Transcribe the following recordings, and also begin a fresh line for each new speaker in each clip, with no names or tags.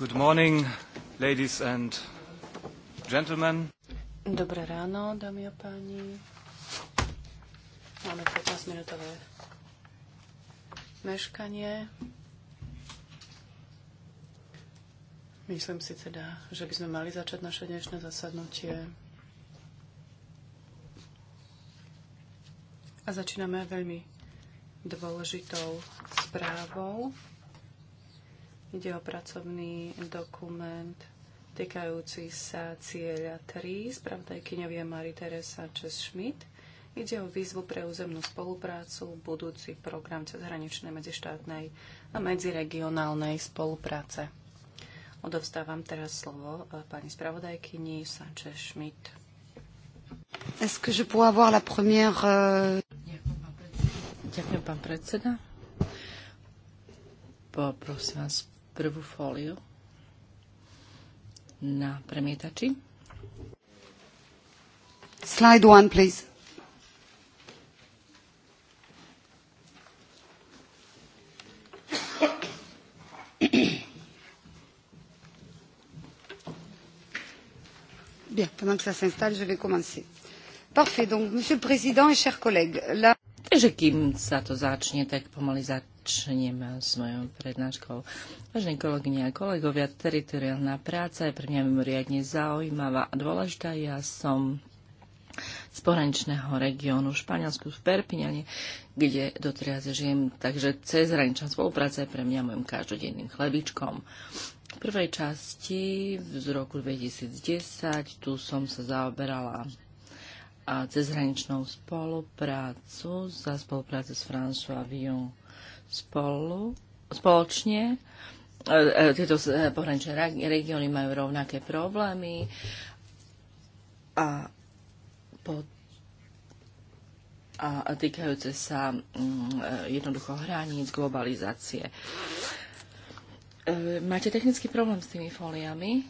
Good morning, ladies and gentlemen.
Dobré ráno, dámy a páni. Máme 15-minútové meškanie. Myslím si teda, že by sme mali začať naše dnešné zasadnutie. A začíname veľmi dôležitou správou. Ide o pracovný dokument týkajúci sa cieľa 3. Spravodajkyňov je Marie Teresa Čes-Schmidt. Ide o výzvu pre územnú spoluprácu, budúci program cezhraničnej medzištátnej a medziregionálnej spolupráce. Odovstávam teraz slovo e, pani spravodajkyni Sanchez-Schmidt.
Est-ce que je pourrais avoir la première... Euh, Ďakujem, pán predseda. Poprosím vás, prvú fóliu na premietači. Slide one, please. Bien, pendant que ça s'installe, je vais commencer. Parfait, donc, Monsieur le Président et chers collègues, la... Takže kým sa to začne, tak pomaly za, začnem s mojou prednáškou. Vážení kolegyne a kolegovia, teritoriálna práca je pre mňa mimoriadne zaujímavá a dôležitá. Ja som z pohraničného regiónu v Španielsku v Perpiňane, kde doteraz žijem, takže cezhraničná spolupráca je pre mňa môjim každodenným chlebičkom. V prvej časti z roku 2010 tu som sa zaoberala cez cezhraničnou spoluprácu za spolupráce s François Villon spolu, spoločne. E, e, tieto e, pohraničné regióny majú rovnaké problémy a, po, a týkajúce sa mm, jednoducho hraníc globalizácie. Máte technický problém s tými foliami?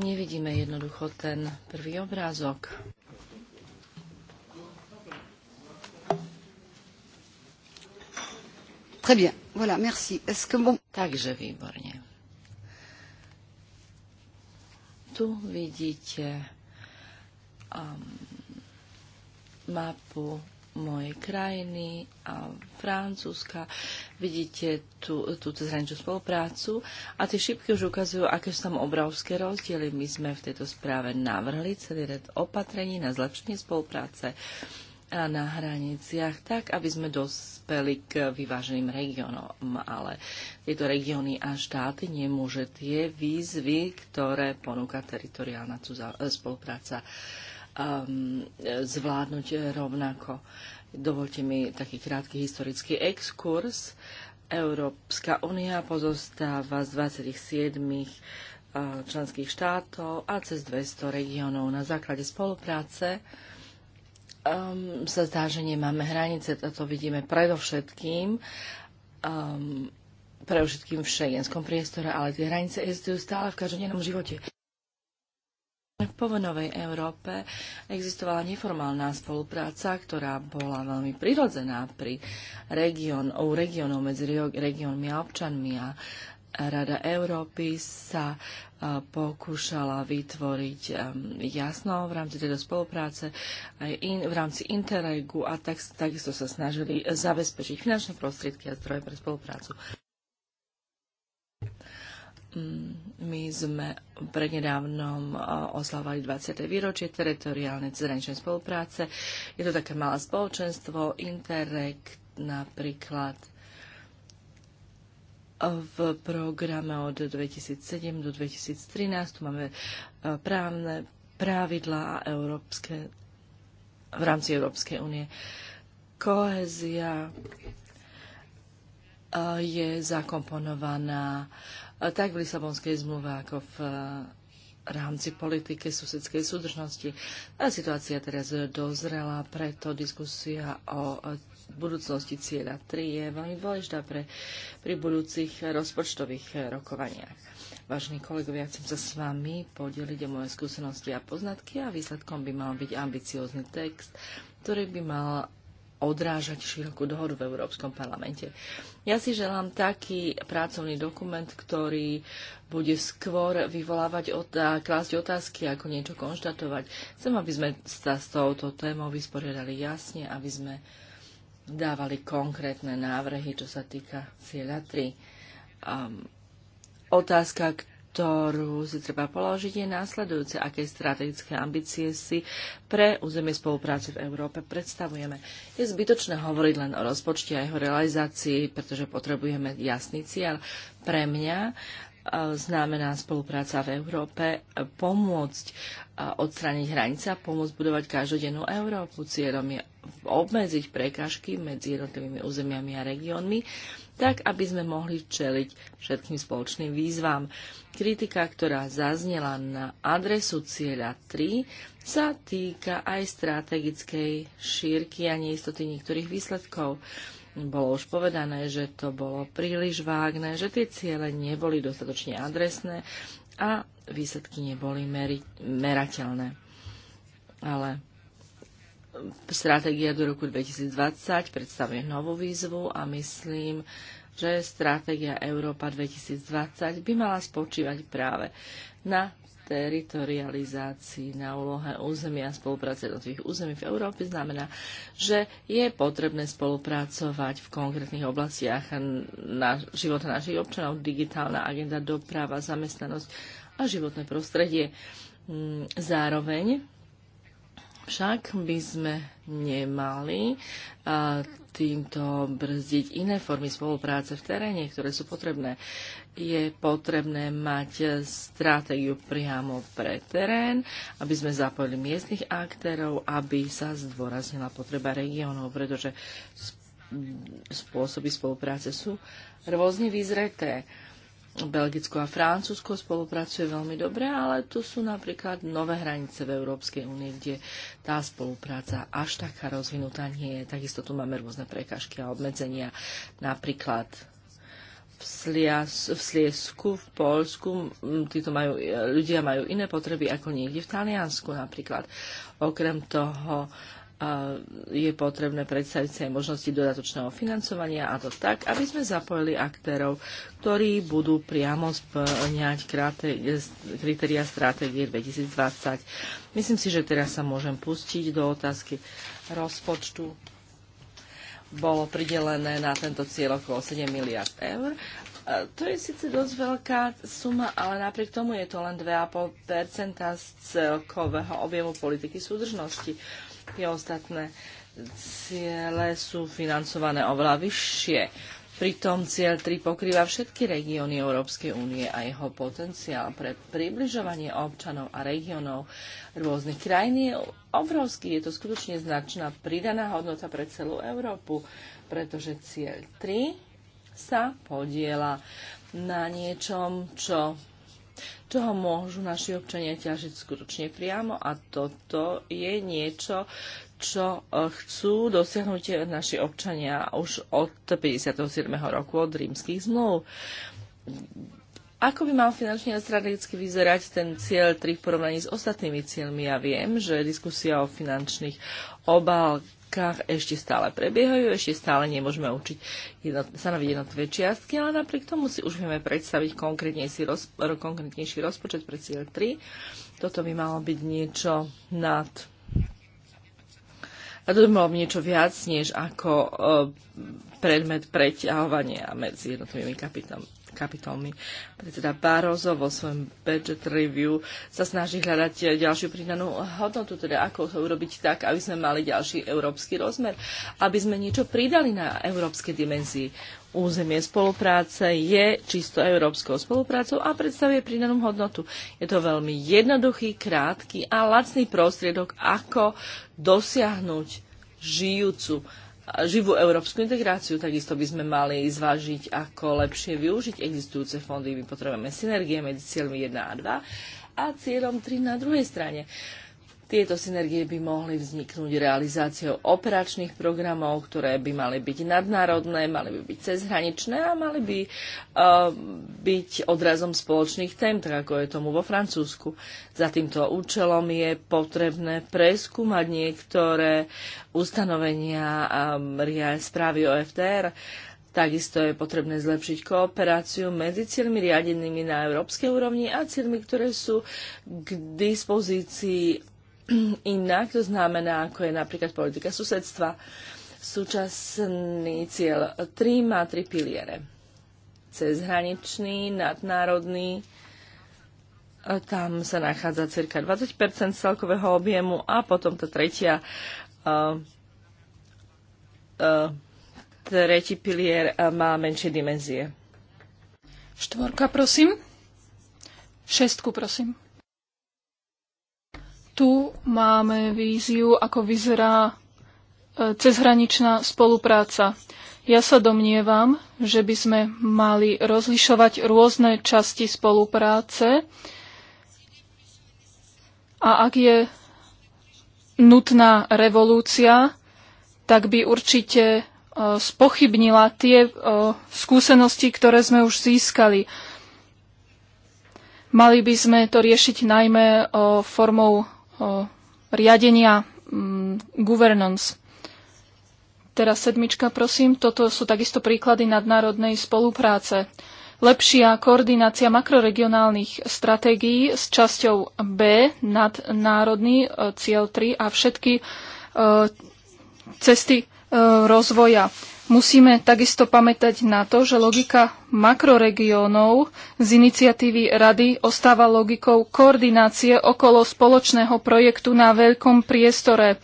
Nevidíme jednoducho ten prvý obrázok. Très bien. Voilà, merci. Est-ce que Takže výborne. Tu vidíte um, mapu mojej krajiny a Francúzska. Vidíte tú, tú zraničnú spoluprácu a tie šipky už ukazujú, aké sú tam obrovské rozdiely. My sme v tejto správe navrhli celý red opatrení na zlepšenie spolupráce na hraniciach, tak aby sme dospeli k vyváženým regiónom. Ale tieto regióny a štáty nemôže tie výzvy, ktoré ponúka teritoriálna e, spolupráca, um, e, zvládnuť rovnako. Dovolte mi taký krátky historický exkurs. Európska únia pozostáva z 27 e, členských štátov a cez 200 regiónov na základe spolupráce um, sa zdá, že nemáme hranice, toto vidíme predovšetkým, um, predovšetkým v šejenskom priestore, ale tie hranice existujú stále v každodennom živote. V povenovej Európe existovala neformálna spolupráca, ktorá bola veľmi prirodzená pri region, u regionov medzi regionmi a občanmi a Rada Európy sa e, pokúšala vytvoriť e, jasno v rámci tejto spolupráce aj in, v rámci Interregu a tak, takisto sa snažili zabezpečiť finančné prostriedky a zdroje pre spoluprácu. Mm, my sme prednedávnom e, oslavovali 20. výročie teritoriálnej cezhraničnej spolupráce. Je to také malé spoločenstvo, Interreg napríklad v programe od 2007 do 2013. Tu máme e, právne právidla a európske, v rámci Európskej únie. Kohézia e, je zakomponovaná e, tak v Lisabonskej zmluve, ako v rámci politiky susedskej súdržnosti. A situácia teraz dozrela, preto diskusia o budúcnosti cieľa 3 je veľmi dôležitá pre, pri budúcich rozpočtových rokovaniach. Vážení kolegovia, chcem sa s vami podeliť o moje skúsenosti a poznatky a výsledkom by mal byť ambiciózny text, ktorý by mal odrážať širokú dohodu v Európskom parlamente. Ja si želám taký pracovný dokument, ktorý bude skôr vyvolávať a klásť otázky, ako niečo konštatovať. Chcem, aby sme sa s touto témou vysporiadali jasne, aby sme dávali konkrétne návrhy, čo sa týka cieľa 3. Um, otázka, ktorú si treba položiť, je následujúce. Aké strategické ambície si pre územie spolupráce v Európe predstavujeme? Je zbytočné hovoriť len o rozpočte a jeho realizácii, pretože potrebujeme jasný cieľ. Pre mňa e, znamená spolupráca v Európe pomôcť odstrániť hranice a pomôcť budovať každodennú Európu. Cieľom je obmedziť prekážky medzi jednotlivými územiami a regiónmi, tak aby sme mohli čeliť všetkým spoločným výzvam. Kritika, ktorá zaznela na adresu cieľa 3, sa týka aj strategickej šírky a neistoty niektorých výsledkov. Bolo už povedané, že to bolo príliš vágne, že tie ciele neboli dostatočne adresné a výsledky neboli meri- merateľné. Ale stratégia do roku 2020 predstavuje novú výzvu a myslím, že stratégia Európa 2020 by mala spočívať práve na teritorializácii na úlohe územia a spolupráce jednotlivých území v Európe znamená, že je potrebné spolupracovať v konkrétnych oblastiach na života našich občanov, digitálna agenda, doprava, zamestnanosť a životné prostredie. Mm, zároveň však by sme nemali týmto brzdiť iné formy spolupráce v teréne, ktoré sú potrebné je potrebné mať stratégiu priamo pre terén, aby sme zapojili miestnych aktérov, aby sa zdôraznila potreba regiónov, pretože spôsoby spolupráce sú rôzne vyzreté. Belgicko a Francúzsko spolupracuje veľmi dobre, ale tu sú napríklad nové hranice v Európskej únie, kde tá spolupráca až taká rozvinutá nie je. Takisto tu máme rôzne prekážky a obmedzenia, napríklad v, Slias, v Sliesku, v Polsku, títo majú, e, ľudia majú iné potreby ako niekde v Taliansku napríklad. Okrem toho e, je potrebné predstaviť sa aj možnosti dodatočného financovania a to tak, aby sme zapojili aktérov, ktorí budú priamo splňať kritéria stratégie 2020. Myslím si, že teraz sa môžem pustiť do otázky rozpočtu bolo pridelené na tento cieľ okolo 7 miliard eur. To je síce dosť veľká suma, ale napriek tomu je to len 2,5 z celkového objemu politiky súdržnosti. Tie ostatné ciele sú financované oveľa vyššie. Pritom cieľ 3 pokrýva všetky regióny Európskej únie a jeho potenciál pre približovanie občanov a regiónov rôznych krajín je obrovský. Je to skutočne značná pridaná hodnota pre celú Európu, pretože cieľ 3 sa podiela na niečom, čo čoho môžu naši občania ťažiť skutočne priamo a toto je niečo, čo eh, chcú dosiahnuť naši občania už od 57. roku od rímskych zmluv ako by mal finančne a strategicky vyzerať ten cieľ 3 v porovnaní s ostatnými cieľmi? Ja viem, že diskusia o finančných obálkach ešte stále prebiehajú, ešte stále nemôžeme učiť jednot, stanoviť jednotlivé čiastky, ale napriek tomu si už vieme predstaviť konkrétnejší, roz, konkrétnejší rozpočet pre cieľ 3. Toto by malo byť niečo nad a to by malo niečo viac, než ako e, predmet preťahovania medzi jednotlivými kapitolami kapitolmi. Predseda Barozo vo svojom budget review sa snaží hľadať ďalšiu pridanú hodnotu, teda ako to urobiť tak, aby sme mali ďalší európsky rozmer, aby sme niečo pridali na európskej dimenzii. Územie spolupráce je čisto európskou spoluprácou a predstavuje pridanú hodnotu. Je to veľmi jednoduchý, krátky a lacný prostriedok, ako dosiahnuť žijúcu živú európsku integráciu. Takisto by sme mali zvážiť, ako lepšie využiť existujúce fondy. My potrebujeme synergie medzi cieľmi 1 a 2 a cieľom 3 na druhej strane. Uh, tieto synergie by mohli vzniknúť realizáciou operačných programov, ktoré by mali byť nadnárodné, mali by byť cezhraničné a mali by uh, byť odrazom spoločných tém, tak ako je tomu vo Francúzsku. Za týmto účelom je potrebné preskúmať niektoré ustanovenia um, správy OFTR. Takisto je potrebné zlepšiť kooperáciu medzi cieľmi riadenými na európskej úrovni a cieľmi, ktoré sú k dispozícii inak, to znamená, ako je napríklad politika susedstva. Súčasný cieľ 3 má tri piliere. Cezhraničný, nadnárodný, tam sa nachádza cirka 20 celkového objemu a potom tá tretia uh, uh, tretí pilier má menšie dimenzie.
Štvorka, prosím. Šestku, prosím. Tu máme víziu, ako vyzerá e, cezhraničná spolupráca. Ja sa domnievam, že by sme mali rozlišovať rôzne časti spolupráce a ak je nutná revolúcia, tak by určite e, spochybnila tie e, skúsenosti, ktoré sme už získali. Mali by sme to riešiť najmä formou riadenia mm, governance. Teraz sedmička, prosím. Toto sú takisto príklady nadnárodnej spolupráce. Lepšia koordinácia makroregionálnych stratégií s časťou B, nadnárodný, e, cieľ 3 a všetky e, cesty e, rozvoja. Musíme takisto pamätať na to, že logika makroregiónov z iniciatívy Rady ostáva logikou koordinácie okolo spoločného projektu na veľkom priestore.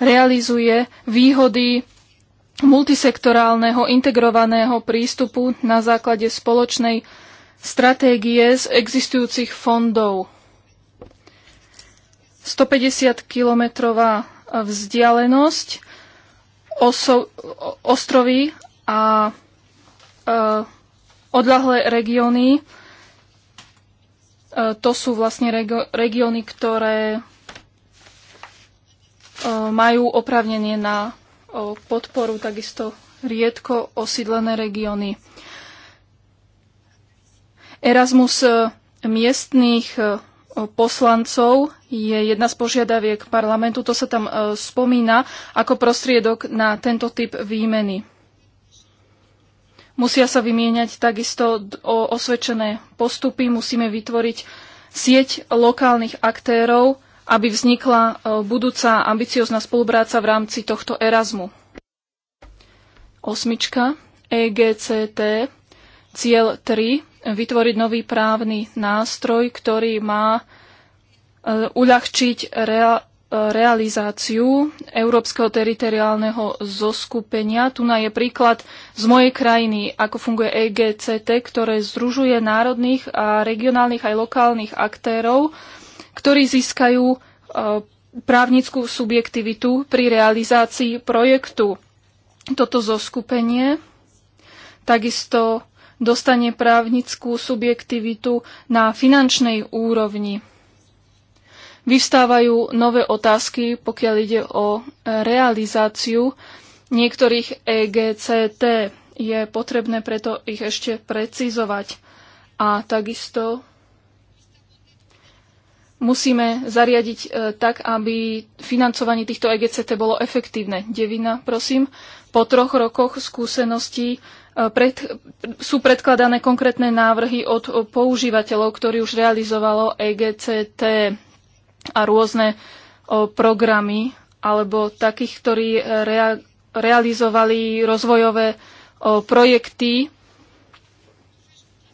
Realizuje výhody multisektorálneho integrovaného prístupu na základe spoločnej stratégie z existujúcich fondov. 150-kilometrová vzdialenosť oso, ostrovy a e, odľahlé regióny. E, to sú vlastne regio, regióny, ktoré e, majú opravnenie na o, podporu, takisto riedko osídlené regióny. Erasmus e, miestných e, poslancov je jedna z požiadaviek parlamentu, to sa tam e, spomína ako prostriedok na tento typ výmeny. Musia sa vymieňať takisto o osvedčené postupy, musíme vytvoriť sieť lokálnych aktérov, aby vznikla e, budúca ambiciozná spolupráca v rámci tohto Erasmu. Osmička, EGCT, cieľ 3, vytvoriť nový právny nástroj, ktorý má E, uľahčiť rea- e, realizáciu Európskeho teritoriálneho zoskupenia. Tu na je príklad z mojej krajiny, ako funguje EGCT, ktoré združuje národných a regionálnych aj lokálnych aktérov, ktorí získajú e, právnickú subjektivitu pri realizácii projektu. Toto zoskupenie takisto dostane právnickú subjektivitu na finančnej úrovni vyvstávajú nové otázky, pokiaľ ide o e, realizáciu niektorých EGCT. Je potrebné preto ich ešte precizovať. A takisto musíme zariadiť e, tak, aby financovanie týchto EGCT bolo efektívne. Devina, prosím. Po troch rokoch skúseností e, pred, sú predkladané konkrétne návrhy od používateľov, ktorí už realizovalo EGCT a rôzne o, programy alebo takých, ktorí e, rea- realizovali rozvojové o, projekty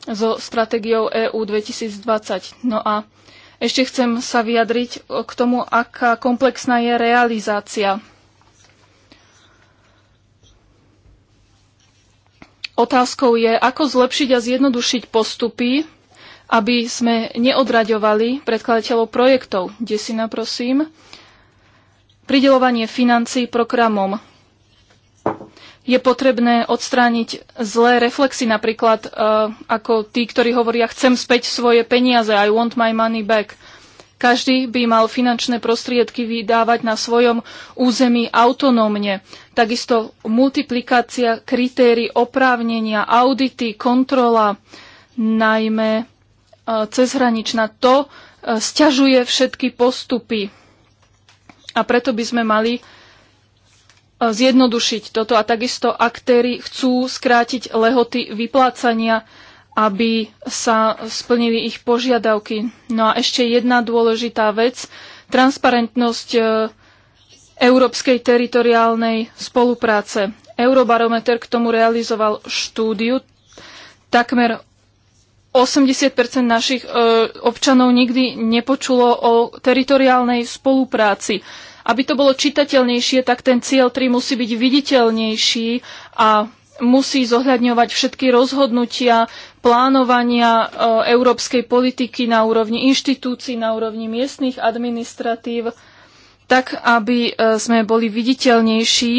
so stratégiou EU 2020. No a ešte chcem sa vyjadriť k tomu, aká komplexná je realizácia. Otázkou je, ako zlepšiť a zjednodušiť postupy aby sme neodraďovali predkladateľov projektov. Desina, prosím. Pridelovanie financií programom. Je potrebné odstrániť zlé reflexy, napríklad uh, ako tí, ktorí hovoria, chcem späť svoje peniaze, I want my money back. Každý by mal finančné prostriedky vydávať na svojom území autonómne. Takisto multiplikácia kritérií oprávnenia, audity, kontrola, najmä E, cezhraničná. To e, sťažuje všetky postupy. A preto by sme mali e, zjednodušiť toto. A takisto aktéry chcú skrátiť lehoty vyplácania, aby sa splnili ich požiadavky. No a ešte jedna dôležitá vec. Transparentnosť európskej teritoriálnej spolupráce. Eurobarometer k tomu realizoval štúdiu. Takmer 80 našich e, občanov nikdy nepočulo o teritoriálnej spolupráci. Aby to bolo čitateľnejšie, tak ten cieľ 3 musí byť viditeľnejší a musí zohľadňovať všetky rozhodnutia, plánovania e, európskej politiky na úrovni inštitúcií, na úrovni miestnych administratív, tak aby e, sme boli viditeľnejší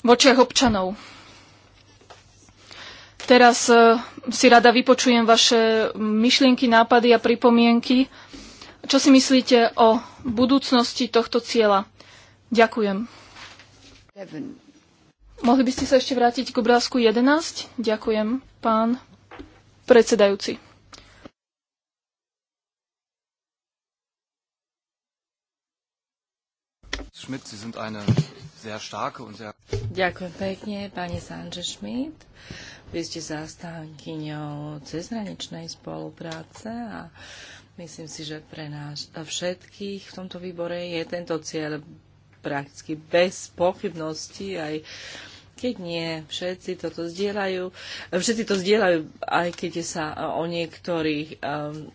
v očiach občanov. Teraz e, si rada vypočujem vaše myšlienky, nápady a pripomienky. Čo si myslíte o budúcnosti tohto cieľa? Ďakujem. Mohli by ste sa ešte vrátiť k obrázku 11? Ďakujem, pán predsedajúci. Schmidt, Sie sind eine sehr starke und sehr...
Ďakujem pekne, pani Sanže Schmidt. Vy ste zástankyňou cezhraničnej spolupráce a myslím si, že pre nás všetkých v tomto výbore je tento cieľ prakticky bez pochybnosti, aj keď nie, všetci toto zdieľajú. Všetci to zdieľajú, aj keď sa o niektorých um,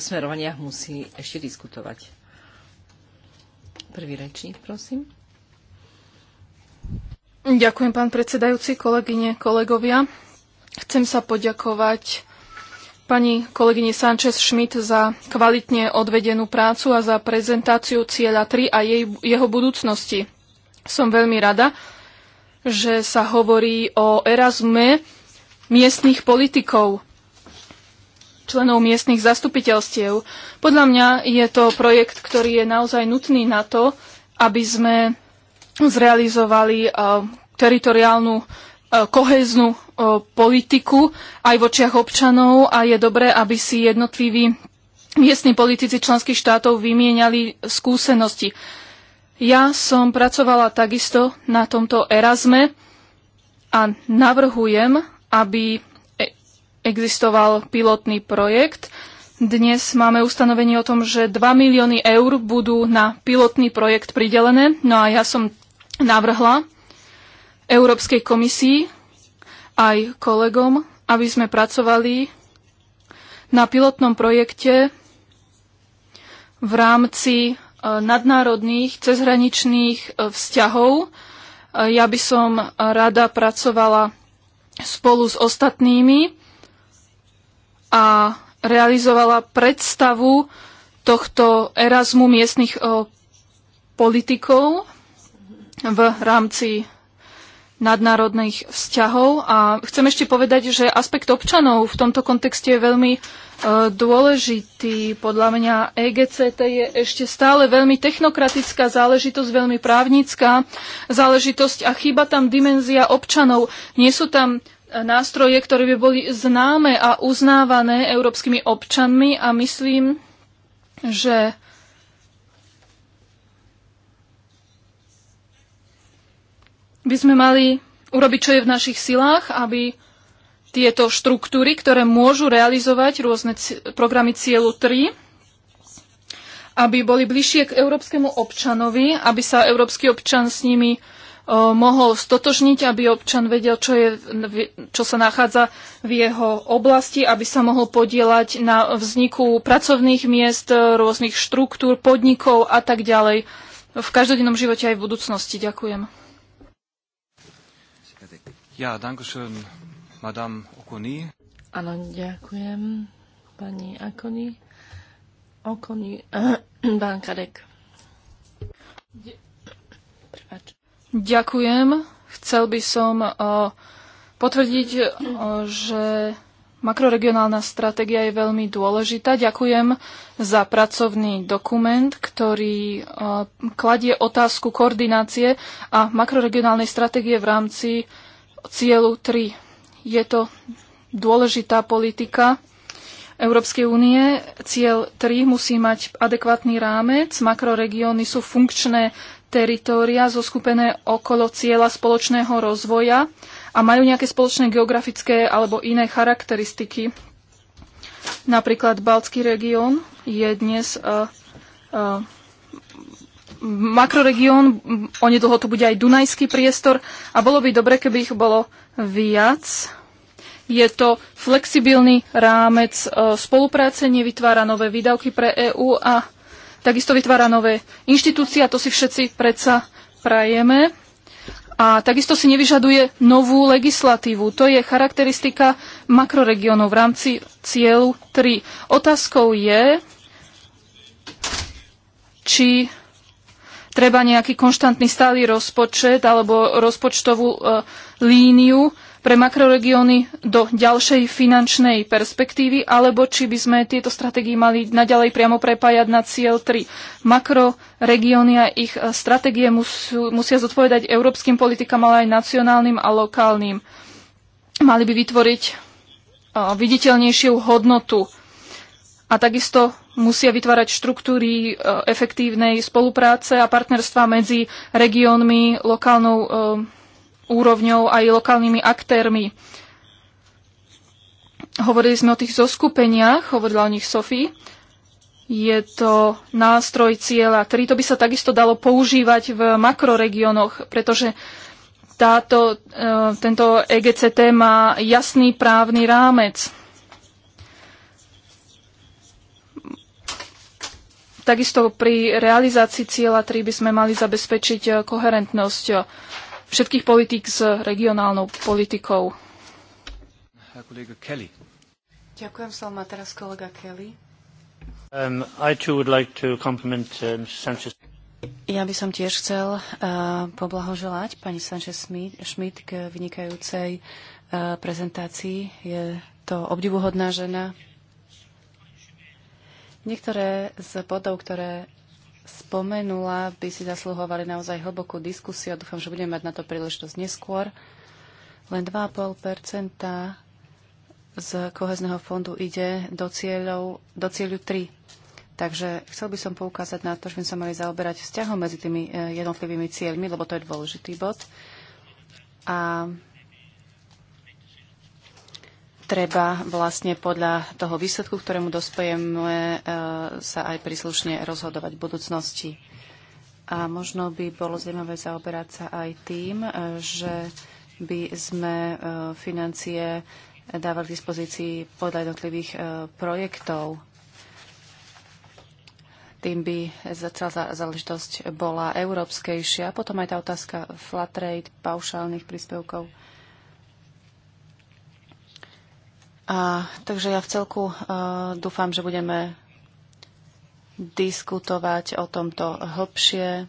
smerovaniach musí ešte diskutovať. Prvý rečník, prosím.
Ďakujem, pán predsedajúci, kolegyne, kolegovia. Chcem sa poďakovať pani kolegyni Sanchez Schmidt za kvalitne odvedenú prácu a za prezentáciu cieľa 3 a jej, jeho budúcnosti. Som veľmi rada, že sa hovorí o Erasme miestnych politikov, členov miestnych zastupiteľstiev. Podľa mňa je to projekt, ktorý je naozaj nutný na to, aby sme zrealizovali eh, teritoriálnu eh, koheznú eh, politiku aj v očiach občanov a je dobré, aby si jednotliví miestni politici členských štátov vymieniali skúsenosti. Ja som pracovala takisto na tomto Erasme a navrhujem, aby e- existoval pilotný projekt. Dnes máme ustanovenie o tom, že 2 milióny eur budú na pilotný projekt pridelené. No a ja som navrhla Európskej komisii aj kolegom, aby sme pracovali na pilotnom projekte v rámci e, nadnárodných cezhraničných e, vzťahov. E, ja by som rada pracovala spolu s ostatnými a realizovala predstavu tohto Erasmu miestnych politikov v rámci nadnárodných vzťahov. A chcem ešte povedať, že aspekt občanov v tomto kontexte je veľmi e, dôležitý. Podľa mňa EGCT je ešte stále veľmi technokratická záležitosť, veľmi právnická záležitosť a chýba tam dimenzia občanov. Nie sú tam e, nástroje, ktoré by boli známe a uznávané európskymi občanmi a myslím, že by sme mali urobiť, čo je v našich silách, aby tieto štruktúry, ktoré môžu realizovať rôzne programy cieľu 3, aby boli bližšie k európskemu občanovi, aby sa európsky občan s nimi e, mohol stotožniť, aby občan vedel, čo, je, čo sa nachádza v jeho oblasti, aby sa mohol podielať na vzniku pracovných miest, e, rôznych štruktúr, podnikov a tak ďalej v každodennom živote aj v budúcnosti. Ďakujem. Ja, dankeschön, madame Okoni.
Áno, ďakujem, pani Akoni. Okoni, pán Kadek. Prepač. Ďakujem.
Chcel by som uh, potvrdiť, uh, že makroregionálna stratégia je veľmi dôležitá. Ďakujem za pracovný dokument, ktorý uh, kladie otázku koordinácie a makroregionálnej stratégie v rámci cieľu 3. Je to dôležitá politika Európskej únie. Cieľ 3 musí mať adekvátny rámec. Makroregióny sú funkčné teritória zoskupené okolo cieľa spoločného rozvoja a majú nejaké spoločné geografické alebo iné charakteristiky. Napríklad Baltský región je dnes uh, uh, makroregión, onedlho to bude aj Dunajský priestor a bolo by dobre, keby ich bolo viac. Je to flexibilný rámec e, spolupráce, nevytvára nové výdavky pre EÚ a takisto vytvára nové inštitúcie a to si všetci predsa prajeme. A takisto si nevyžaduje novú legislatívu. To je charakteristika makroregiónov v rámci cieľu 3. Otázkou je, či treba nejaký konštantný stály rozpočet alebo rozpočtovú e, líniu pre makroregióny do ďalšej finančnej perspektívy, alebo či by sme tieto stratégie mali naďalej priamo prepájať na cieľ 3. Makroregióny a ich e, stratégie musú, musia zodpovedať európskym politikám, ale aj nacionálnym a lokálnym. Mali by vytvoriť e, viditeľnejšiu hodnotu a takisto musia vytvárať štruktúry e, efektívnej spolupráce a partnerstva medzi regiónmi, lokálnou e, úrovňou aj lokálnymi aktérmi. Hovorili sme o tých zoskupeniach, hovorila o nich Sofie. Je to nástroj cieľa, ktorý to by sa takisto dalo používať v makroregiónoch, pretože táto, e, tento EGCT má jasný právny rámec Takisto pri realizácii cieľa 3 by sme mali zabezpečiť eh, koherentnosť eh, všetkých politík s regionálnou politikou.
Ďakujem, Salma. Teraz kolega Kelly.
Um, I too would like to
compliment um, Sanchez. Ja by som tiež chcel uh, poblahoželať pani Sanchez Schmidt k vynikajúcej uh, prezentácii. Je to obdivuhodná žena, Niektoré z bodov, ktoré spomenula, by si zasluhovali naozaj hlbokú diskusiu a dúfam, že budeme mať na to príležitosť neskôr. Len 2,5 z kohezného fondu ide do, cieľov, do cieľu 3. Takže chcel by som poukázať na to, že by sa mali zaoberať vzťahom medzi tými eh, jednotlivými cieľmi, lebo to je dôležitý bod. A treba vlastne podľa toho výsledku, ktorému dospejeme, e, sa aj príslušne rozhodovať v budúcnosti. A možno by bolo zaujímavé zaoberať sa aj tým, e, že by sme e, financie dávali k dispozícii podľa jednotlivých projektov. Tým by celá záležitosť bola európskejšia. Potom aj tá otázka flat rate, paušálnych príspevkov. A, takže ja v celku uh, dúfam, že budeme diskutovať o tomto hlbšie.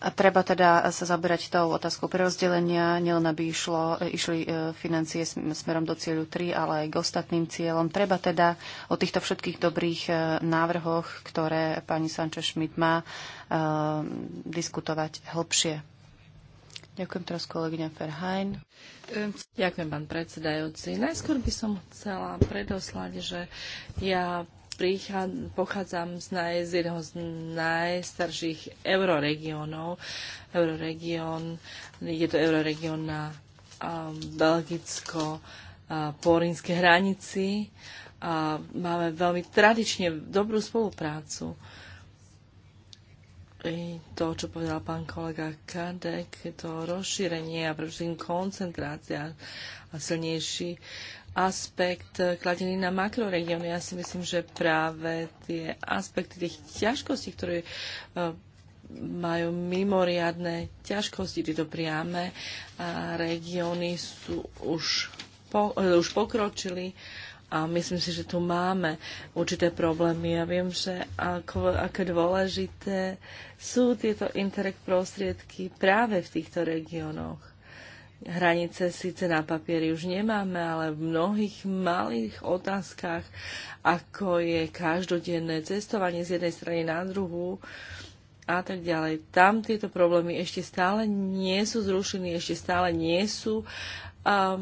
A treba teda sa zaberať tou otázkou prerozdelenia, nielen aby išlo, e, išli e, financie smerom do cieľu 3, ale aj k ostatným cieľom. Treba teda o týchto všetkých dobrých návrhoch, ktoré pani Sanchez Schmidt má,
diskutovať hlbšie. Ďakujem teraz kolegyňa Ferhajn. Ďakujem, pán predsedajúci. Najskôr by som chcela predoslať, že ja pochádzam z, naj, z jedného z najstarších euroregiónov. Euroregión, je to euroregión na belgicko-porínskej hranici. A máme veľmi tradične dobrú spoluprácu i to, čo povedal pán kolega Kadek, to rozšírenie a predovšetkým koncentrácia a silnejší aspekt kladený na makroregióny. Ja si myslím, že práve tie aspekty tých ťažkostí, ktoré e, majú mimoriadne ťažkosti, tieto priame a regióny sú už, po, e, už pokročili a myslím si, že tu máme určité problémy. Ja viem, že ako, ako dôležité sú tieto interreg prostriedky práve v týchto regiónoch. Hranice síce na papieri už nemáme, ale v mnohých malých otázkach, ako je každodenné cestovanie z jednej strany na druhú, a tak ďalej. Tam tieto problémy ešte stále nie sú zrušené, ešte stále nie sú um,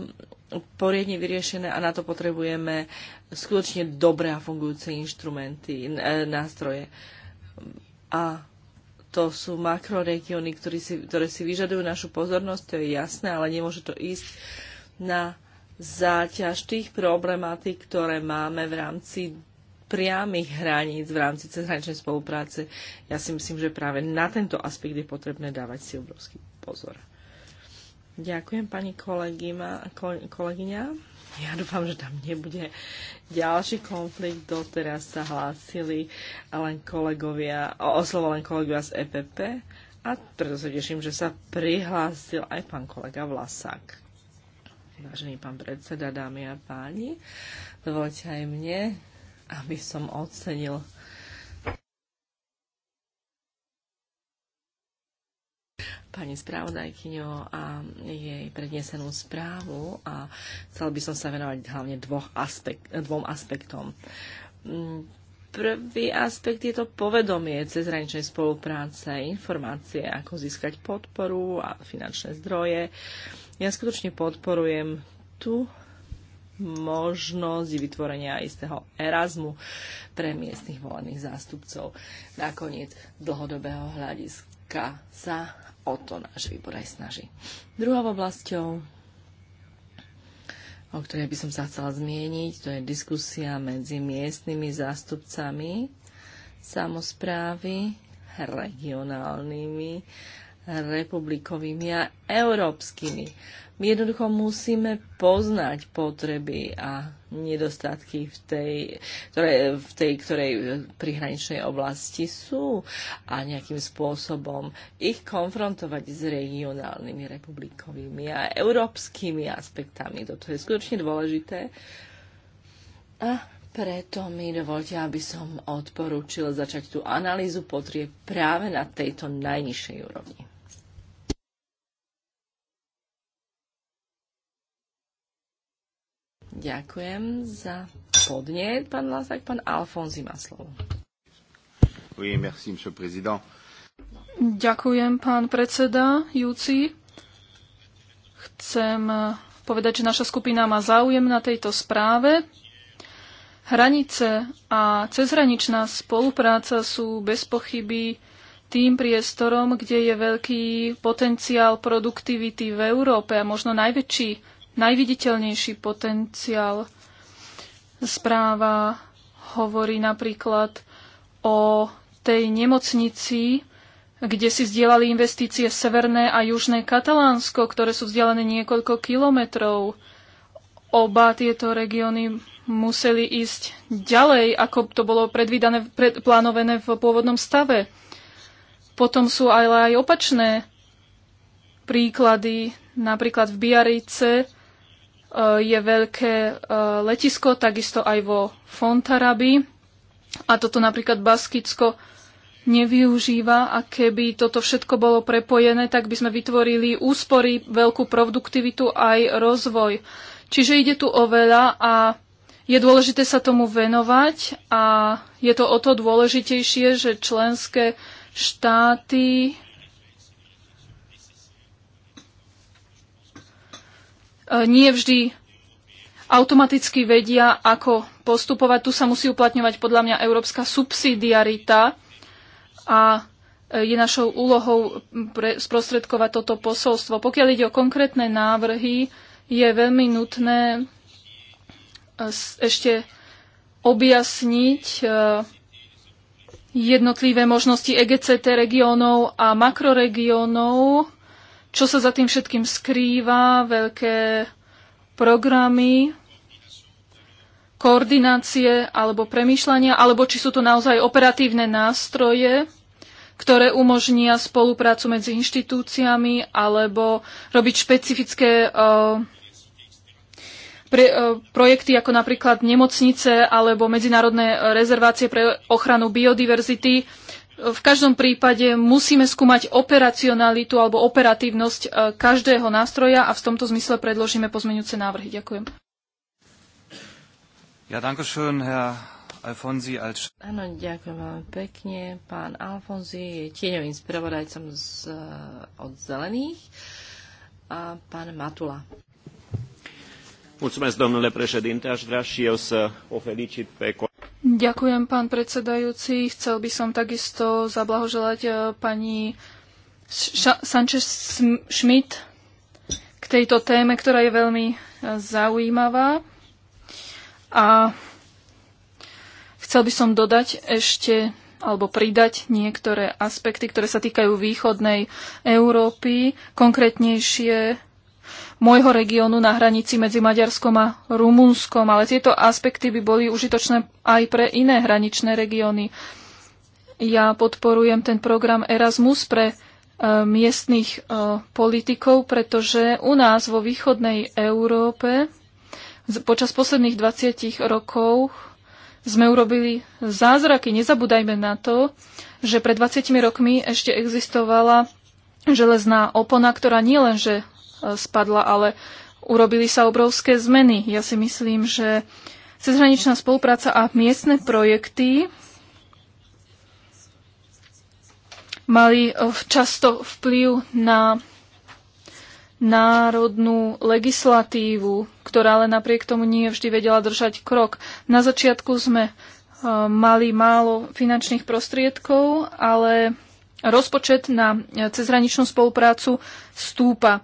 poriadne vyriešené a na to potrebujeme skutočne dobré a fungujúce inštrumenty, e, nástroje. A to sú makroregióny, ktoré si, ktoré si vyžadujú našu pozornosť, to je jasné, ale nemôže to ísť na záťaž tých problematík, ktoré máme v rámci priamých hraníc, v rámci cezhraničnej spolupráce. Ja si myslím, že práve na tento aspekt je potrebné dávať si obrovský pozor. Ďakujem pani kolegyma, kolegyňa. Ja dúfam, že tam nebude ďalší konflikt. Doteraz sa hlásili len kolegovia, oslovo len kolegovia z EPP. A preto sa teším, že sa prihlásil aj pán kolega Vlasák. Vážený pán predseda, dámy a páni, dovolte aj mne, aby som ocenil pani spravodajkyňo a jej prednesenú správu a chcel by som sa venovať hlavne dvoch aspekt, dvom aspektom. Mm, prvý aspekt je to povedomie cezhraničnej spolupráce, informácie, ako získať podporu a finančné zdroje. Ja skutočne podporujem tú možnosť vytvorenia istého Erasmu pre miestnych volených zástupcov. Nakoniec dlhodobého hľadiska sa o to náš výbor aj snaží. Druhou oblasťou, o ktorej by som sa chcela zmieniť, to je diskusia medzi miestnymi zástupcami samozprávy, regionálnymi republikovými a európskymi. My jednoducho musíme poznať potreby a nedostatky, v tej, ktoré, v tej, ktorej prihraničnej oblasti sú a nejakým spôsobom ich konfrontovať s regionálnymi, republikovými a európskymi aspektami. Toto je skutočne dôležité. A preto mi dovolte, aby som odporúčil začať tú analýzu potrieb práve na tejto najnižšej úrovni. Ďakujem za podnet, pán Lasak. Pán Alfonzi má slovo.
Oui, merci, monsieur président.
Ďakujem,
pán predseda Júci. Chcem eh, povedať, že naša skupina má záujem na tejto správe. Hranice a cezhraničná spolupráca sú bez pochyby tým priestorom, kde je veľký potenciál produktivity v Európe a možno najväčší najviditeľnejší potenciál. Správa hovorí napríklad o tej nemocnici, kde si zdieľali investície Severné a Južné Katalánsko, ktoré sú vzdialené niekoľko kilometrov. Oba tieto regióny museli ísť ďalej, ako to bolo predvídané, pred, plánované v pôvodnom stave. Potom sú aj, aj opačné príklady, napríklad v Biarice Eh, je veľké eh, letisko, takisto aj vo Fontarabi. A toto napríklad Baskicko nevyužíva a keby toto všetko bolo prepojené, tak by sme vytvorili úspory, veľkú produktivitu aj rozvoj. Čiže ide tu o veľa a je dôležité sa tomu venovať a je to o to dôležitejšie, že členské štáty E, nie vždy automaticky vedia, ako postupovať. Tu sa musí uplatňovať podľa mňa európska subsidiarita a e, je našou úlohou pre, sprostredkovať toto posolstvo. Pokiaľ ide o konkrétne návrhy, je veľmi nutné e, ešte objasniť jednotlivé možnosti EGCT regiónov a makroregiónov čo sa za tým všetkým skrýva, veľké programy, koordinácie alebo premýšľania, alebo či sú to naozaj operatívne nástroje, ktoré umožnia spoluprácu medzi inštitúciami alebo robiť špecifické uh, pre, uh, projekty ako napríklad nemocnice alebo medzinárodné rezervácie pre ochranu biodiverzity v každom prípade musíme skúmať operacionalitu alebo operatívnosť e, každého nástroja a v tomto zmysle predložíme pozmeňujúce návrhy. Ďakujem. Ja, dankeschön, Herr Alfonsi.
Als... Áno, ďakujem veľmi pekne. Pán Alfonsi je tieňovým spravodajcom z, e, od Zelených. A pán Matula.
Mulțumesc, domnule președinte. Aș vrea și eu să o felicit pe
Ďakujem,
pán predsedajúci. Chcel by som takisto zablahoželať e, pani Sanchez Schmidt k tejto téme, ktorá je veľmi e, zaujímavá. A chcel by som dodať ešte alebo pridať niektoré aspekty, ktoré sa týkajú východnej Európy, konkrétnejšie môjho regiónu na hranici medzi Maďarskom a Rumunskom, ale tieto aspekty by boli užitočné aj pre iné hraničné regióny. Ja podporujem ten program Erasmus pre e, miestnych e, politikov, pretože u nás vo východnej Európe počas posledných 20 rokov sme urobili zázraky. Nezabúdajme na to, že pred 20 rokmi ešte existovala železná opona, ktorá nielenže E, spadla, ale urobili sa obrovské zmeny. Ja si myslím, že cezhraničná spolupráca a miestne projekty mali e, často vplyv na národnú legislatívu, ktorá ale napriek tomu nie vždy vedela držať krok. Na začiatku sme e, mali málo finančných prostriedkov, ale rozpočet na cezhraničnú spoluprácu stúpa.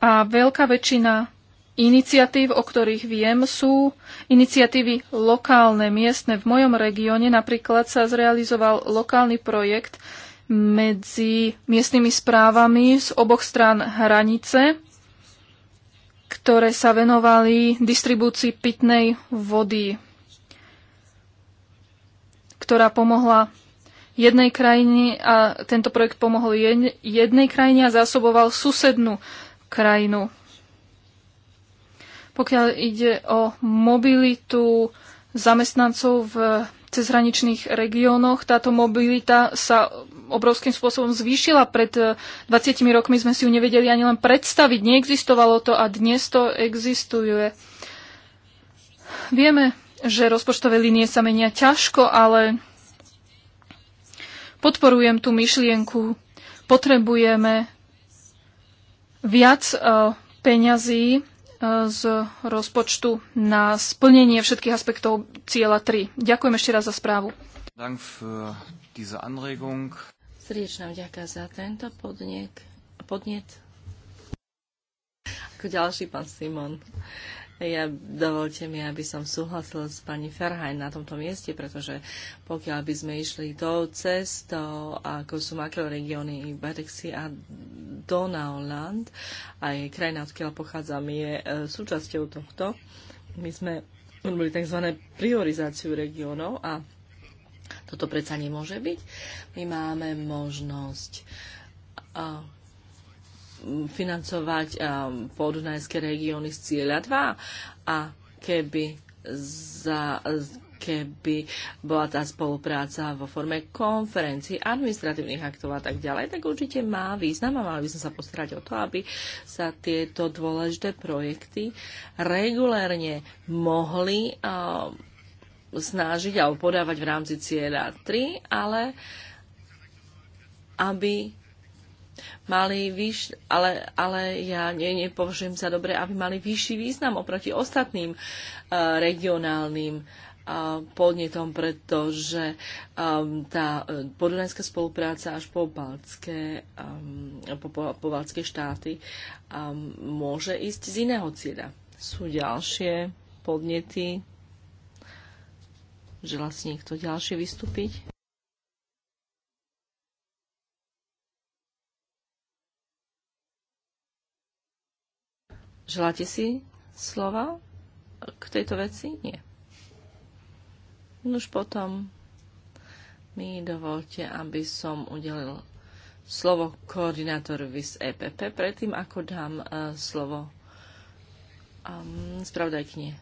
A veľká väčšina iniciatív, o ktorých viem, sú iniciatívy lokálne, miestne. V mojom regióne napríklad sa zrealizoval lokálny projekt medzi miestnymi správami z oboch strán hranice, ktoré sa venovali distribúcii pitnej vody, ktorá pomohla jednej krajine a tento projekt pomohol jednej krajine a zásoboval susednú krajinu. Pokiaľ ide o mobilitu zamestnancov v cezhraničných regiónoch, táto mobilita sa obrovským spôsobom zvýšila. Pred 20 eh, rokmi sme si ju nevedeli ani len predstaviť. Neexistovalo to a dnes to existuje. Vieme, že rozpočtové línie sa menia ťažko, ale podporujem tú myšlienku. Potrebujeme viac e, peňazí e, z rozpočtu na splnenie všetkých aspektov cieľa 3. Ďakujem ešte raz za správu.
Srdiečná vďaka za tento podniek, podnet. Ako ďalší pán Simon. Ja dovolte mi, aby som súhlasil s pani Ferhajn na tomto mieste, pretože pokiaľ by sme išli tou cestou, ako sú makroregióny Berexy a Donauland, aj krajina, odkiaľ pochádzam, je e, súčasťou tohto. My sme boli tzv. priorizáciu regiónov a toto predsa nemôže byť. My máme možnosť financovať um, podunajské regióny z cieľa 2 a keby za, keby bola tá spolupráca vo forme konferencií, administratívnych aktov a tak ďalej, tak určite má význam a mali by sme sa postarať o to, aby sa tieto dôležité projekty regulérne mohli uh, snažiť alebo podávať v rámci cieľa 3, ale aby mali vyš, ale, ale ja nie, nepovažujem za dobre, aby mali vyšší význam oproti ostatným uh, regionálnym uh, podnetom, pretože um, tá uh, podunajská spolupráca až po Balcké, um, ehm, po, po, po Balcké štáty um, môže ísť z iného cieľa. Sú ďalšie podnety. Želá si niekto ďalšie vystúpiť? Želáte si slova k tejto veci? Nie. už potom mi dovolte, aby som udelil slovo koordinátorovi z EPP, predtým ako dám uh, slovo um, spravodajkne.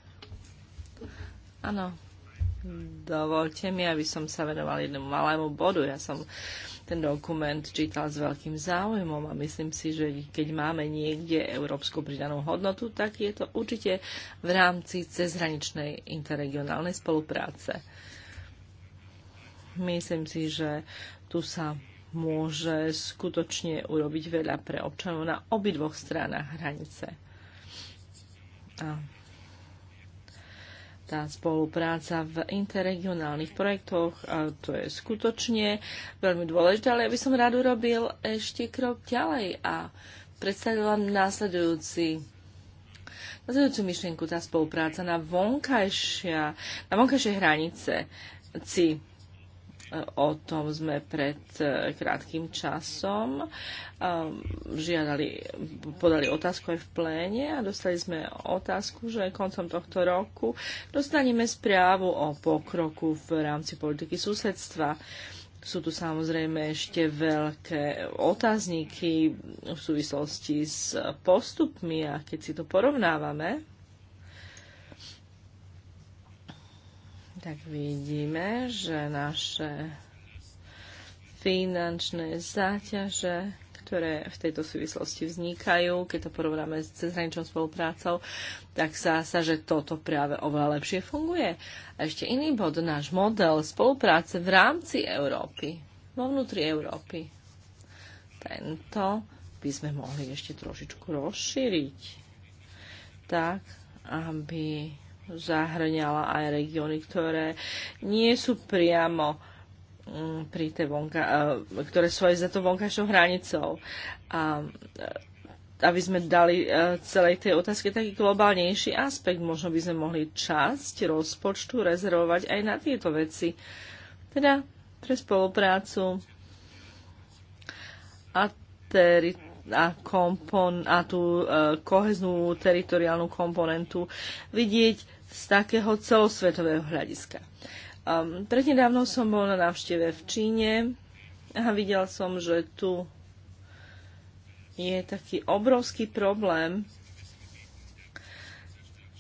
Áno, dovolte mi, aby som sa venoval jednému malému bodu. Ja som ten dokument čítal s veľkým záujmom a myslím si, že keď máme niekde európsku pridanú hodnotu, tak je to určite v rámci cezhraničnej interregionálnej spolupráce. Myslím si, že tu sa môže skutočne urobiť veľa pre občanov na obidvoch stranách hranice. A tá spolupráca v interregionálnych projektoch, a to je skutočne veľmi dôležité, ale ja by som rád urobil ešte krok ďalej a predstavil vám následujúci nasledujúcu myšlienku, tá spolupráca na vonkajšia, na vonkajšie hranice, ci, O tom sme pred eh, krátkým časom ehm, žiadali, podali otázku aj v pléne a dostali sme otázku, že koncom tohto roku dostaneme správu o pokroku v rámci politiky susedstva. Sú tu samozrejme ešte veľké otázniky v súvislosti s postupmi a keď si to porovnávame, tak vidíme, že naše finančné záťaže, ktoré v tejto súvislosti vznikajú, keď to porovnáme s cezhraničnou spoluprácou, tak sa sa, že toto práve oveľa lepšie funguje. A ešte iný bod, náš model spolupráce v rámci Európy, vo vnútri Európy. Tento by sme mohli ešte trošičku rozšíriť, tak aby zahrňala aj regióny, ktoré nie sú priamo mm, pri tej vonka, eh, ktoré sú aj za to vonkajšou hranicou. A eh, aby sme dali eh, celej tej otázke taký globálnejší aspekt, možno by sme mohli časť rozpočtu rezervovať aj na tieto veci. Teda pre spoluprácu a, teri- a, kompon- a tú koheznú teritoriálnu komponentu vidieť z takého celosvetového hľadiska. Um, prednedávno som bol na návšteve v Číne a videl som, že tu je taký obrovský problém,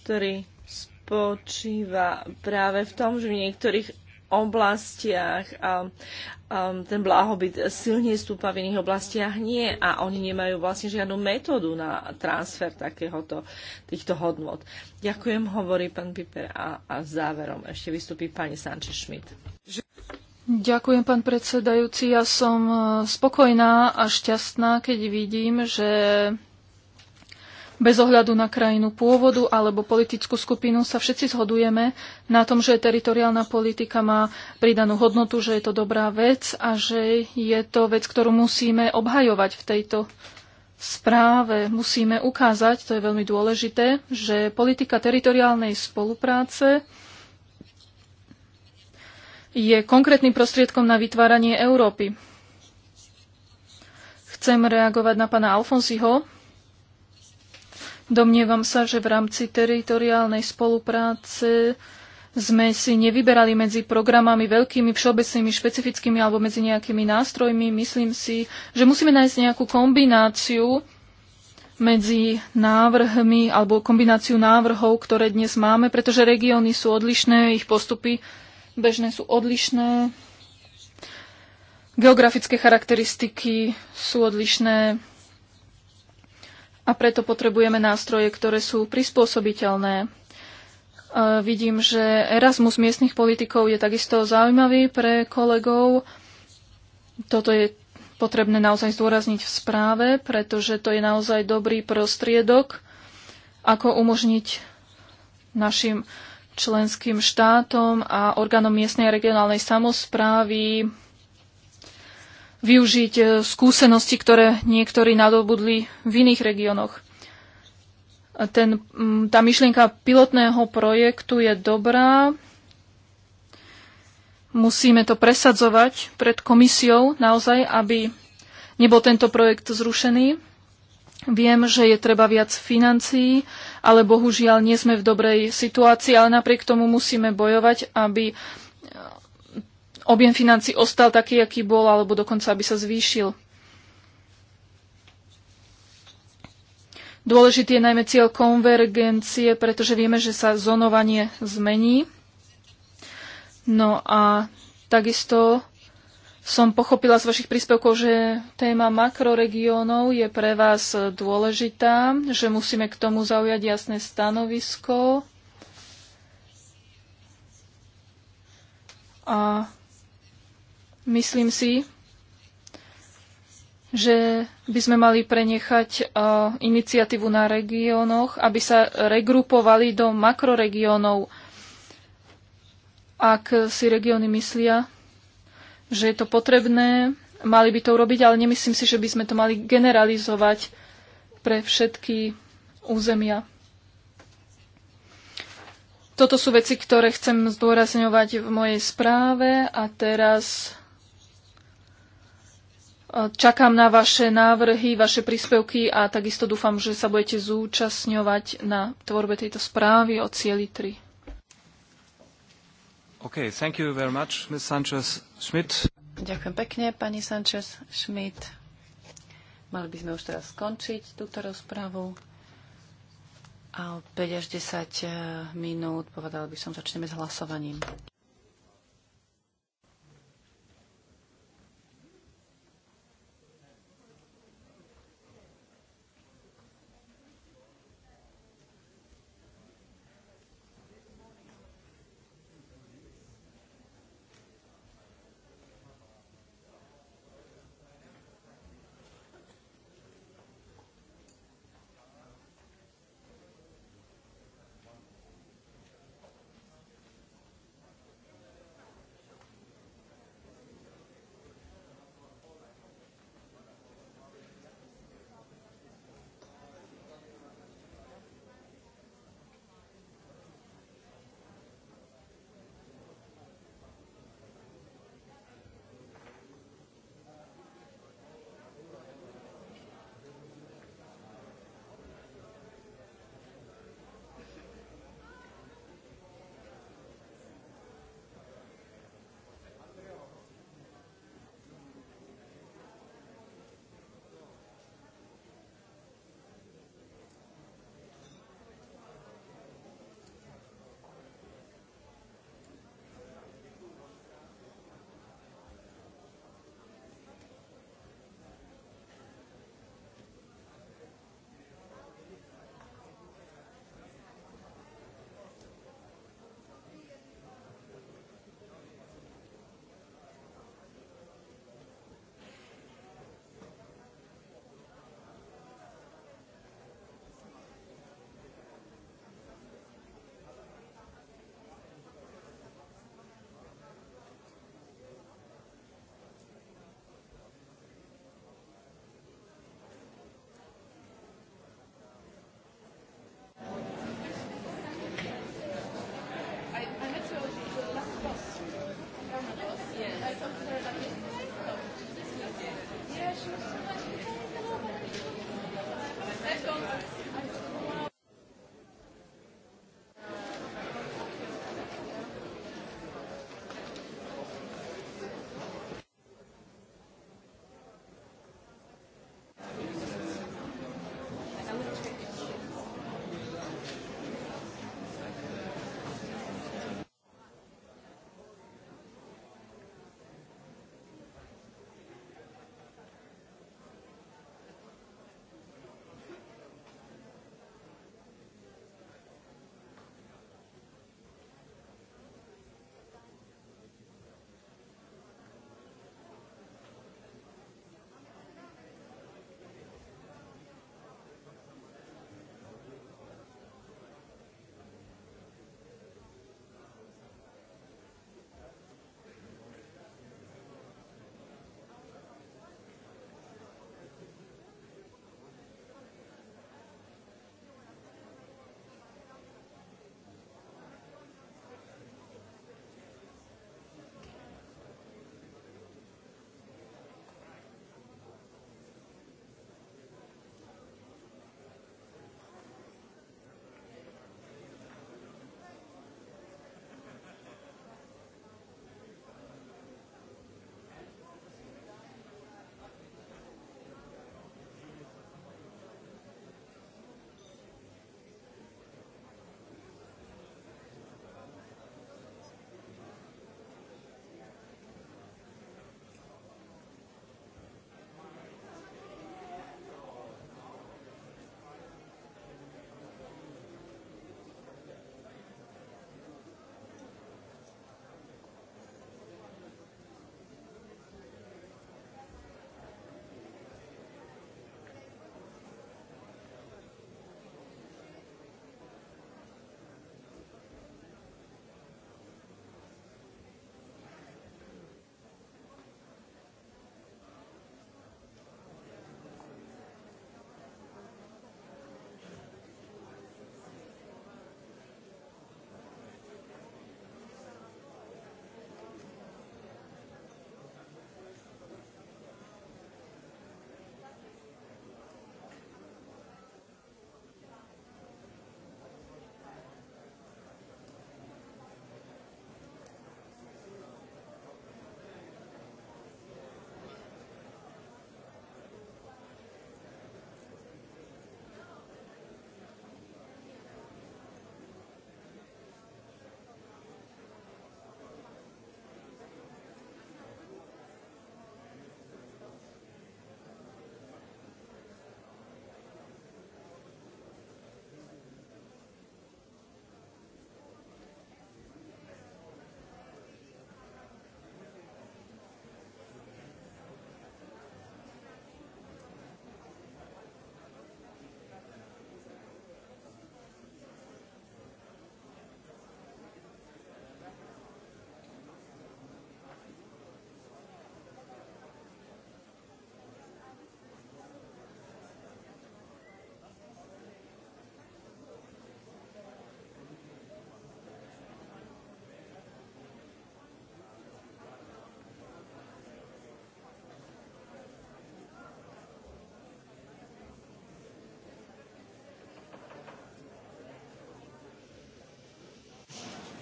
ktorý spočíva práve v tom, že v niektorých oblastiach a a ten blahobyt silne stúpa v iných oblastiach nie a oni nemajú vlastne žiadnu metódu na transfer takéhoto, týchto hodnot. Ďakujem, hovorí pán Piper a, a záverom ešte vystupí pani Sanchez Schmidt.
Ďakujem, pán predsedajúci. Ja som e, spokojná a šťastná, keď vidím, že bez ohľadu na krajinu pôvodu alebo politickú skupinu sa všetci zhodujeme na tom, že teritoriálna politika má pridanú hodnotu, že je to dobrá vec a že je to vec, ktorú musíme obhajovať v tejto správe. Musíme ukázať, to je veľmi dôležité, že politika teritoriálnej spolupráce je konkrétnym prostriedkom na vytváranie Európy. Chcem reagovať na pána Alfonsiho, Domnievam sa, že v rámci teritoriálnej spolupráce sme si nevyberali medzi programami veľkými, všeobecnými, špecifickými alebo medzi nejakými nástrojmi. Myslím si, že musíme nájsť nejakú kombináciu medzi návrhmi alebo kombináciu návrhov, ktoré dnes máme, pretože regióny sú odlišné, ich postupy bežné sú odlišné, geografické charakteristiky sú odlišné, a preto potrebujeme nástroje, ktoré sú prispôsobiteľné. E, vidím, že Erasmus miestnych politikov je takisto zaujímavý pre kolegov. Toto je potrebné naozaj zdôrazniť v správe, pretože to je naozaj dobrý prostriedok, ako umožniť našim členským štátom a orgánom miestnej a regionálnej samozprávy využiť e, skúsenosti, ktoré niektorí nadobudli v iných regiónoch. Ten, tá myšlienka pilotného projektu je dobrá. Musíme to presadzovať pred komisiou naozaj, aby nebol tento projekt zrušený. Viem, že je treba viac financií, ale bohužiaľ nie sme v dobrej situácii, ale napriek tomu musíme bojovať, aby objem financí ostal taký, aký bol, alebo dokonca, aby sa zvýšil. Dôležitý je najmä cieľ konvergencie, pretože vieme, že sa zonovanie zmení. No a takisto som pochopila z vašich príspevkov, že téma makroregiónov je pre vás dôležitá, že musíme k tomu zaujať jasné stanovisko. A Myslím si, že by sme mali prenechať e, iniciatívu na regiónoch, aby sa regrupovali do makroregiónov, ak si regióny myslia, že je to potrebné, mali by to urobiť, ale nemyslím si, že by sme to mali generalizovať pre všetky územia. Toto sú veci, ktoré chcem zdôrazňovať v mojej správe a teraz E, čakám na vaše návrhy, vaše príspevky a takisto dúfam, že sa budete zúčastňovať na tvorbe tejto správy o cieli 3. thank you very much, Ms. Sanchez Schmidt. Ďakujem pekne,
pani Sanchez Schmidt. Mali by sme už teraz skončiť túto rozpravu. A o 5 až 10 e, minút, povedal by som, začneme s hlasovaním.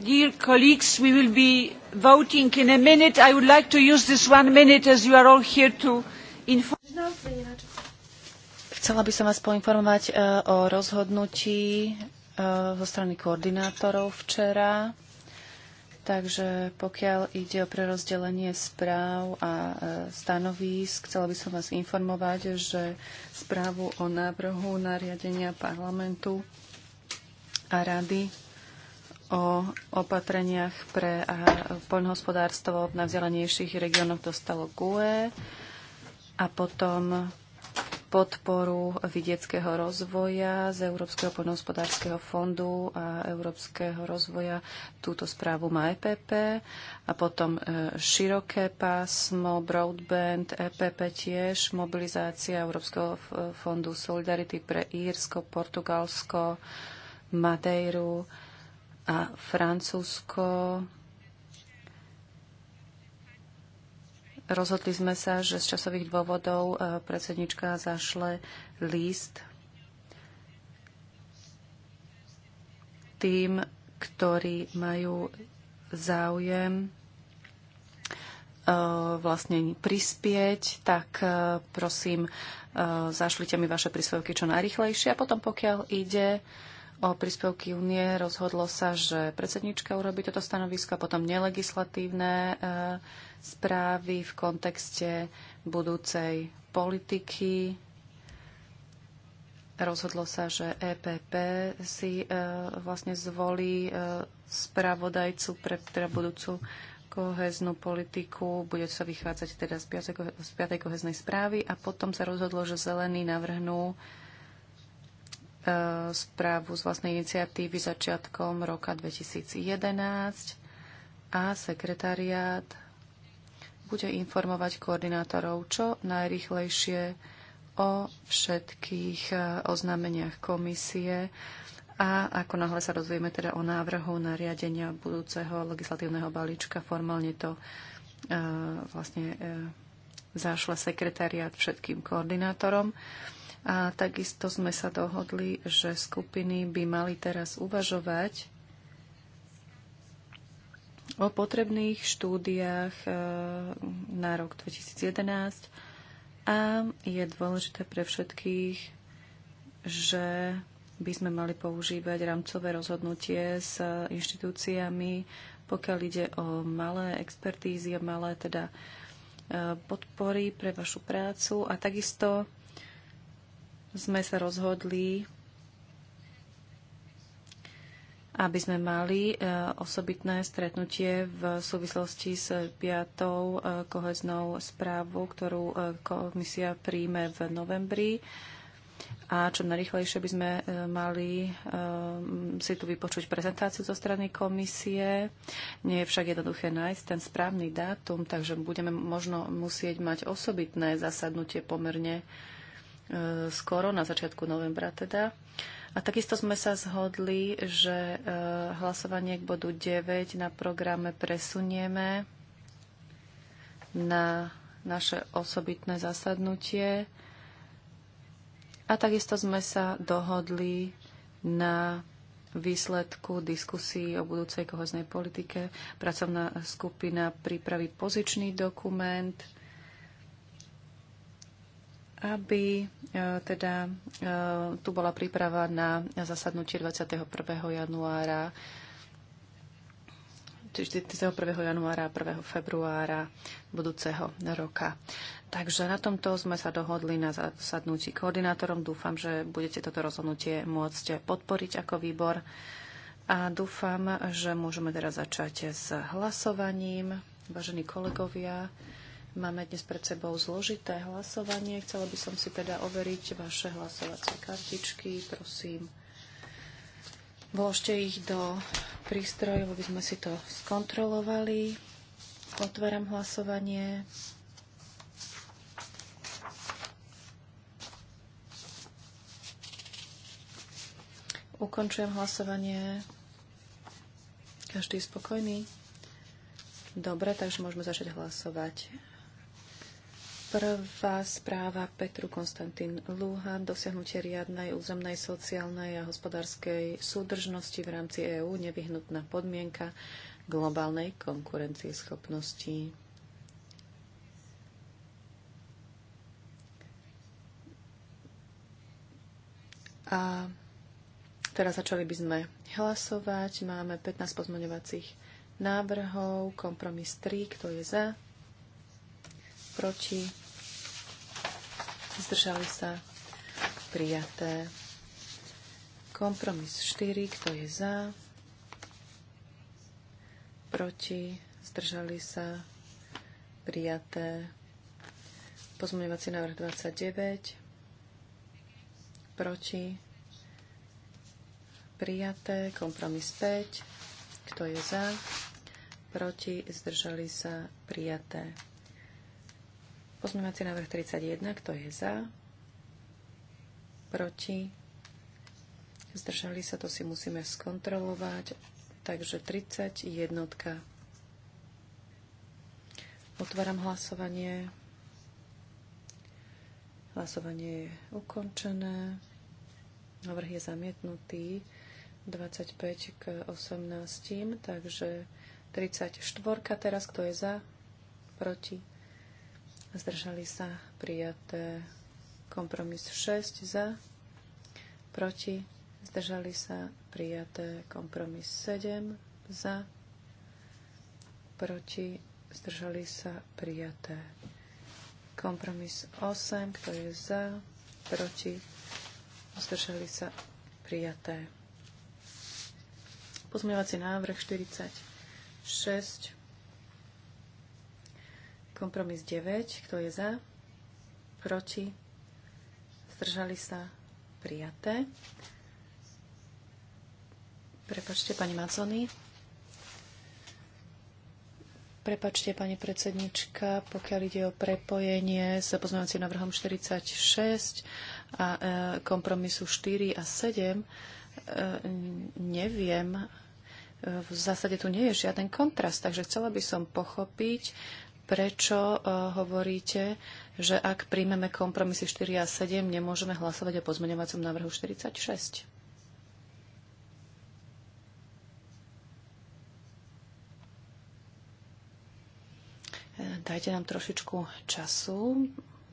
dear colleagues we will be voting in a minute i would like to use this one minute as you are all here to inform
Chcela by som vás poinformovať uh, o rozhodnutí uh, zo strany koordinátorov včera. Takže pokiaľ ide o prerozdelenie správ a e, stanovísk, chcela by som vás informovať, že správu o návrhu nariadenia parlamentu a rady o opatreniach pre poľnohospodárstvo v vzdialenejších regiónoch dostalo GUE a potom podporu vidieckého rozvoja z Európskeho poľnohospodárskeho fondu a Európskeho rozvoja. Túto správu má EPP a potom e, široké pásmo, broadband, EPP tiež, mobilizácia Európskeho fondu Solidarity pre Írsko, Portugalsko, Madejru a Francúzsko. Rozhodli sme sa, že z časových dôvodov e, predsednička zašle list tým, ktorí majú záujem e, vlastne prispieť, tak e, prosím, zašlite mi vaše príspevky čo najrychlejšie. A potom, pokiaľ ide o príspevky únie. Rozhodlo sa, že predsednička urobí toto stanovisko a potom nelegislatívne e, správy v kontekste budúcej politiky. Rozhodlo sa, že EPP si e, vlastne zvolí e, spravodajcu pre teda budúcu koheznú politiku, bude sa vychádzať teda z 5. koheznej správy a potom sa rozhodlo, že zelení navrhnú správu z vlastnej iniciatívy začiatkom roka 2011 a sekretariát bude informovať koordinátorov čo najrychlejšie o všetkých e, oznámeniach komisie a ako náhle sa dozvieme teda o návrhu nariadenia budúceho legislatívneho balíčka, formálne to e, vlastne e, zašla sekretariat všetkým koordinátorom. A takisto sme sa dohodli, že skupiny by mali teraz uvažovať o potrebných štúdiách e, na rok 2011 a je dôležité pre všetkých, že by sme mali používať rámcové rozhodnutie s inštitúciami, pokiaľ ide o malé expertízy a malé teda e, podpory pre vašu prácu a takisto sme sa rozhodli, aby sme mali e, osobitné stretnutie v súvislosti s piatou e, koheznou správou, ktorú e, komisia príjme v novembri a čo najrychlejšie by sme mali si tu vypočuť prezentáciu zo strany komisie. Nie je však jednoduché nájsť ten správny dátum, takže budeme možno musieť mať osobitné zasadnutie pomerne E, skoro, na začiatku novembra teda. A takisto sme sa zhodli, že e, hlasovanie k bodu 9 na programe presunieme na naše osobitné zasadnutie. A takisto sme sa dohodli na výsledku diskusí o budúcej kohoznej politike. Pracovná skupina pripraví pozičný dokument aby e, teda e, tu bola príprava na zasadnutie 21. januára čiže 31. januára a 1. februára budúceho roka. Takže na tomto sme sa dohodli na zasadnutí koordinátorom. Dúfam, že budete toto rozhodnutie môcť podporiť ako výbor. A dúfam, že môžeme teraz začať s hlasovaním. Vážení kolegovia, Máme dnes pred sebou zložité hlasovanie. Chcela by som si teda overiť vaše hlasovacie kartičky. Prosím, vložte ich do prístrojov, aby sme si to skontrolovali. Otváram hlasovanie. Ukončujem hlasovanie. Každý je spokojný? Dobre, takže môžeme začať hlasovať. Prvá správa Petru Konstantín Lúha, dosiahnutie riadnej územnej, sociálnej a hospodárskej súdržnosti v rámci EÚ, nevyhnutná podmienka globálnej schopnosti. A teraz začali by sme hlasovať. Máme 15 pozmeňovacích návrhov, kompromis 3, kto je za, proti, zdržali sa, prijaté. Kompromis 4, kto je za, proti, zdržali sa, prijaté. Pozmeňovací návrh 29, proti, prijaté. Kompromis 5, kto je za, proti, zdržali sa, prijaté. Pozmeňovací návrh 31, kto je za? Proti? Zdržali sa, to si musíme skontrolovať. Takže 31. Otváram hlasovanie. Hlasovanie je ukončené. Návrh je zamietnutý 25 k 18, takže 34 teraz kto je za, proti zdržali sa prijaté kompromis 6 za, proti, zdržali sa prijaté kompromis 7 za, proti, zdržali sa prijaté kompromis 8, kto je za, proti, zdržali sa prijaté. Pozmievací návrh 46 Kompromis 9. Kto je za? Proti? Zdržali sa? Prijaté. Prepačte, pani Macony. Prepačte, pani predsednička, pokiaľ ide o prepojenie s poznávacím návrhom 46 a e, kompromisu 4 a 7, e, neviem, e, v zásade tu nie je žiaden kontrast, takže chcela by som pochopiť, prečo e, hovoríte, že ak príjmeme kompromisy 4 a 7, nemôžeme hlasovať o pozmeňovacom návrhu 46? E, dajte nám trošičku času.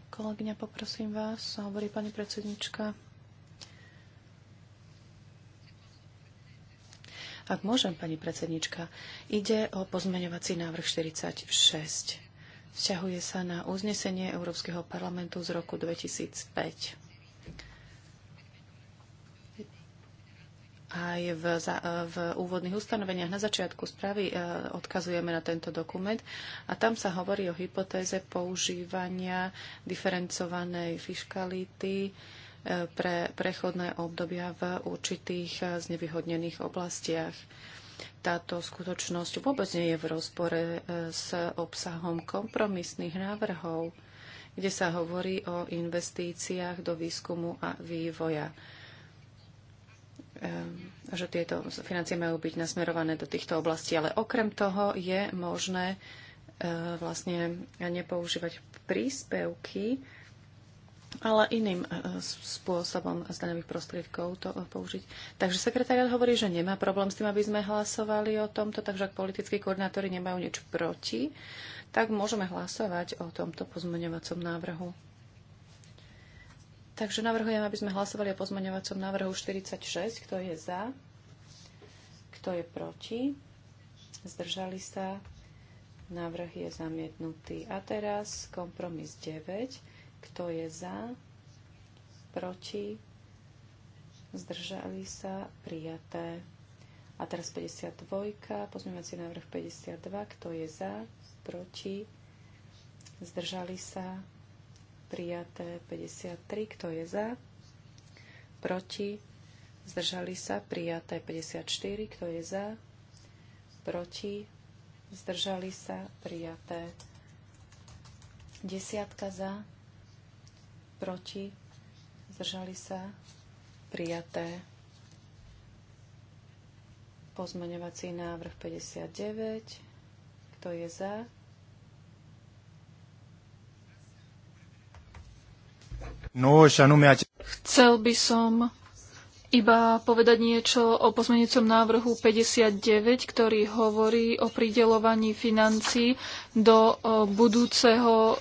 Kolegyňa, poprosím vás, hovorí pani predsednička. Ak môžem, pani predsednička, ide o pozmeňovací návrh 46. Vzťahuje sa na uznesenie Európskeho parlamentu z roku 2005. Aj v, za, v úvodných ustanoveniach na začiatku správy e, odkazujeme na tento dokument a tam sa hovorí o hypotéze používania diferencovanej fiskality pre prechodné obdobia v určitých eh, znevýhodnených oblastiach. Táto skutočnosť vôbec nie je v rozpore eh, s obsahom kompromisných návrhov, kde sa hovorí o investíciách do výskumu a vývoja ehm, že tieto financie majú byť nasmerované do týchto oblastí, ale okrem toho je možné eh, vlastne nepoužívať príspevky ale iným e, e, spôsobom z daňových prostriedkov to e, použiť. Takže sekretariat hovorí, že nemá problém s tým, aby sme hlasovali o tomto, takže ak politickí koordinátori nemajú nič proti, tak môžeme hlasovať o tomto pozmeňovacom návrhu. Takže navrhujem, aby sme hlasovali o pozmeňovacom návrhu 46. Kto je za? Kto je proti? Zdržali sa? Návrh je zamietnutý. A teraz kompromis 9 kto je za? Proti? Zdržali sa? Prijaté. A teraz 52. Pozmievací návrh 52. Kto je za? Proti? Zdržali sa? Prijaté. 53. Kto je za? Proti? Zdržali sa? Prijaté. 54. Kto je za? Proti? Zdržali sa? Prijaté. Desiatka za? proti, zdržali sa, prijaté. Pozmeňovací návrh 59, kto je za?
No,
Chcel by som iba povedať niečo o pozmeňujúcom návrhu 59, ktorý hovorí o pridelovaní financí do e, budúceho e,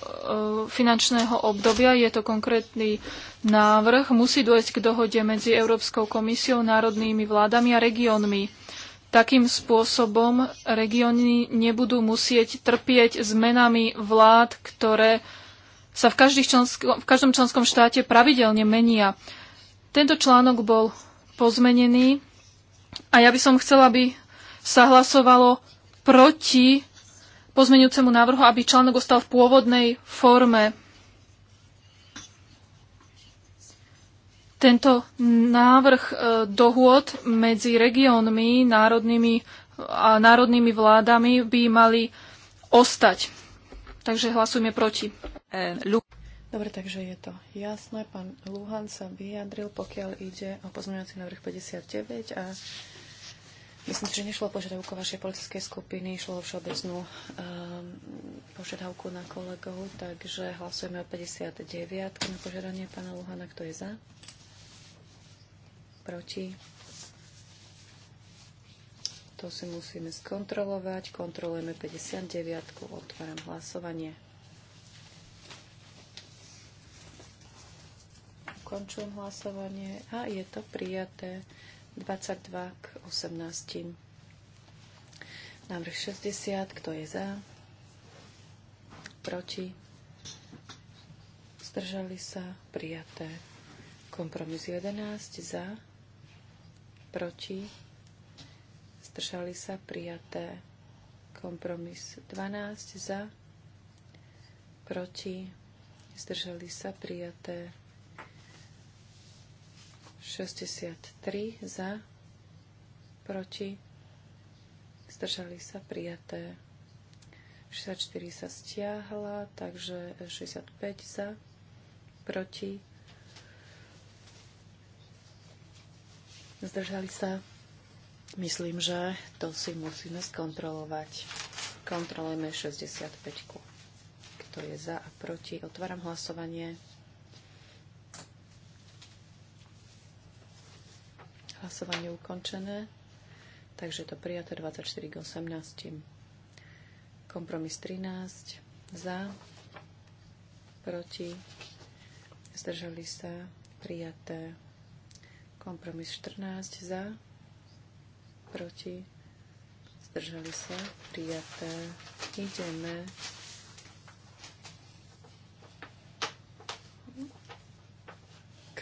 finančného obdobia. Je to konkrétny návrh. Musí dôjsť k dohode medzi Európskou komisiou, národnými vládami a regiónmi. Takým spôsobom regióny nebudú musieť trpieť zmenami vlád, ktoré sa v, člensk- v každom členskom štáte pravidelne menia. Tento článok bol pozmenený a ja by som chcela, aby sa hlasovalo proti pozmenujúcemu návrhu, aby článok ostal v pôvodnej forme. Tento návrh e, dohôd medzi regiónmi, národnými a národnými vládami by mali ostať. Takže hlasujme proti. E, Dobre, takže je to
jasné. Pán Luhan sa vyjadril, pokiaľ ide o pozmeňovací návrh 59 a myslím si, že nešlo o požiadavku vašej politickej skupiny, išlo o všeobecnú um, požiadavku na kolegov, takže hlasujeme o 59 na požiadanie pána Luhana. Kto je za? Proti? To si musíme skontrolovať. Kontrolujeme 59. Otváram hlasovanie. Končujem hlasovanie a je to prijaté 22 k 18. Návrh 60. Kto je za? Proti? Zdržali sa? Prijaté. Kompromis 11. Za? Proti? Zdržali sa? Prijaté kompromis 12 za, proti, zdržali sa prijaté 63 za, proti, zdržali sa prijaté. 64 sa stiahla, takže 65 za, proti, zdržali sa. Myslím, že to si musíme skontrolovať. Kontrolujeme 65. Kto je za a proti? Otváram hlasovanie. Hlasovanie ukončené. Takže to prijaté 24 k 18. Kompromis 13. Za. Proti. Zdržali sa. Prijaté. Kompromis 14. Za. Proti. Zdržali sa. Prijaté. Ideme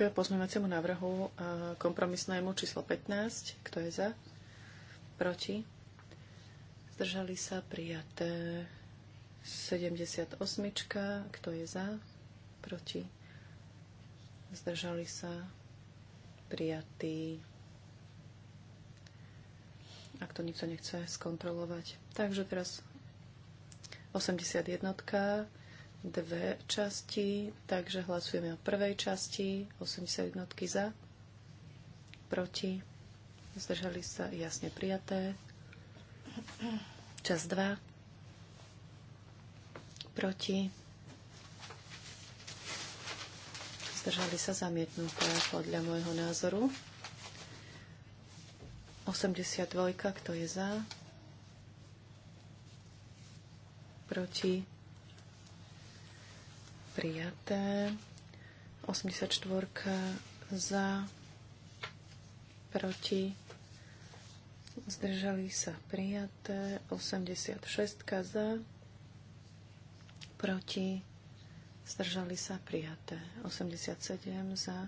pozmeňovaciemu návrhu e, kompromisnému číslo 15. Kto je za? Proti? Zdržali sa prijaté 78. Kto je za? Proti? Zdržali sa prijatí. Ak to nikto nechce skontrolovať. Takže teraz 81 dve časti, takže hlasujeme o prvej časti, 80 jednotky za, proti, zdržali sa jasne prijaté. Čas 2, proti, zdržali sa zamietnuté podľa môjho názoru. 82, kto je za, proti, prijaté. 84 za, proti, zdržali sa prijaté. 86 za, proti, zdržali sa prijaté. 87 za,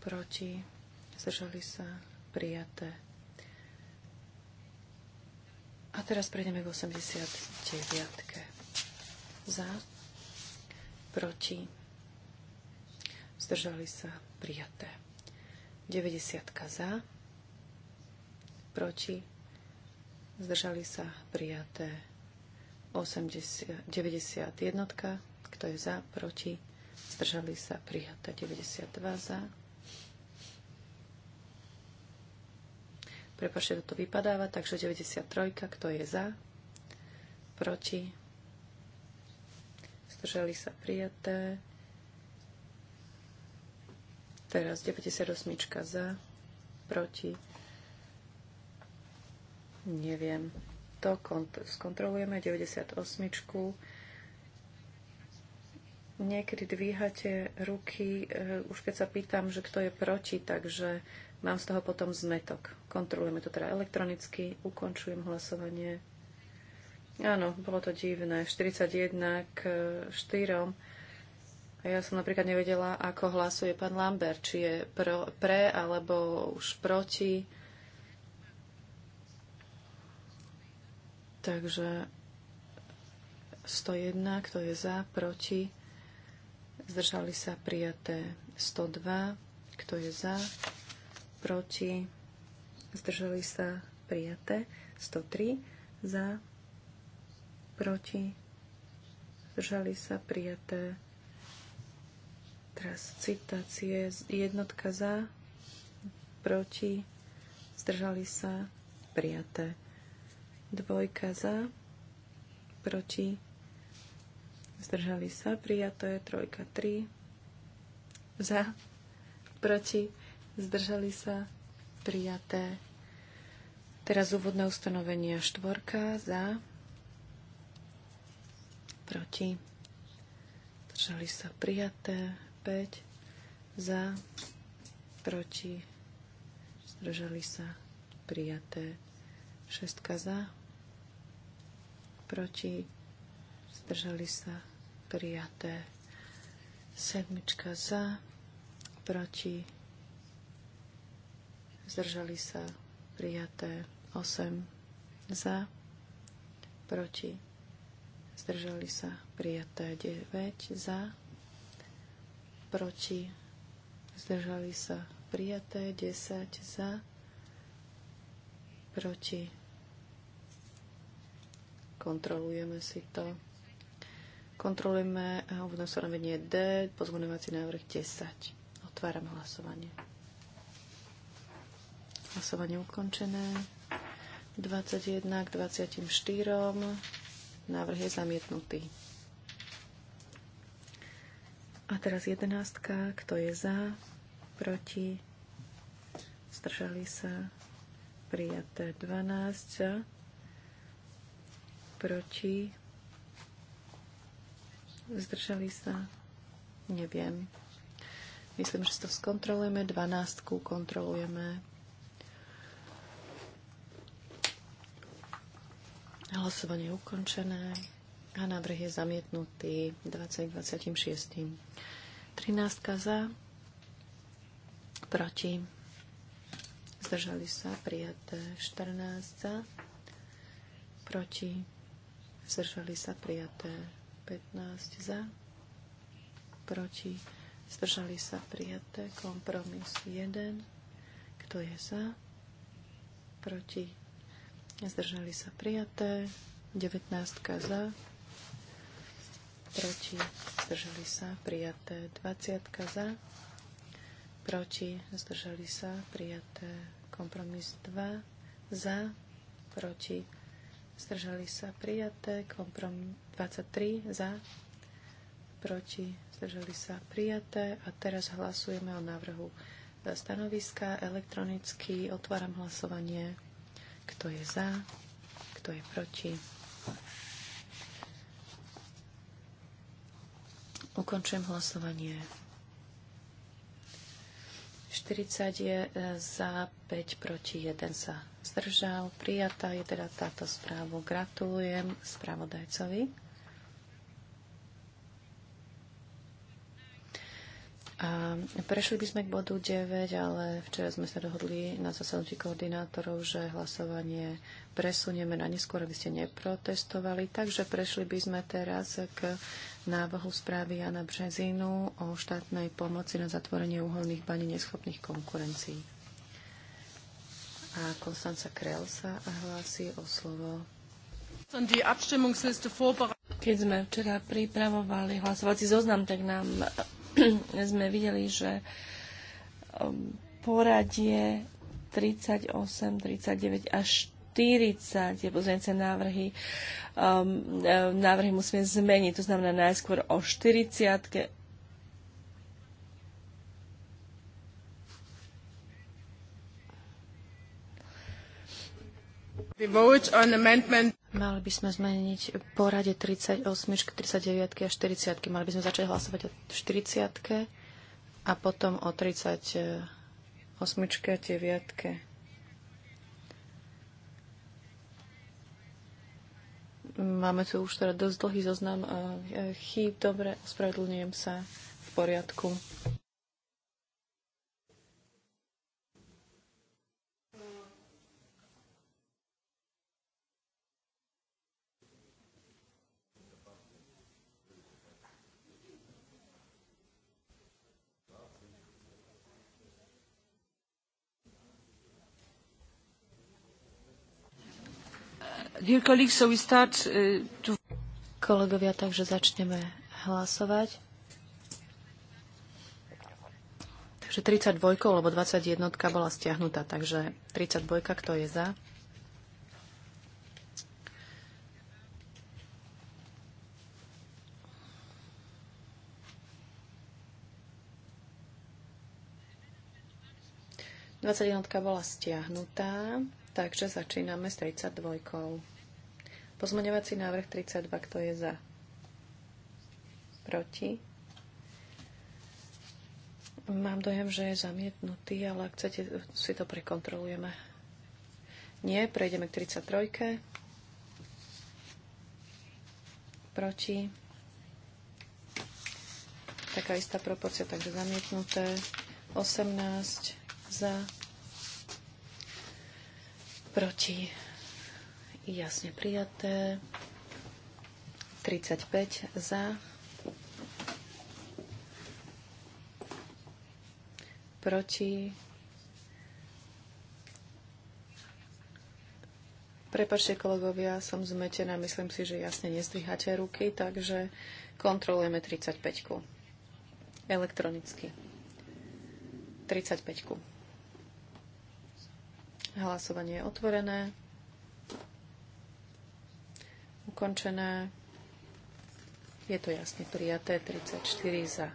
proti, zdržali sa prijaté. A teraz prejdeme k 89. Za, proti, zdržali sa prijaté. 90 za, proti, zdržali sa prijaté. 80, 91, kto je za, proti, zdržali sa prijaté. 92 za, Prepašte, toto vypadáva, takže 93, kto je za, proti, zdržali sa prijaté. Teraz 98 za, proti. Neviem. To kont- skontrolujeme 98. Niekedy dvíhate ruky, eh, už keď sa pýtam, že kto je proti, takže mám z toho potom zmetok. Kontrolujeme to teda elektronicky, ukončujem hlasovanie. Áno, bolo to divné. 41 k 4. A ja som napríklad nevedela, ako hlasuje pán Lambert, či je pro, pre alebo už proti. Takže 101, kto je za, proti. Zdržali sa prijaté 102, kto je za, proti. Zdržali sa prijaté 103, za, proti, zdržali sa prijaté. Teraz citácie jednotka za, proti, zdržali sa prijaté. Dvojka za, proti, zdržali sa prijaté. Trojka tri. za, proti, zdržali sa prijaté. Teraz úvodné ustanovenia štvorka za, proti, Držali sa prijaté, 5 za, proti, zdržali sa prijaté, 6 za, proti, zdržali sa prijaté, 7 za, proti, zdržali sa prijaté, 8 za, proti, zdržali sa prijaté 9 za, proti, zdržali sa prijaté 10 za, proti, kontrolujeme si to. Kontrolujeme úvodné stanovenie D, pozvonovací návrh 10. Otváram hlasovanie. Hlasovanie ukončené. 21 k 24. Návrh je zamietnutý. A teraz jedenástka. Kto je za? Proti? Zdržali sa? Prijaté 12. Proti? Zdržali sa? Neviem. Myslím, že to skontrolujeme. 12 kontrolujeme. Hlasovanie je ukončené a návrh je zamietnutý 2026. 13 za, proti, zdržali sa, prijaté 14 za, proti, zdržali sa, prijaté 15 za, proti, zdržali sa, prijaté kompromis 1, kto je za, proti, Zdržali sa prijaté. 19 za. Proti. Zdržali sa prijaté. 20 za. Proti. Zdržali sa prijaté. Kompromis 2 za. Proti. Zdržali sa prijaté. Kompromis 23 za. Proti. Zdržali sa prijaté. A teraz hlasujeme o návrhu stanoviska. Elektronicky otváram hlasovanie. Kto je za? Kto je proti? Ukončujem hlasovanie. 40 je e, za, 5 proti, 1 sa zdržal. Prijatá je teda táto správa. Gratulujem správodajcovi. A prešli by sme k bodu 9, ale včera sme sa dohodli na zasadnutí koordinátorov, že hlasovanie presunieme na neskôr, aby ste neprotestovali. Takže prešli by sme teraz k návrhu správy Jana Březinu o štátnej pomoci na zatvorenie uholných baní neschopných konkurencií. A Konstanca Krell sa hlási o slovo.
Keď sme včera pripravovali hlasovací zoznam, tak nám sme videli, že um, poradie 38, 39 až 40 tie pozmeňujúce návrhy, um, e, návrhy musíme zmeniť. To znamená najskôr o 40 The vote on amendment
Mali by sme zmeniť porade 38, 39 a 40. Mali by sme začať hlasovať o 40 a potom o 38 a 9. Máme tu už teda dosť dlhý zoznam eh, chýb. Dobre, ospravedlňujem sa. V poriadku. Uh, Kolegovia, takže začneme hlasovať. Takže 32, lebo 21 bola stiahnutá, takže 32, kto je za? Dvadsať jednotka bola stiahnutá. Takže začíname s 32. Pozmeňovací návrh 32, kto je za? Proti? Mám dojem, že je zamietnutý, ale ak chcete, si to prekontrolujeme. Nie, prejdeme k 33. Proti? Taká istá proporcia, takže zamietnuté. 18 za proti, jasne prijaté, 35 za, proti, Prepačte, kolegovia, som zmetená. Myslím si, že jasne nestriháte ruky, takže kontrolujeme 35 -ku. Elektronicky. 35 -ku. Hlasovanie je otvorené. Ukončené. Je to jasne prijaté. 34 za.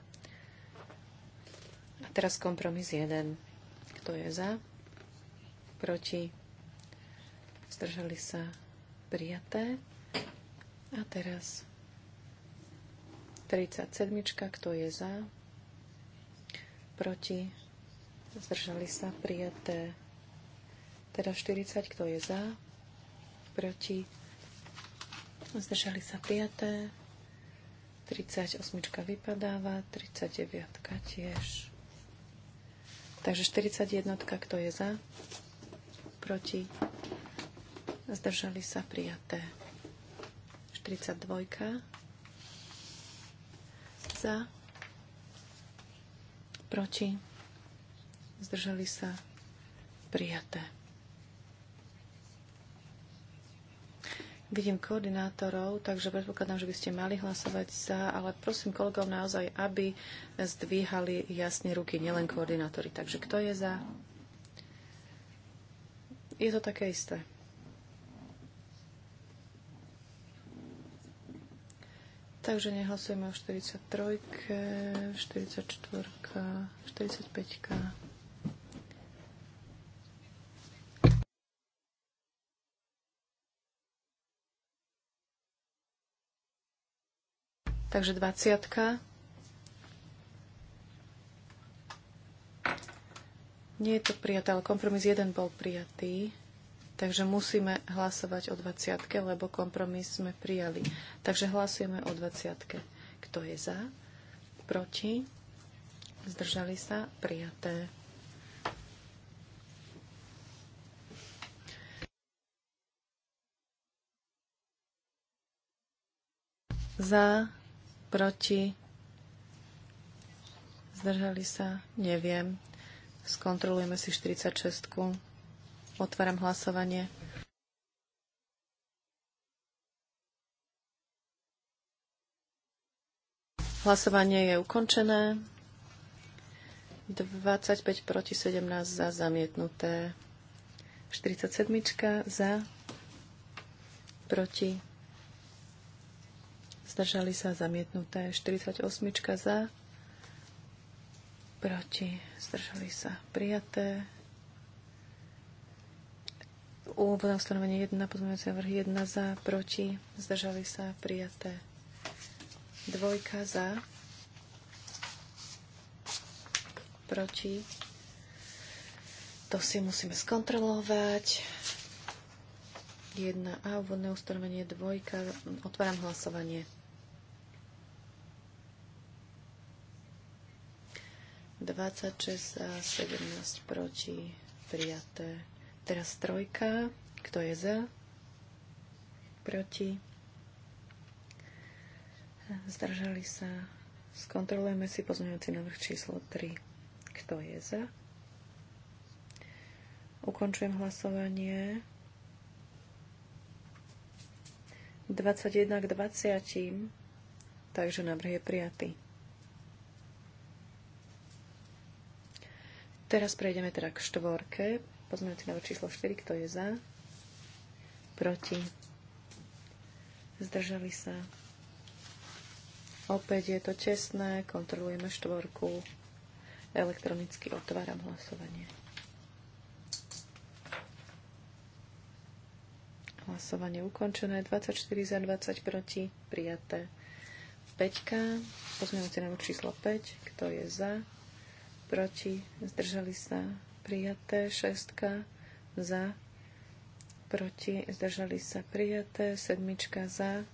A teraz kompromis 1. Kto je za? Proti? Zdržali sa prijaté. A teraz 37. Kto je za? Proti? Zdržali sa prijaté. Teda 40, kto je za, proti, zdržali sa prijaté. 38 vypadáva, 39 tiež. Takže 41, kto je za, proti, zdržali sa prijaté. 42 za, proti, zdržali sa prijaté. Vidím koordinátorov, takže predpokladám, že by ste mali hlasovať za, ale prosím kolegov naozaj, aby zdvíhali jasne ruky, nielen koordinátori. Takže kto je za? Je to také isté. Takže nehlasujeme o 43, 44, 45. Takže 20. Nie je to prijaté, ale kompromis 1 bol prijatý. Takže musíme hlasovať o 20, lebo kompromis sme prijali. Takže hlasujeme o 20. Kto je za? Proti? Zdržali sa? Prijaté. Za proti, zdržali sa, neviem. Skontrolujeme si 46. Otváram hlasovanie. Hlasovanie je ukončené. 25 proti 17 za zamietnuté. 47 za proti zdržali sa, zamietnuté. 48 za, proti, zdržali sa, prijaté. Úvodné ustanovenie 1, pozmeňujúce návrhy 1 za, proti, zdržali sa, prijaté. Dvojka za, proti. To si musíme skontrolovať. 1A, úvodné ustanovenie 2. Otváram hlasovanie. 26 za, 17 proti, prijaté. Teraz trojka, kto je za, proti, zdržali sa. Skontrolujeme si pozmeňujúci návrh číslo 3. Kto je za? Ukončujem hlasovanie. 21 k 20. Takže návrh je prijatý. Teraz prejdeme teda k štvorke. si návrh číslo 4, kto je za? Proti? Zdržali sa? Opäť je to tesné, kontrolujeme štvorku. Elektronicky otváram hlasovanie. Hlasovanie ukončené. 24 za 20 proti. Prijaté. 5. Pozmeňujúci návrh číslo 5. Kto je za? proti, zdržali sa prijaté, šestka za, proti, zdržali sa prijaté, sedmička za,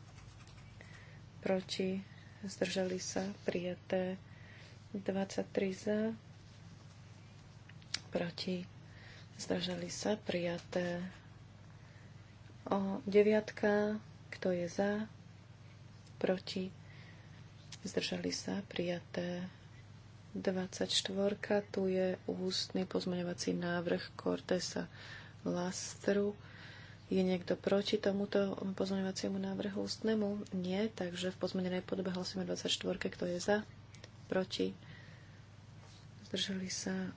proti, zdržali sa prijaté, 23 za, proti, zdržali sa prijaté. O deviatka, kto je za, proti, zdržali sa prijaté. 24. Tu je ústny pozmeňovací návrh Cortesa Lastru. Je niekto proti tomuto pozmeňovaciemu návrhu ústnemu? Nie, takže v pozmenenej podobe hlasujeme 24. Kto je za? Proti? Zdržali sa?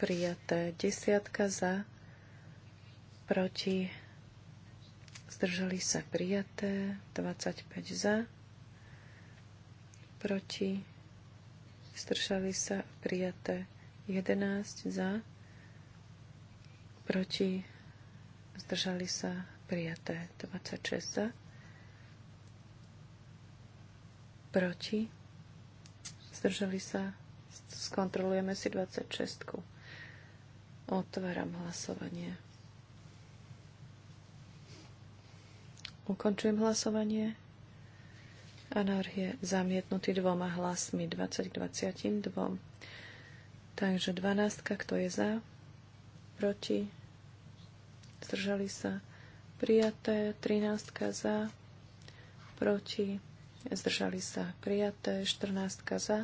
Prijaté. Desiatka za? Proti? Zdržali sa? Prijaté. 25 za? Proti? zdržali sa prijaté 11 za, proti zdržali sa prijaté 26 za, proti zdržali sa, skontrolujeme si 26. -ku. Otváram hlasovanie. Ukončujem hlasovanie a návrh je zamietnutý dvoma hlasmi 20 k 22. Takže 12, kto je za, proti, zdržali sa, prijaté, 13 za, proti, zdržali sa, prijaté, 14 za,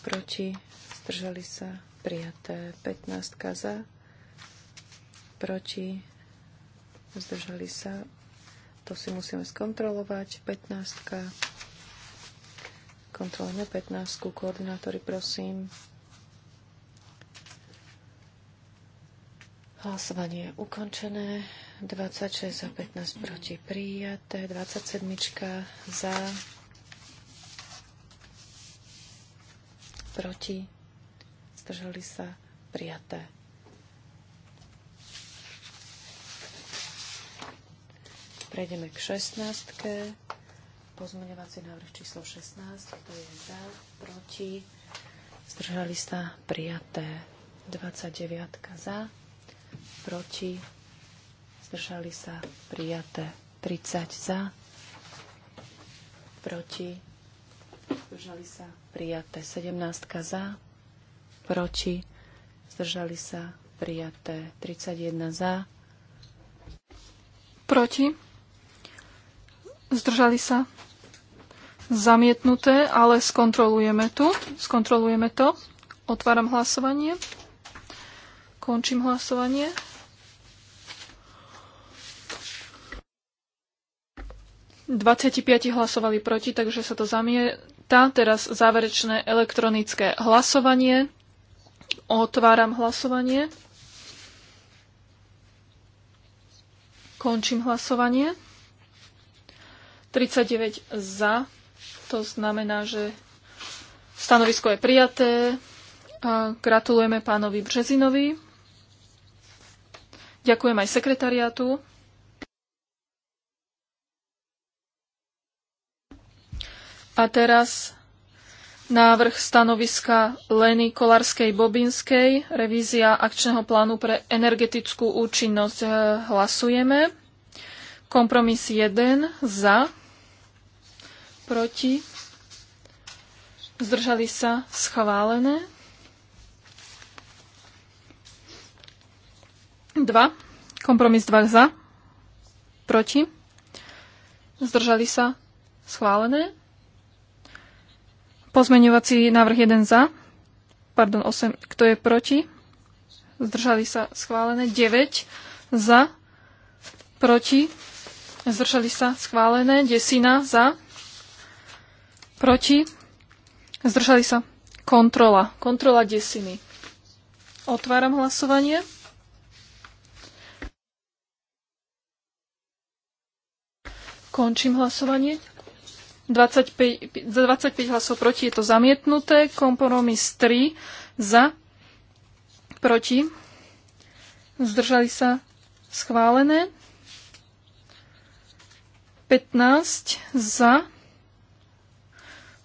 proti, zdržali sa, prijaté, 15 za, proti, zdržali sa, to si musíme skontrolovať. 15. Kontrolujeme 15. Koordinátory prosím. Hlasovanie je ukončené. 26 za 15 proti prijaté. 27 za proti. Zdržali sa prijaté. prejdeme k 16. Pozmeňovací návrh číslo 16. Kto je za? Proti? Zdržali sa prijaté. 29. za. Proti? Zdržali sa prijaté. 30 za. Proti? Zdržali sa prijaté. 17. za. Proti? Zdržali sa prijaté. 31 za.
Proti? Zdržali sa? Zamietnuté, ale skontrolujeme tu. Skontrolujeme to. Otváram hlasovanie. Končím hlasovanie. Dvadsiati piati hlasovali proti, takže sa to zamieta. Teraz záverečné elektronické hlasovanie. Otváram hlasovanie. Končím hlasovanie. 39 za, to znamená, že stanovisko je prijaté. A gratulujeme pánovi Březinovi. Ďakujem aj sekretariátu. A teraz návrh stanoviska Leny Kolarskej-Bobinskej, revízia akčného plánu pre energetickú účinnosť. Hlasujeme. Kompromis 1 za proti, zdržali sa schválené. 2. Kompromis 2 za. Proti. Zdržali sa. Schválené. Pozmeňovací návrh 1 za. Pardon, 8. Kto je proti? Zdržali sa. Schválené. 9 za. Proti. Zdržali sa. Schválené. Desina za. Proti? Zdržali sa. Kontrola. Kontrola desiny. Otváram hlasovanie. Končím hlasovanie. 25, za 25 hlasov proti je to zamietnuté. Kompromis 3 za, proti. Zdržali sa schválené. 15 za,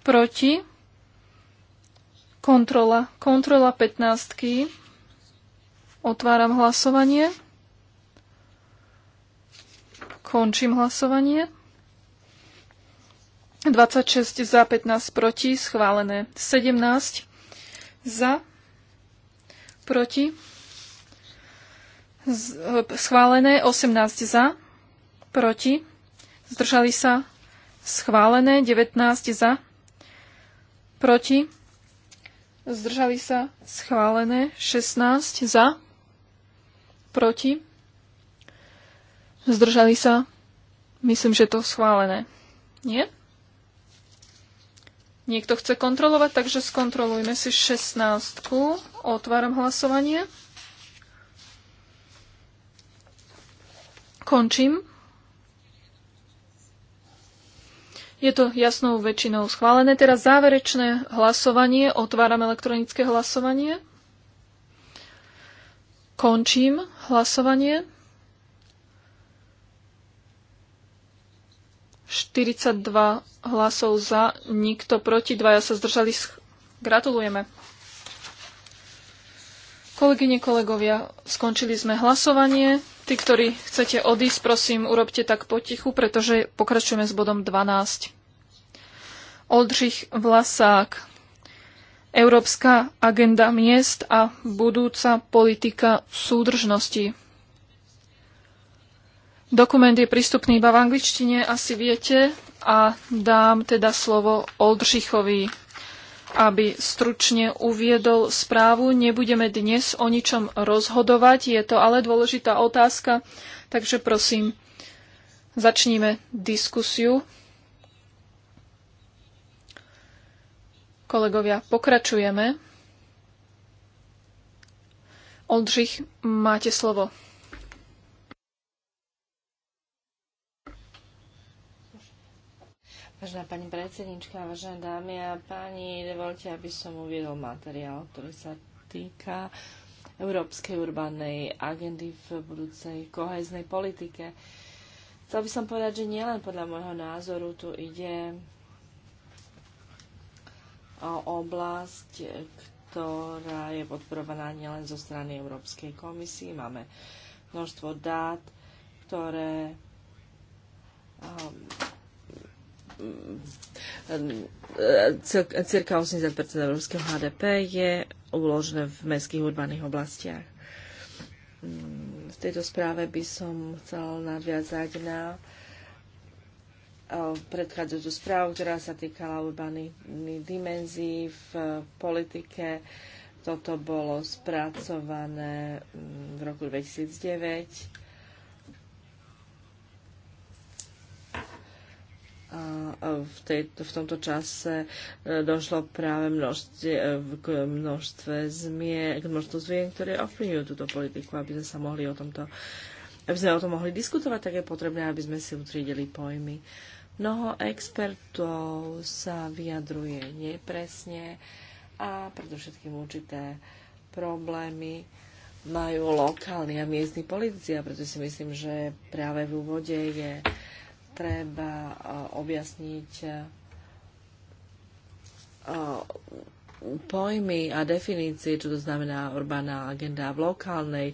Proti. Kontrola. Kontrola 15. Otváram hlasovanie. Končím hlasovanie. 26 za, 15 proti, schválené. 17 za, proti, e, schválené. 18 za, proti, zdržali sa, schválené. 19 za, proti, zdržali sa schválené 16 za, proti, zdržali sa, myslím, že to schválené. Nie? Niekto chce kontrolovať, takže skontrolujme si 16. Otváram hlasovanie. Končím. Je to jasnou väčšinou schválené. Teraz záverečné hlasovanie. Otváram elektronické hlasovanie. Končím hlasovanie. 42 hlasov za, nikto proti, dvaja sa zdržali. Gratulujeme. Kolegyne, kolegovia, skončili sme hlasovanie. Tí, ktorí chcete odísť, prosím, urobte tak potichu, pretože pokračujeme s bodom 12. Oldřich Vlasák. Európska agenda miest a budúca politika súdržnosti. Dokument je prístupný iba v angličtine, asi viete, a dám teda slovo Oldřichovi, aby stručne uviedol správu. Nebudeme dnes o ničom rozhodovať, je to ale dôležitá otázka, takže prosím, začníme diskusiu. Kolegovia, pokračujeme. Oldřich, máte slovo.
Vážená pani predsednička, vážené dámy a páni, dovolte, aby som uviedol materiál, ktorý sa týka Európskej urbanej agendy v budúcej koheznej politike. Chcel by som povedať, že nielen podľa môjho názoru tu ide oblasť, ktorá je podporovaná nielen zo strany Európskej komisie. Máme množstvo dát, ktoré um, cirka 80 európskeho HDP je uložené v mestských urbaných oblastiach. Mm, v tejto správe by som chcel nadviazať na E, predchádzajúcu správu, ktorá sa týkala urbaných dimenzií v politike. Toto bolo spracované mm, v roku 2009. A v, tomto čase e, došlo práve e, k množstve zmien, k množstvu zmien, ktoré ovplyvňujú túto politiku, aby sme sa mohli o tomto aby sme o tom mohli diskutovať, tak je potrebné, aby sme si utriedili pojmy. Mnoho expertov sa vyjadruje nepresne a predovšetkým určité problémy majú lokálni a miestni politici a preto si myslím, že práve v úvode je treba eh, objasniť eh, pojmy a definície, čo to znamená urbaná agenda v lokálnej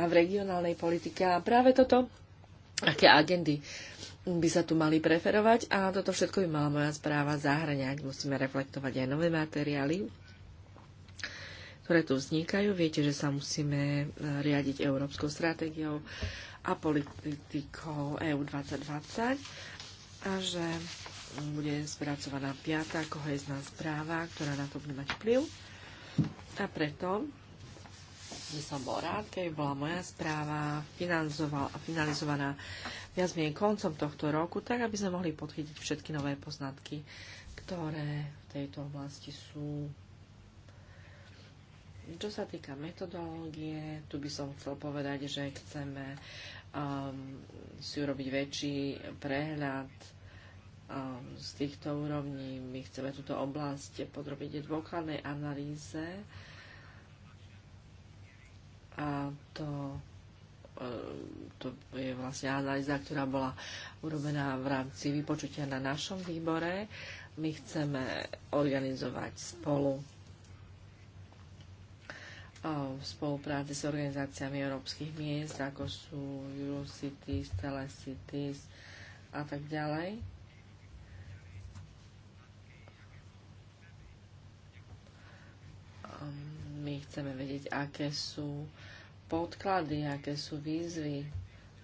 A v regionálnej politike. A práve toto, aké agendy by sa tu mali preferovať a toto všetko by mala moja správa zahrňať. Musíme reflektovať aj nové materiály, ktoré tu vznikajú. Viete, že sa musíme e, riadiť európskou stratégiou a politikou EU 2020 a že bude spracovaná piatá kohezná správa, ktorá na to bude mať vplyv. A preto že som bol rád, keď bola moja správa finalizovaná viac menej koncom tohto roku, tak aby sme mohli podchytiť všetky nové poznatky, ktoré v tejto oblasti sú. Čo sa týka metodológie, tu by som chcel povedať, že chceme um, si urobiť väčší prehľad um, z týchto úrovní. My chceme túto oblasť podrobiť dôkladnej analýze a to, e, to je vlastne analýza, ktorá bola urobená v rámci vypočutia na našom výbore. My chceme organizovať spolu v e, spolupráci s organizáciami európskych miest, ako sú Eurocities, Telecities a tak ďalej. My chceme vedieť, aké sú podklady, aké sú výzvy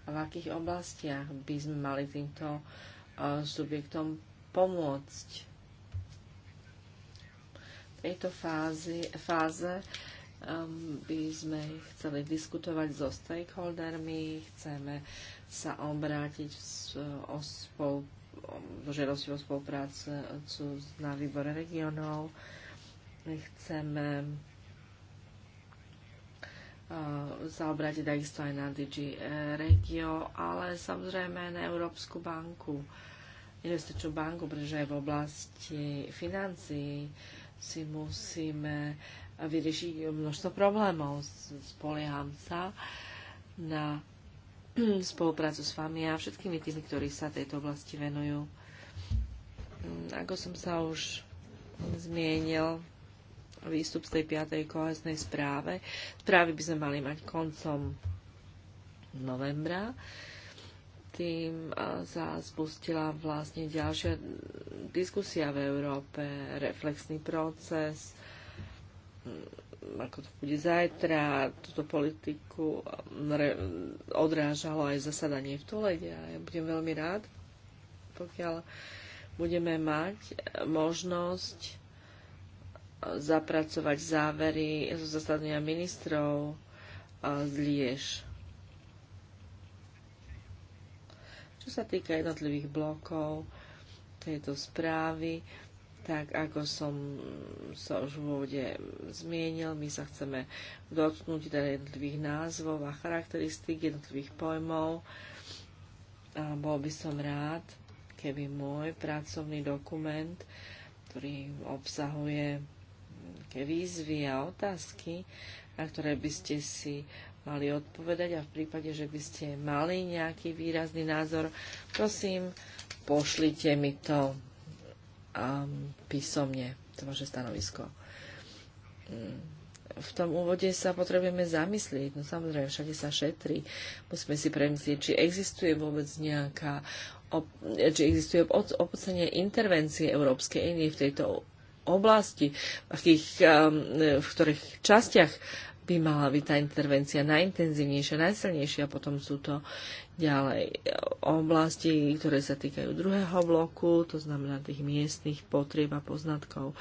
a v akých oblastiach by sme mali týmto e, subjektom pomôcť. V tejto fázi, fáze um, by sme chceli diskutovať so stakeholdermi, chceme sa obrátiť s, o spol, o žiadosti o spoluprácu na výbore regionov, chceme Eh, zaobrať takisto aj na DG Regio, ale samozrejme na Európsku banku, investičnú banku, pretože v oblasti financií si musíme vyriešiť množstvo problémov. Spolieham sa na spoluprácu s vami a všetkými tými, ktorí sa tejto oblasti venujú. Hm, ako som sa už zmienil, výstup z tej piatej kohesnej správe. Správy by sme mali mať koncom novembra. Tým sa spustila vlastne ďalšia diskusia v Európe, reflexný proces, hm, ako to bude zajtra, túto politiku hm, odrážalo aj zasadanie v Tulede a ja budem veľmi rád, pokiaľ budeme mať možnosť zapracovať závery zo zasadania ministrov z Liež. Čo sa týka jednotlivých blokov tejto správy, tak ako som sa už v úvode zmienil, my sa chceme dotknúť teda jednotlivých názvov a charakteristík jednotlivých pojmov. A bol by som rád, keby môj pracovný dokument, ktorý obsahuje nejaké výzvy a otázky, na ktoré by ste si mali odpovedať a v prípade, že by ste mali nejaký výrazný názor, prosím, pošlite mi to um, písomne, to vaše stanovisko. Mm, v tom úvode sa potrebujeme zamyslieť, no samozrejme, všade sa šetrí. Musíme si premyslieť, či existuje vôbec nejaká, či existuje opocenie intervencie Európskej únie v tejto oblasti, v akých, um, v ktorých častiach by mala byť tá intervencia najintenzívnejšia, najsilnejšia. Potom sú to ďalej oblasti, ktoré sa týkajú druhého bloku, to znamená tých miestnych potrieb a poznatkov.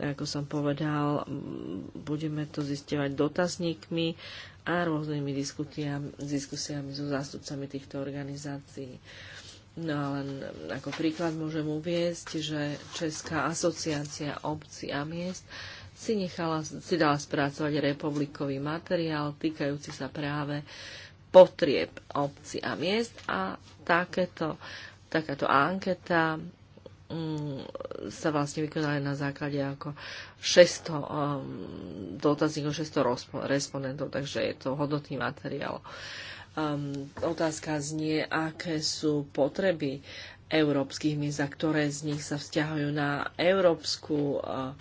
Tak ako som povedal, budeme to zistevať dotazníkmi a rôznymi diskusiami so zástupcami týchto organizácií. No len ako príklad môžem uviezť, že Česká asociácia obcí a miest si, nechala, si dala spracovať republikový materiál týkajúci sa práve potrieb obcí a miest a takéto, takáto anketa mm, sa vlastne vykonali na základe ako 600 um, dotazníkov, 600 respondentov, takže je to hodnotný materiál. Uh, Um, otázka znie, aké sú potreby európskych miest a ktoré z nich sa vzťahujú na európsku, uh,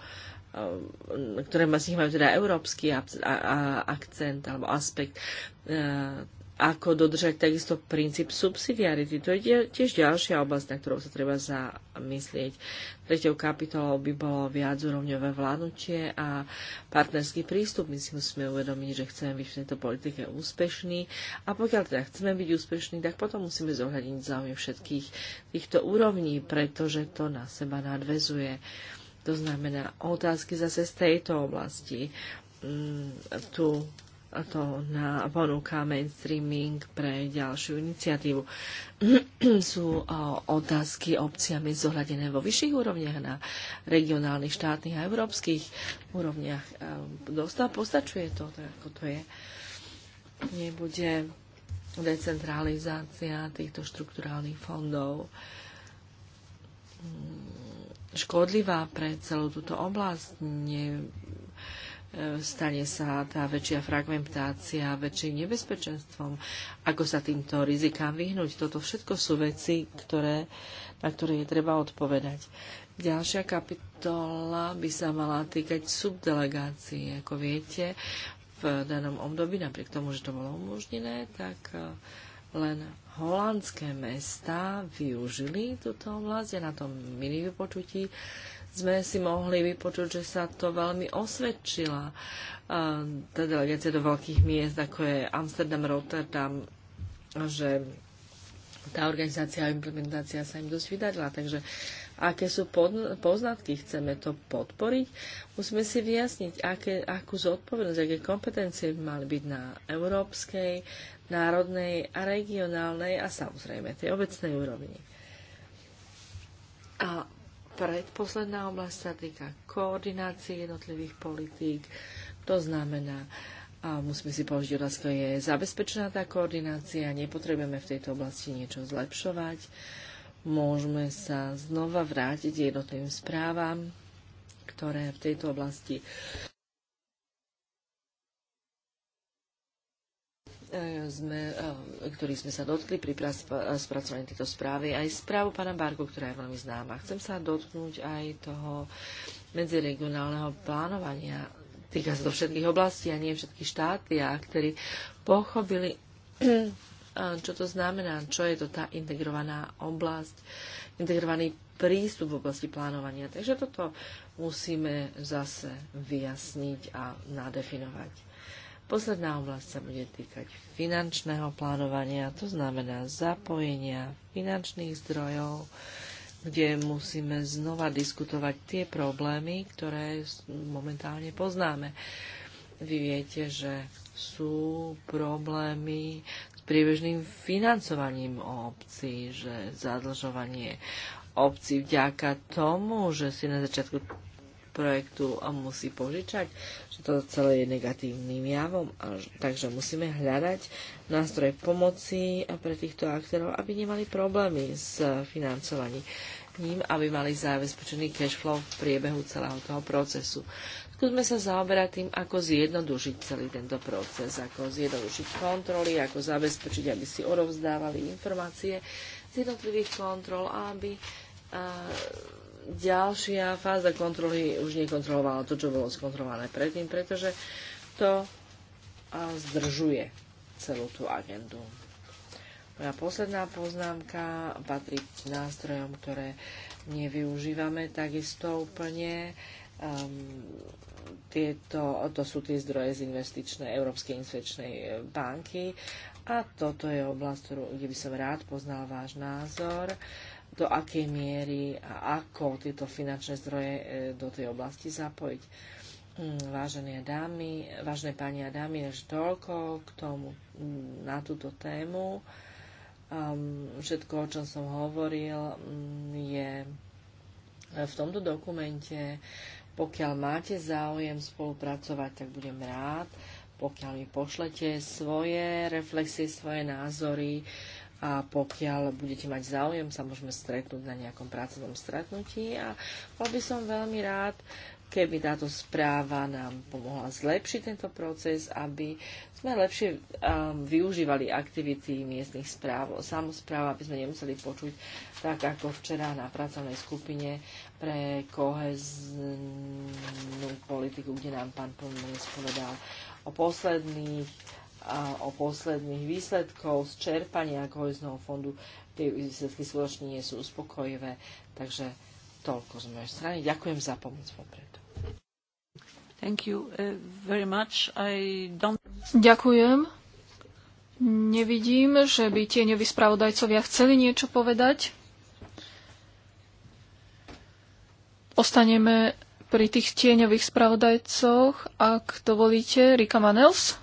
uh, ktoré z nich majú teda európsky akcent alebo aspekt. Uh, ako dodržať takisto princíp subsidiarity. To je tiež ďalšia oblasť, na ktorou sa treba zamyslieť. Tretou kapitolou by bolo viacúrovňové vládnutie a partnerský prístup. My si musíme uvedomiť, že chceme byť v tejto politike úspešní a pokiaľ teda chceme byť úspešní, tak potom musíme zohľadniť záujmy všetkých týchto úrovní, pretože to na seba nadvezuje. To znamená otázky zase z tejto oblasti. Mm, tu to na, ponúka mainstreaming pre ďalšiu iniciatívu. Sú otázky obciami zohľadené vo vyšších úrovniach na regionálnych, štátnych a európskych úrovniach. E, dostal, postačuje to, tak ako to je. Nebude decentralizácia týchto štrukturálnych fondov mm, škodlivá pre celú túto oblasť. Ne, stane sa tá väčšia fragmentácia väčším nebezpečenstvom. Ako sa týmto rizikám vyhnúť? Toto všetko sú veci, ktoré, na ktoré je treba odpovedať. Ďalšia kapitola by sa mala týkať subdelegácií. Ako viete, v danom období, napriek tomu, že to bolo umožnené, tak e, len holandské mesta využili túto oblasť a na tom mini vypočutí sme si mohli vypočuť, že sa to veľmi osvedčila tá teda delegácia do veľkých miest, ako je Amsterdam, Rotterdam, že tá organizácia a implementácia sa im dosť vydarila. Takže aké sú poznatky, chceme to podporiť, musíme si vyjasniť, aké, akú zodpovednosť, aké kompetencie by mali byť na európskej, národnej a regionálnej a samozrejme tej obecnej úrovni. A predposledná oblasť sa týka koordinácie jednotlivých politík. To znamená, a musíme si položiť otázku, je zabezpečená tá koordinácia, nepotrebujeme v tejto oblasti niečo zlepšovať. Môžeme sa znova vrátiť jednotlivým správam, ktoré v tejto oblasti E, sme, e, ktorý sme sa dotkli pri e, spracovaní tejto správy, aj správu pána Barku, ktorá je veľmi známa. Chcem sa dotknúť aj toho medziregionálneho plánovania. Týka sa to všetkých oblastí a nie všetky štáty, a ktorí pochopili, čo to znamená, čo je to tá integrovaná oblasť, integrovaný prístup v oblasti plánovania. Takže toto musíme zase vyjasniť a nadefinovať. Posledná oblasť sa bude týkať finančného plánovania, to znamená zapojenia finančných zdrojov, kde musíme znova diskutovať tie problémy, ktoré momentálne poznáme. Vy viete, že sú problémy s priebežným financovaním obcí, že zadlžovanie obcí vďaka tomu, že si na začiatku projektu musí požičať, že to celé je negatívnym javom. A, takže musíme hľadať nástroj pomoci pre týchto aktérov, aby nemali problémy s financovaním ním, aby mali zabezpečený cash flow v priebehu celého toho procesu. Skúsme sa zaoberať tým, ako zjednodušiť celý tento proces, ako zjednodušiť kontroly, ako zabezpečiť, aby si orovzdávali informácie z jednotlivých kontrol a aby uh, ďalšia fáza kontroly už nekontrolovala to, čo bolo skontrolované predtým, pretože to zdržuje celú tú agendu. Moja posledná poznámka patrí k nástrojom, ktoré nevyužívame takisto úplne. Um, tieto, to sú tie zdroje z investičnej, Európskej investičnej e, banky a toto je oblasť, ktorú, kde by som rád poznal váš názor. Uh, do akej miery a ako tieto finančné zdroje e, do tej oblasti zapojiť. Mm, vážené dámy, vážené pani a dámy, až toľko k tomu, mm, na túto tému. Všetko, o čom som hovoril, mm, je e, v tomto dokumente. Pokiaľ máte záujem spolupracovať, tak budem rád pokiaľ mi pošlete svoje reflexie, svoje názory, a pokiaľ budete mať záujem, sa môžeme stretnúť na nejakom pracovnom stretnutí a bol by som veľmi rád, keby táto správa nám pomohla zlepšiť tento proces, aby sme lepšie um, využívali aktivity miestnych správ, samozpráv, aby sme nemuseli počuť tak ako včera na pracovnej skupine pre koheznú politiku, kde nám pán Pomnes povedal o posledných o posledných výsledkov z čerpania kohezného fondu. Tie výsledky skutočne nie sú uspokojivé, takže toľko z mojej strany. Ďakujem za pomoc vopred. Thank you uh, very much. I don't...
Ďakujem. Nevidím, že by tieňoví spravodajcovia chceli niečo povedať. Ostaneme pri tých tieňových spravodajcoch, ak dovolíte. Rika Manels.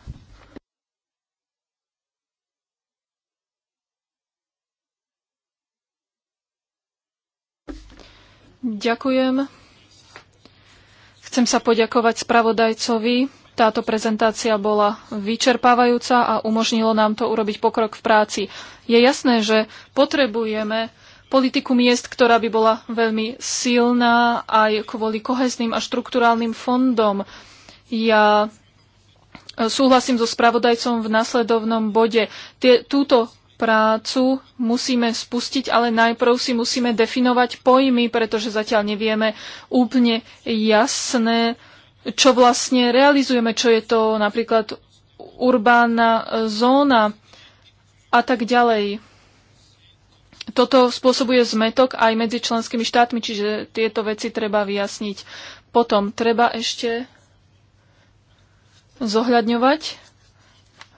Ďakujem. Chcem sa poďakovať spravodajcovi. Táto prezentácia bola vyčerpávajúca a umožnilo nám to urobiť pokrok v práci. Je jasné, že potrebujeme politiku miest, ktorá by bola veľmi silná aj kvôli kohezným a štrukturálnym fondom. Ja súhlasím so spravodajcom v nasledovnom bode. Tie, túto prácu musíme spustiť, ale najprv si musíme definovať pojmy, pretože zatiaľ nevieme úplne jasné, čo vlastne realizujeme, čo je to napríklad urbánna zóna a tak ďalej. Toto spôsobuje zmetok aj medzi členskými štátmi, čiže tieto veci treba vyjasniť. Potom treba ešte zohľadňovať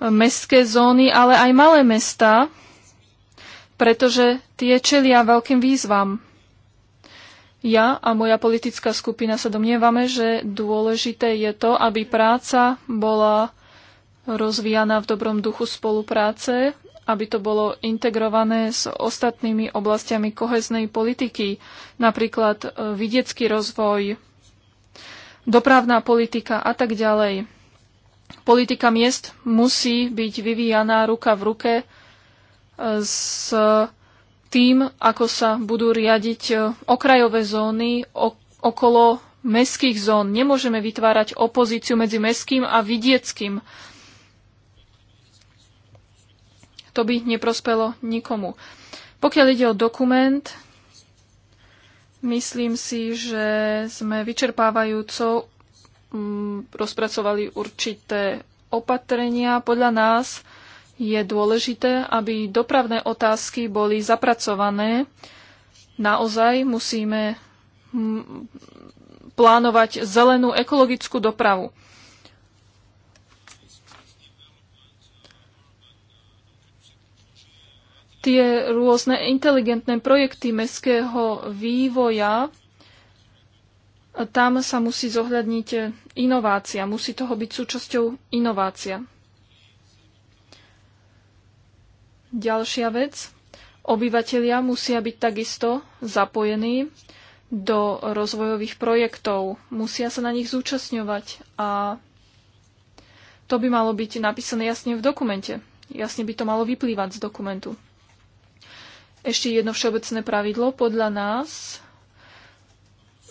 mestské zóny, ale aj malé mesta, pretože tie čelia veľkým výzvam. Ja a moja politická skupina sa domnievame, že dôležité je to, aby práca bola rozvíjana v dobrom duchu spolupráce, aby to bolo integrované s ostatnými oblastiami koheznej politiky, napríklad e, vidiecký rozvoj, dopravná politika a tak ďalej politika miest musí byť vyvíjaná ruka v ruke e, s tým, ako sa budú riadiť e, okrajové zóny okolo mestských zón. Nemôžeme vytvárať opozíciu medzi mestským a vidieckým. To by neprospelo nikomu. Pokiaľ ide o dokument, myslím si, že sme vyčerpávajúco Mm, rozpracovali určité opatrenia. Podľa nás je dôležité, aby dopravné otázky boli zapracované. Naozaj musíme mm, plánovať zelenú ekologickú dopravu. Tie rôzne inteligentné projekty mestského vývoja tam sa musí zohľadniť inovácia, musí toho byť súčasťou inovácia. Ďalšia vec. Obyvatelia musia byť takisto zapojení do rozvojových projektov, musia sa na nich zúčastňovať a to by malo byť napísané jasne v dokumente. Jasne by to malo vyplývať z dokumentu. Ešte jedno všeobecné pravidlo podľa nás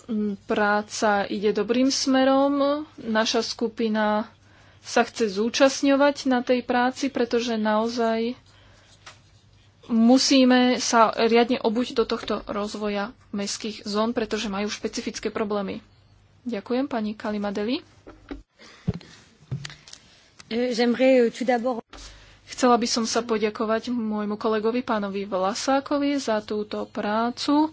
Mm, práca ide dobrým smerom. Naša skupina sa chce zúčastňovať na tej práci, pretože naozaj musíme sa riadne obuť do tohto rozvoja mestských zón, pretože majú špecifické problémy. Ďakujem pani Kalimadeli. E, e, Chcela by som sa poďakovať môjmu kolegovi pánovi Vlasákovi za túto prácu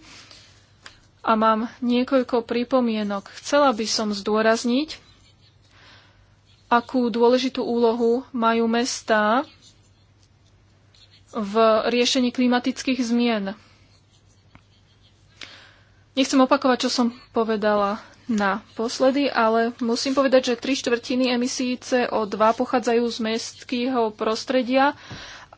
a mám niekoľko pripomienok. Chcela by som zdôrazniť, akú dôležitú úlohu majú mestá v riešení klimatických zmien. Nechcem opakovať, čo som povedala na posledy, ale musím povedať, že tri štvrtiny emisí CO2 pochádzajú z mestského prostredia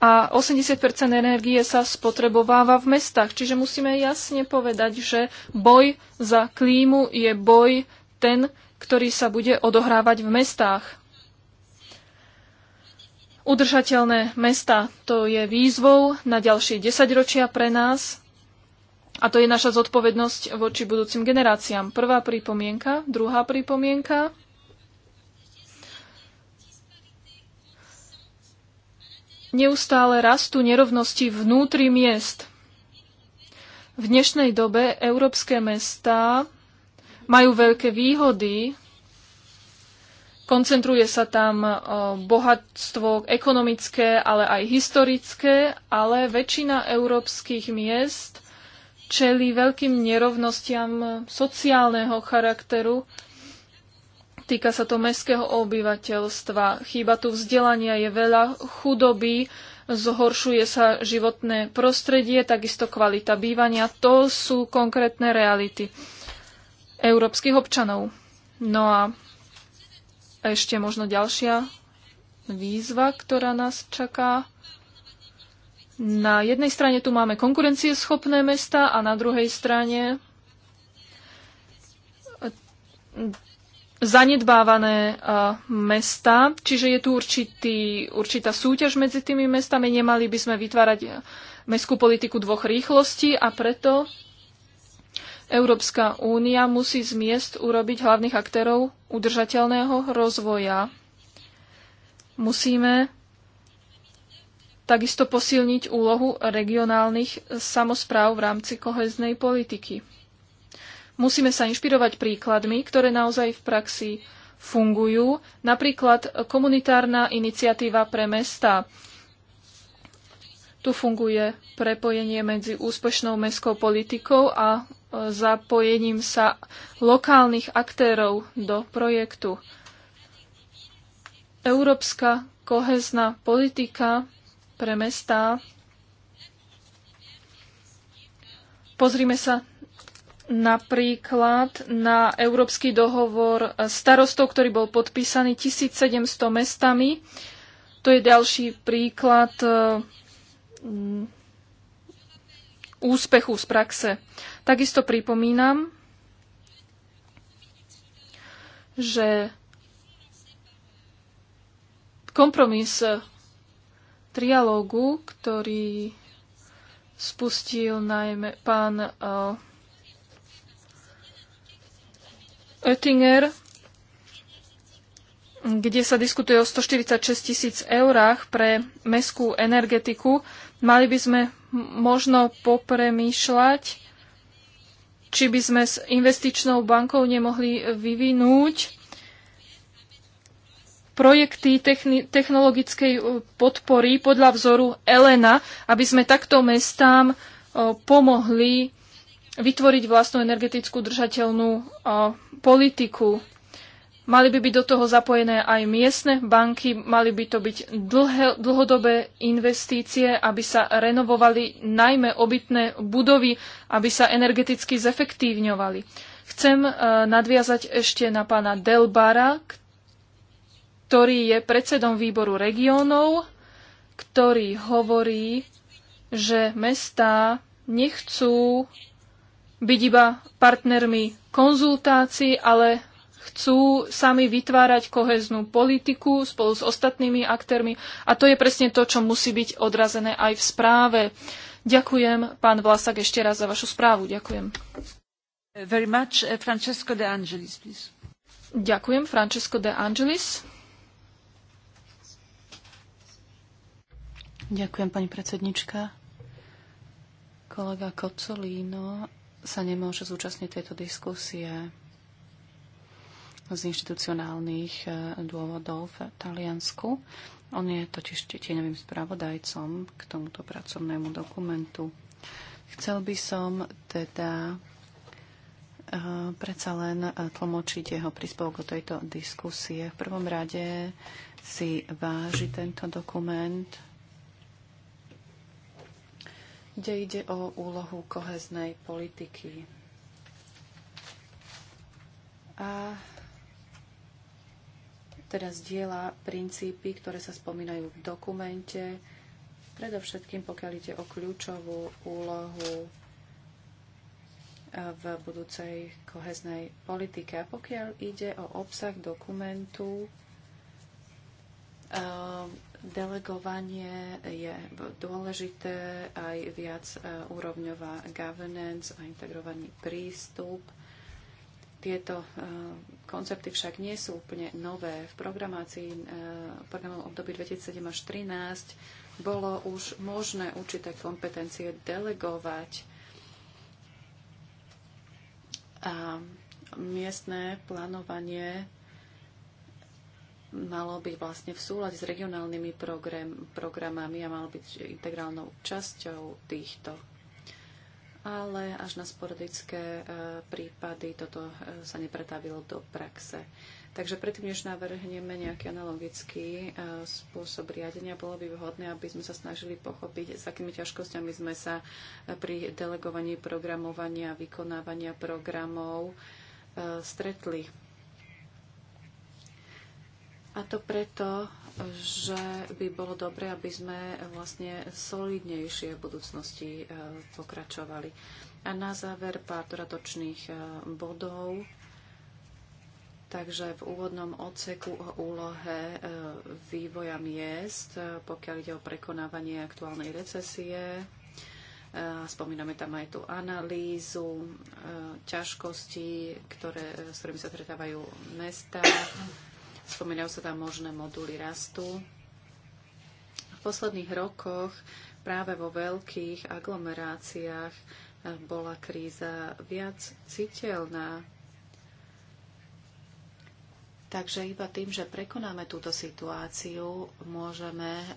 a 80 energie sa spotrebováva v mestách. Čiže musíme jasne povedať, že boj za klímu je boj ten, ktorý sa bude odohrávať v mestách. Udržateľné mesta to je výzvou na ďalšie desaťročia pre nás a to je naša zodpovednosť voči budúcim generáciám. Prvá pripomienka, druhá pripomienka. neustále rastú nerovnosti vnútri miest. V dnešnej dobe európske mestá majú veľké výhody, koncentruje sa tam bohatstvo ekonomické, ale aj historické, ale väčšina európskych miest čelí veľkým nerovnostiam sociálneho charakteru, Týka sa to mestského obyvateľstva. Chýba tu vzdelania, je veľa chudoby, zhoršuje sa životné prostredie, takisto kvalita bývania. To sú konkrétne reality európskych občanov. No a ešte možno ďalšia výzva, ktorá nás čaká. Na jednej strane tu máme konkurencieschopné mesta a na druhej strane zanedbávané e, mesta, čiže je tu určitý, určitá súťaž medzi tými mestami. Nemali by sme vytvárať e, mestskú politiku dvoch rýchlostí a preto Európska únia musí z miest urobiť hlavných aktérov udržateľného rozvoja. Musíme takisto posilniť úlohu regionálnych samozpráv v rámci koheznej politiky. Musíme sa inšpirovať príkladmi, ktoré naozaj v praxi fungujú. Napríklad komunitárna iniciatíva pre mesta. Tu funguje prepojenie medzi úspešnou mestskou politikou a e, zapojením sa lokálnych aktérov do projektu. Európska kohezná politika pre mestá. Pozrime sa napríklad na Európsky dohovor starostov, ktorý bol podpísaný 1700 mestami. To je ďalší príklad e, mm, úspechu z praxe. Takisto pripomínam, že kompromis trialógu, ktorý spustil najmä pán uh, Oettinger, kde sa diskutuje o 146 tisíc eurách pre meskú energetiku, mali by sme možno popremýšľať, či by sme s investičnou bankou nemohli vyvinúť projekty technologickej uh, podpory podľa vzoru Elena, aby sme takto mestám uh, pomohli vytvoriť vlastnú energetickú držateľnú politiku. Mali by byť do toho zapojené aj miestne banky, mali by to byť dlhé, dlhodobé investície, aby sa renovovali najmä obytné budovy, aby sa energeticky zefektívňovali. Chcem e, nadviazať ešte na pána Delbara, ktorý je predsedom výboru regiónov, ktorý hovorí, že mestá nechcú byť iba partnermi konzultácií, ale chcú sami vytvárať koheznú politiku spolu s ostatnými aktérmi a to je presne to, čo musí byť odrazené aj v správe. Ďakujem, pán Vlasak, ešte raz za vašu správu. Ďakujem. Very much, eh, Francesco de Angelis, please. Ďakujem, Francesco de Angelis.
Ďakujem, pani predsednička. Kolega Kocolino sa nemôže zúčastniť tejto diskusie z inštitucionálnych e, dôvodov v Taliansku. On je totiž tieňovým spravodajcom k tomuto pracovnému dokumentu. Chcel by som teda e, predsa len e, tlmočiť jeho príspevok o tejto diskusie. V prvom rade si váži tento dokument kde ide o úlohu koheznej politiky. A teda zdieľa princípy, ktoré sa spomínajú v dokumente, predovšetkým pokiaľ ide o kľúčovú úlohu e, v budúcej koheznej politike. A pokiaľ ide o obsah dokumentu, e, Delegovanie je dôležité, aj viac e, úrovňová governance a integrovaný prístup. Tieto e, koncepty však nie sú úplne nové. V programácii e, programom období 2007 až 2013 bolo už možné určité kompetencie delegovať a miestne plánovanie malo byť vlastne v súlade s regionálnymi program, programami a malo byť integrálnou časťou týchto. Ale až na sporadické e, prípady toto e, sa nepretavilo do praxe. Takže predtým, než navrhneme nejaký analogický e, spôsob riadenia, bolo by vhodné, aby sme sa snažili pochopiť, s akými ťažkosťami sme sa pri delegovaní programovania a vykonávania programov stretli a to preto, že by bolo dobre, aby sme vlastne solidnejšie v budúcnosti e, pokračovali. A na záver pár dodatočných e, bodov. Takže v úvodnom odseku o úlohe e, vývoja miest, pokiaľ ide o prekonávanie aktuálnej recesie, spomíname tam aj tú analýzu ťažkostí, ktoré, s ktorými sa stretávajú mesta Spomínajú sa tam možné moduly rastu. V posledných rokoch práve vo veľkých aglomeráciách eh, bola kríza viac citeľná. Takže iba tým, že prekonáme túto situáciu, môžeme e,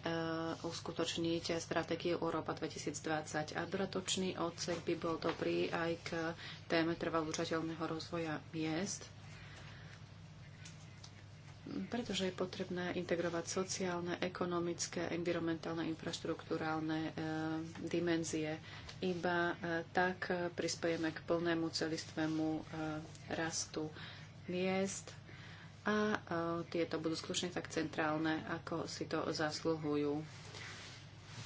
uskutočniť stratégiu Európa 2020. A dodatočný odsek by bol dobrý aj k téme trvalúčateľného rozvoja miest pretože je potrebné integrovať sociálne, ekonomické, environmentálne, infraštruktúrálne e, dimenzie. Iba e, tak prispiejeme k plnému celistvému e, rastu miest a e, tieto budú skutočne tak centrálne, ako si to zasluhujú.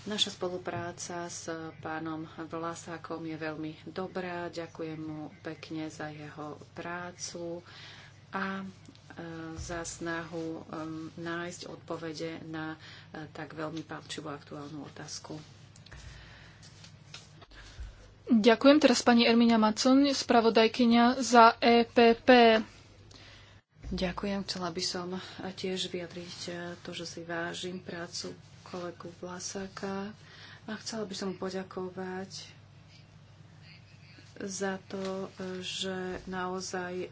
Naša spolupráca s pánom Vlasákom je veľmi dobrá. Ďakujem mu pekne za jeho prácu a E, za snahu nájsť odpovede na e, tak veľmi palčivú aktuálnu otázku.
Ďakujem teraz pani Erminia Macon, spravodajkyňa za EPP.
Ďakujem. Chcela by som tiež vyjadriť e, to, že si vážim prácu kolegu Vlasáka a chcela by som poďakovať za to, e, že naozaj e,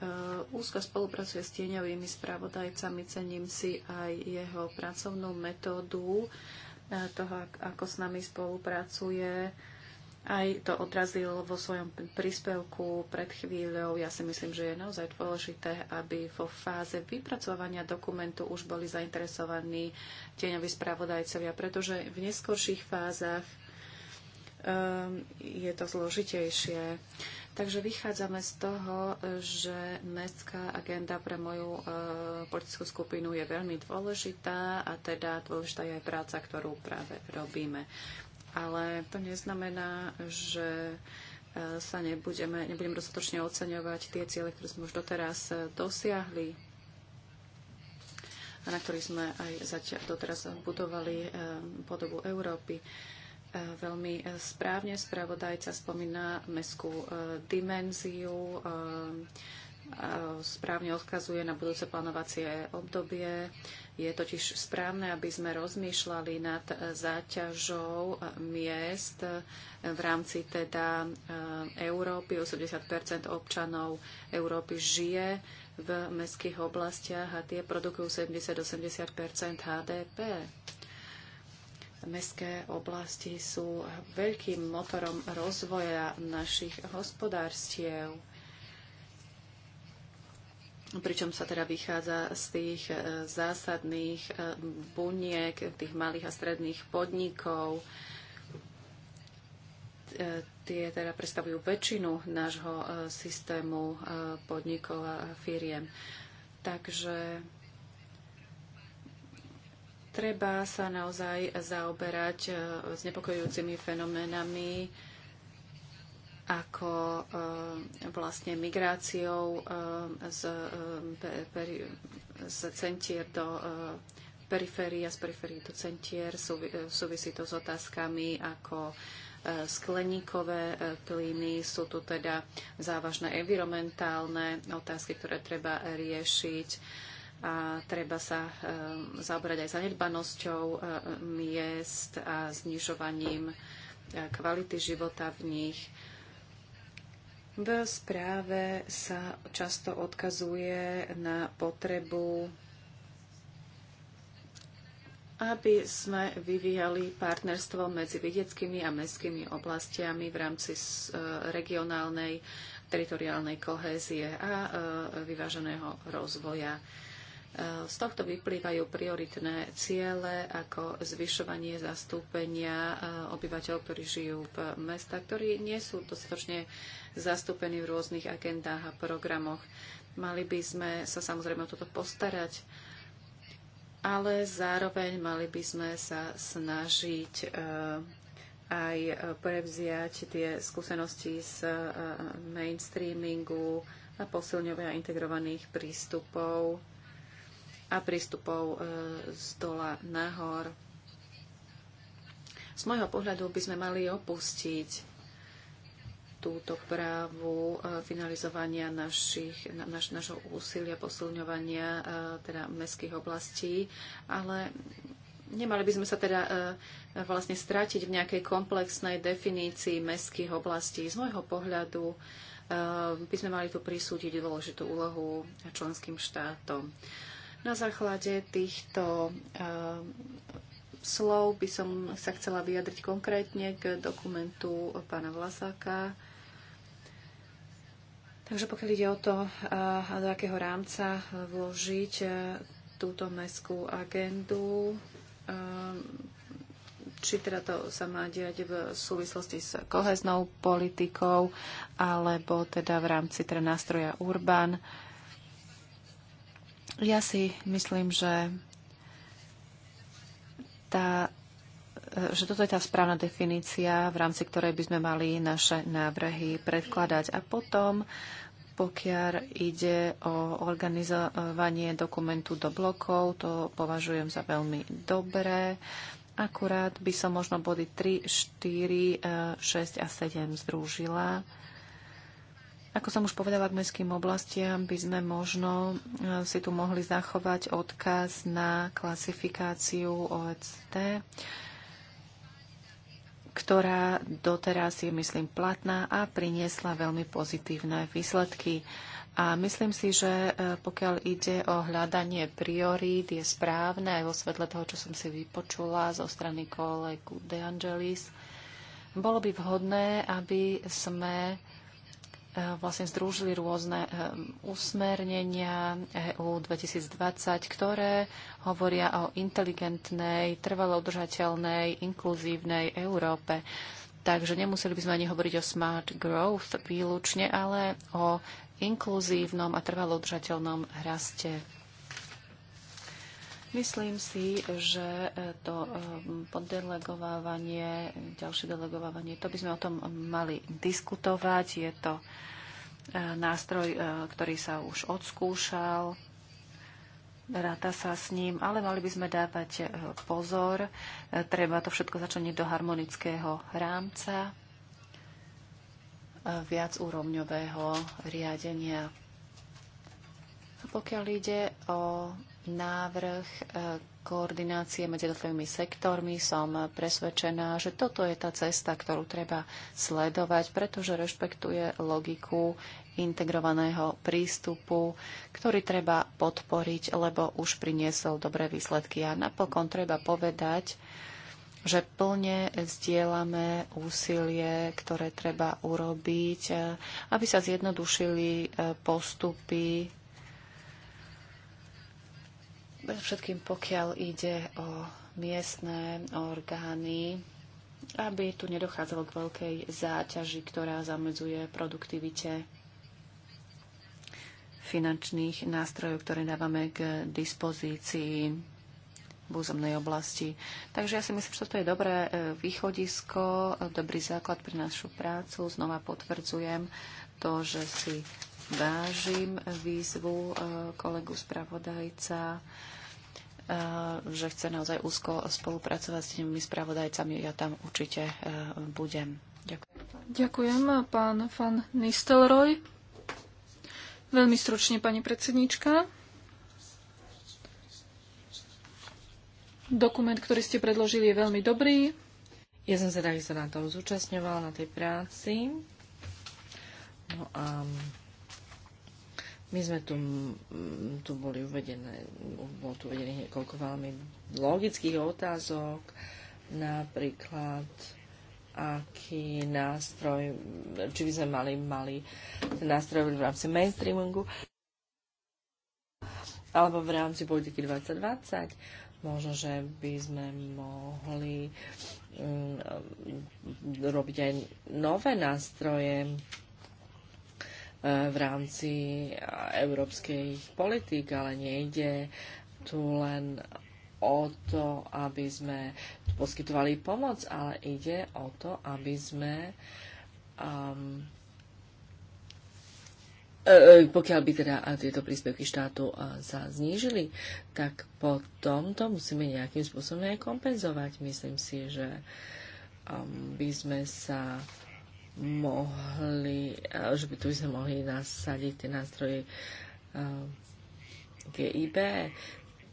úzko spolupracuje s tieňovými spravodajcami. Cením si aj jeho pracovnú metódu e, toho, ako s nami spolupracuje. Aj to odrazil vo svojom príspevku pred chvíľou. Ja si myslím, že je naozaj dôležité, aby vo fáze vypracovania dokumentu už boli zainteresovaní tieňoví spravodajcovia, pretože v neskorších fázach Ehm, je to zložitejšie. Takže vychádzame z toho, že mestská agenda pre moju ehm, politickú skupinu je veľmi dôležitá a teda dôležitá je aj práca, ktorú práve robíme. Ale to neznamená, že ehm, sa nebudeme, nebudeme dostatočne oceňovať tie ciele, ktoré sme už doteraz dosiahli a na ktorých sme aj zatiaľ doteraz budovali podobu Európy. E, veľmi e, správne. Spravodajca spomína mestskú e, dimenziu, správne odkazuje na budúce plánovacie obdobie. Je totiž správne, aby sme rozmýšľali nad záťažou miest v rámci teda Európy. 80 občanov Európy žije v mestských oblastiach a tie produkujú 70-80 HDP. Mestské oblasti sú veľkým motorom rozvoja našich hospodárstiev pričom sa teda vychádza z tých e, zásadných e, buniek, tých malých a stredných podnikov. E, tie teda predstavujú väčšinu nášho systému podnikov a firiem. Takže Treba sa naozaj zaoberať e, nepokojujúcimi fenoménami ako e, vlastne migráciou e, z, z centier do periférie a z periférie do centier. Súvisí to s otázkami ako skleníkové plyny, sú tu teda závažné environmentálne otázky, ktoré treba riešiť a treba sa ehm, zaoberať aj zanedbanosťou e, miest a znižovaním e, kvality života v nich. V správe sa často odkazuje na potrebu, aby sme vyvíjali partnerstvo medzi vidieckými a mestskými oblastiami v rámci e, regionálnej teritoriálnej kohézie a vyváženého rozvoja. Z tohto vyplývajú prioritné ciele ako zvyšovanie zastúpenia eh, obyvateľov, ktorí žijú v mestách, ktorí nie sú dostatočne zastúpení v rôznych agendách a programoch. Mali by sme sa samozrejme o toto postarať, ale zároveň mali by sme sa snažiť eh, aj prevziať tie skúsenosti z eh, mainstreamingu a posilňovania integrovaných prístupov a prístupov e, z dola nahor. Z môjho pohľadu by sme mali opustiť túto právu e, finalizovania našich, naš, našho úsilia posilňovania e, teda mestských oblastí, ale nemali by sme sa teda vlastne stratiť v nejakej komplexnej definícii mestských oblastí. Z môjho pohľadu by sme mali tu prisúdiť dôležitú úlohu členským štátom. Na základe týchto eh, slov by som sa chcela vyjadriť konkrétne k dokumentu pána Vlasáka. Takže pokiaľ ide o to, eh, do akého rámca vložiť eh, túto mestskú agendu, či teda to sa má diať v súvislosti s koheznou politikou, alebo teda v rámci teda nástroja Urban. Ja si myslím, že, tá, e, že toto je tá správna definícia, v rámci ktorej by sme mali naše návrhy predkladať. A potom, pokiaľ ide o organizovanie dokumentu do blokov, to považujem za veľmi dobré. Akurát by som možno body 3, 4, 6 a 7 združila ako som už povedala, k mestským oblastiam by sme možno e, si tu mohli zachovať odkaz na klasifikáciu OECD, ktorá doteraz je, myslím, platná a priniesla veľmi pozitívne výsledky. A myslím si, že e, pokiaľ ide o hľadanie priorít, je správne aj vo svetle toho, čo som si vypočula zo strany kolegu De Angelis. Bolo by vhodné, aby sme E, vlastne združili rôzne e, usmernenia EU 2020, ktoré hovoria o inteligentnej, trvalo udržateľnej, inkluzívnej Európe. Takže nemuseli by sme ani hovoriť o smart growth výlučne, ale o inkluzívnom a trvalo udržateľnom raste. Myslím si, že e, to poddelegovávanie, ďalšie delegovávanie, to by sme o tom mali diskutovať. Je to E, nástroj, e, ktorý sa už odskúšal, ráta sa s ním, ale mali by sme dávať e, pozor. Treba to všetko začleniť do harmonického rámca, viac úrovňového riadenia. A pokiaľ ide o návrh e, koordinácie medzi jednotlivými sektormi. Som presvedčená, že toto je tá cesta, ktorú treba sledovať, pretože rešpektuje logiku integrovaného prístupu, ktorý treba podporiť, lebo už priniesol dobré výsledky. A napokon treba povedať, že plne zdieľame úsilie, ktoré treba urobiť, e, aby sa zjednodušili e, postupy Predovšetkým pokiaľ ide o miestne orgány, aby tu nedochádzalo k veľkej záťaži, ktorá zamedzuje produktivite finančných nástrojov, ktoré dávame k dispozícii v územnej oblasti. Takže ja si myslím, že toto je dobré e, východisko, dobrý základ pre našu prácu. Znova potvrdzujem to, že si vážim výzvu e, kolegu spravodajca e, že chce naozaj úzko spolupracovať s tými spravodajcami. Ja tam určite e, budem. Ďakujem.
Ďakujem, pán Van Nistelroj. Veľmi stručne, pani predsedníčka.
Dokument, ktorý ste predložili, je veľmi dobrý. Ja som sa takisto na tom zúčastňovala, na tej práci. No a um my sme tu, mm, tu boli uvedené, bolo tu uvedených niekoľko veľmi logických otázok, napríklad aký nástroj, či by sme mali, mali nástroj v rámci mainstreamingu alebo v rámci politiky 2020. Možno, že by sme mohli mm, robiť aj nové nástroje, v rámci eh, európskej politik, ale nejde tu len o to, aby sme poskytovali pomoc, ale ide o to, aby sme um, pokiaľ by teda eh, tieto príspevky štátu eh, sa znížili, tak potom to musíme nejakým spôsobom aj kompenzovať. Myslím si, že by sme sa mohli, že by tu by sme mohli nasadiť tie nástroje um, GIB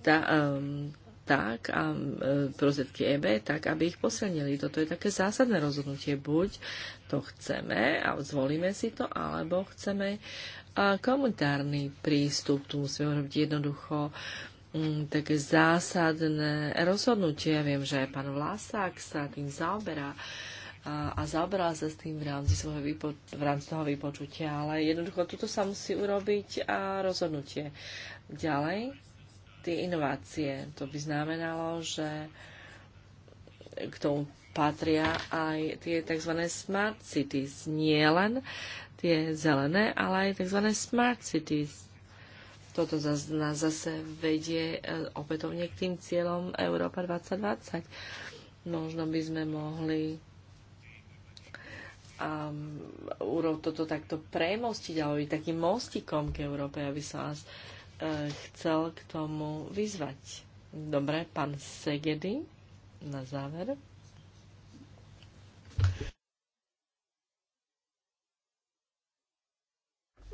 tá, um, tak a um, prozetky EB, tak aby ich posilnili. Toto je také zásadné rozhodnutie. Buď to chceme a zvolíme si to, alebo chceme komunitárny prístup. Tu musíme robiť jednoducho um, také zásadné rozhodnutie. Ja viem, že pán Vlasák sa tým zaoberá. Uh, a, a zaoberala sa s tým v rámci, svojho vypo, v rámci toho vypočutia, ale jednoducho tuto sa musí urobiť a rozhodnutie. Ďalej, tie inovácie. To by znamenalo, že k tomu patria aj tie tzv. smart cities. Nie len tie zelené, ale aj tzv. smart cities. Toto nás zase vedie e, opätovne k tým cieľom Európa 2020. Možno by sme mohli um, toto takto premostiť alebo byť takým mostikom k Európe, aby som vás e, chcel k tomu vyzvať. Dobre, pán Segedy, na záver.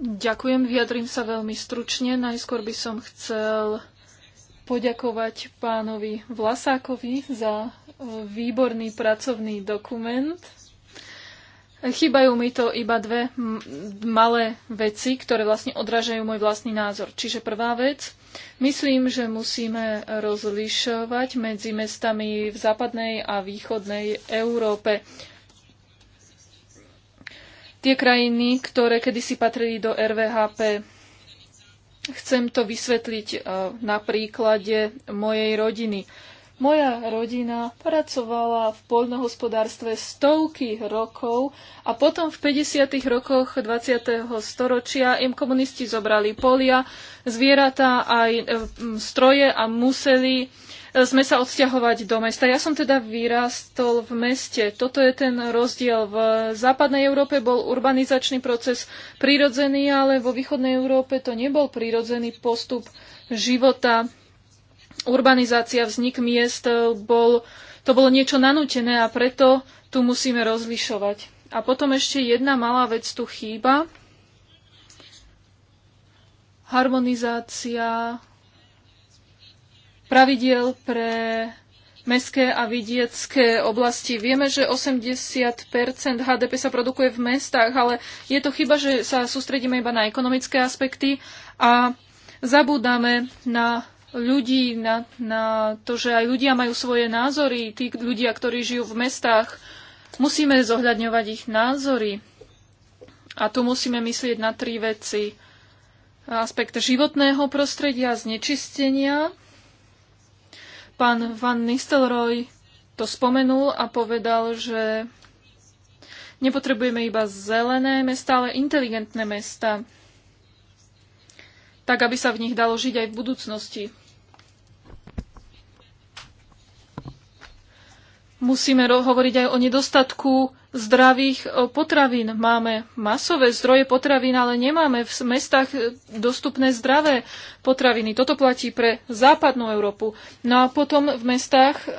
Ďakujem, vyjadrím
sa veľmi stručne. Najskôr by som chcel poďakovať pánovi Vlasákovi za e, výborný pracovný dokument Chýbajú mi to iba dve malé veci, ktoré vlastne odrážajú môj vlastný názor. Čiže prvá vec, myslím, že musíme rozlišovať medzi mestami v západnej a východnej Európe. Tie krajiny, ktoré kedysi patrili do RVHP, chcem to vysvetliť e, na príklade mojej rodiny. Moja rodina pracovala v poľnohospodárstve stovky rokov a potom v 50. rokoch 20. storočia im komunisti zobrali polia, zvieratá aj e, stroje a museli e, sme sa odsťahovať do mesta. Ja som teda vyrastol v meste. Toto je ten rozdiel. V západnej Európe bol urbanizačný proces prirodzený, ale vo východnej Európe to nebol prirodzený postup života urbanizácia, vznik miest eh, bol, to bolo niečo nanútené a preto tu musíme rozlišovať. A potom ešte jedna malá vec tu chýba. Harmonizácia pravidiel pre mestské a vidiecké oblasti. Vieme, že 80 HDP sa produkuje v mestách, ale je to chyba, že sa sústredíme iba na ekonomické aspekty a zabúdame na ľudí, na, na to, že aj ľudia majú svoje názory, tí ľudia, ktorí žijú v mestách, musíme zohľadňovať ich názory. A tu musíme myslieť na tri veci. Aspekt životného prostredia, znečistenia. Pán Van Nistelrooy to spomenul a povedal, že nepotrebujeme iba zelené mesta, ale inteligentné mesta, tak aby sa v nich dalo žiť aj v budúcnosti. Musíme hovoriť aj o nedostatku zdravých e, potravín. Máme masové zdroje potravín, ale nemáme v mestách e, dostupné zdravé potraviny. Toto platí pre západnú Európu. No a potom v mestách e,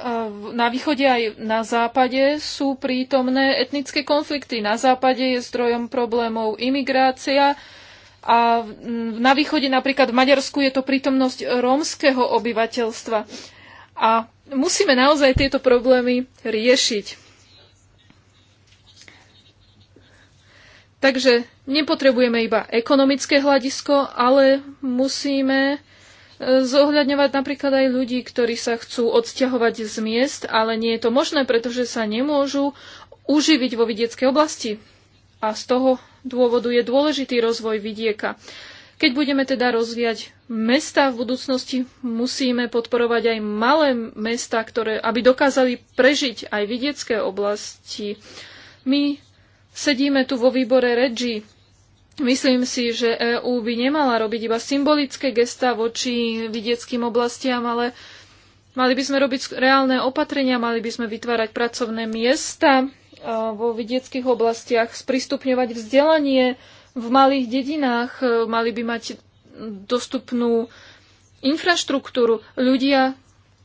na východe aj na západe sú prítomné etnické konflikty. Na západe je zdrojom problémov imigrácia, a na východe napríklad v Maďarsku je to prítomnosť rómskeho obyvateľstva. A musíme naozaj tieto problémy riešiť. Takže nepotrebujeme iba ekonomické hľadisko, ale musíme e, zohľadňovať napríklad aj ľudí, ktorí sa chcú odsťahovať z miest, ale nie je to možné, pretože sa nemôžu uživiť vo vidieckej oblasti. A z toho dôvodu je dôležitý rozvoj vidieka. Keď budeme teda rozvíjať mesta v budúcnosti, musíme podporovať aj malé mesta, ktoré, aby dokázali prežiť aj vidiecké oblasti. My sedíme tu vo výbore REGI. Myslím si, že EÚ by nemala robiť iba symbolické gesta voči vidieckým oblastiam, ale mali by sme robiť reálne opatrenia, mali by sme vytvárať pracovné miesta e, vo vidieckých oblastiach, sprístupňovať vzdelanie, v malých dedinách, e, mali by mať dostupnú infraštruktúru. Ľudia,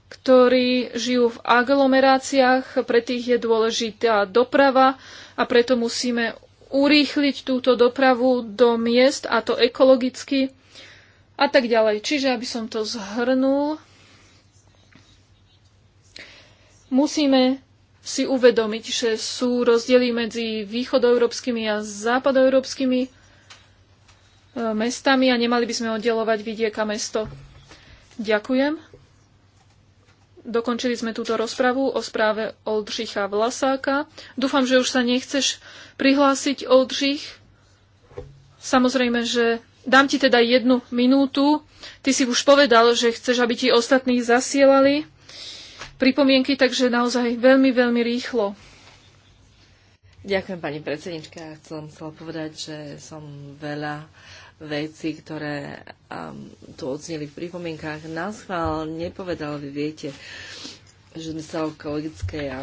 ktorí žijú v aglomeráciách, pre tých je dôležitá doprava a preto musíme urýchliť túto dopravu do miest a to ekologicky a tak ďalej. Čiže, aby som to zhrnul, musíme si uvedomiť, že sú rozdiely medzi východoeurópskymi a západoeurópskymi E, mestami a nemali by sme oddelovať vidiek a mesto. Ďakujem. Dokončili sme túto rozpravu o správe Oldřicha Vlasáka. Dúfam, že už sa nechceš prihlásiť, Oldřich. Samozrejme, že dám ti teda jednu minútu. Ty si už povedal, že chceš, aby ti ostatní zasielali pripomienky, takže naozaj veľmi, veľmi rýchlo.
Ďakujem pani predsednička. Chcem, chcela povedať, že som veľa veci, ktoré um, tu odzneli v pripomienkách. Nás chvál nepovedal, vy viete, že sme sa o ekologickej a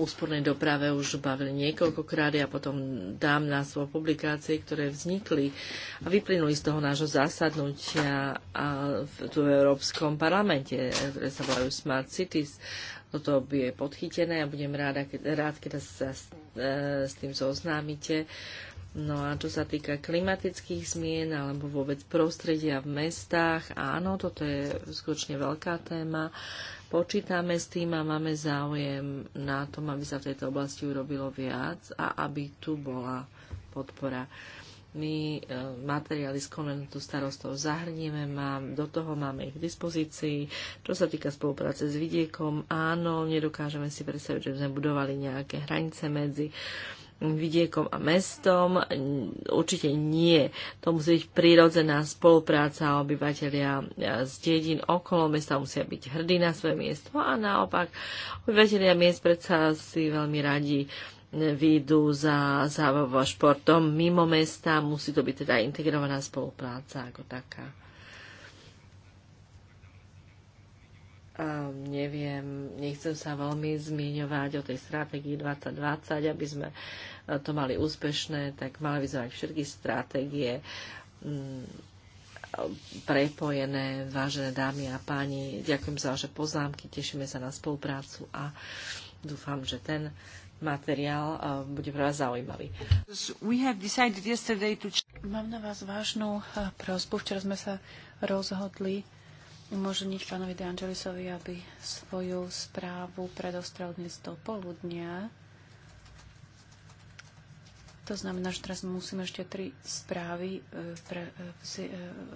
úspornej doprave už bavili niekoľkokrát a ja potom dám na svoje publikácie, ktoré vznikli a vyplynuli z toho nášho zasadnutia v, tu v Európskom parlamente, ktoré sa volajú Smart Cities. Toto je podchytené a budem rád, keď, rád, keď sa s, e, s tým zoznámite. No a čo sa týka klimatických zmien alebo vôbec prostredia v mestách, áno, toto je skutočne veľká téma. Počítame s tým a máme záujem na tom, aby sa v tejto oblasti urobilo viac a aby tu bola podpora. My e, materiály z konventu starostov zahrnieme, mám, do toho máme ich k dispozícii. Čo sa týka spolupráce s vidiekom, áno, nedokážeme si predstaviť, že by sme budovali nejaké hranice medzi vidiekom a mestom? Určite nie. To musí byť prírodzená spolupráca obyvateľia e, z dedín okolo mesta musia byť hrdí na svoje miesto a naopak obyvateľia miest predsa si veľmi radi e, výjdu za zábavou a športom mimo mesta. Musí to byť teda integrovaná spolupráca ako taká. A neviem, nechcem sa veľmi zmiňovať o tej stratégii 2020, aby sme uh, to mali úspešné, tak mali mať všetky stratégie mm, prepojené, vážené dámy a páni. Ďakujem za vaše poznámky, tešíme sa na spoluprácu a dúfam, že ten materiál eh, bude pre vás zaujímavý. Mám na vás
vážnu eh, prosbu. Včera sme sa rozhodli umožniť pánovi De Angelisovi, aby svoju správu predostrel dnes do poludnia to znamená, že teraz musíme ešte tri správy e, pre, e, si, e,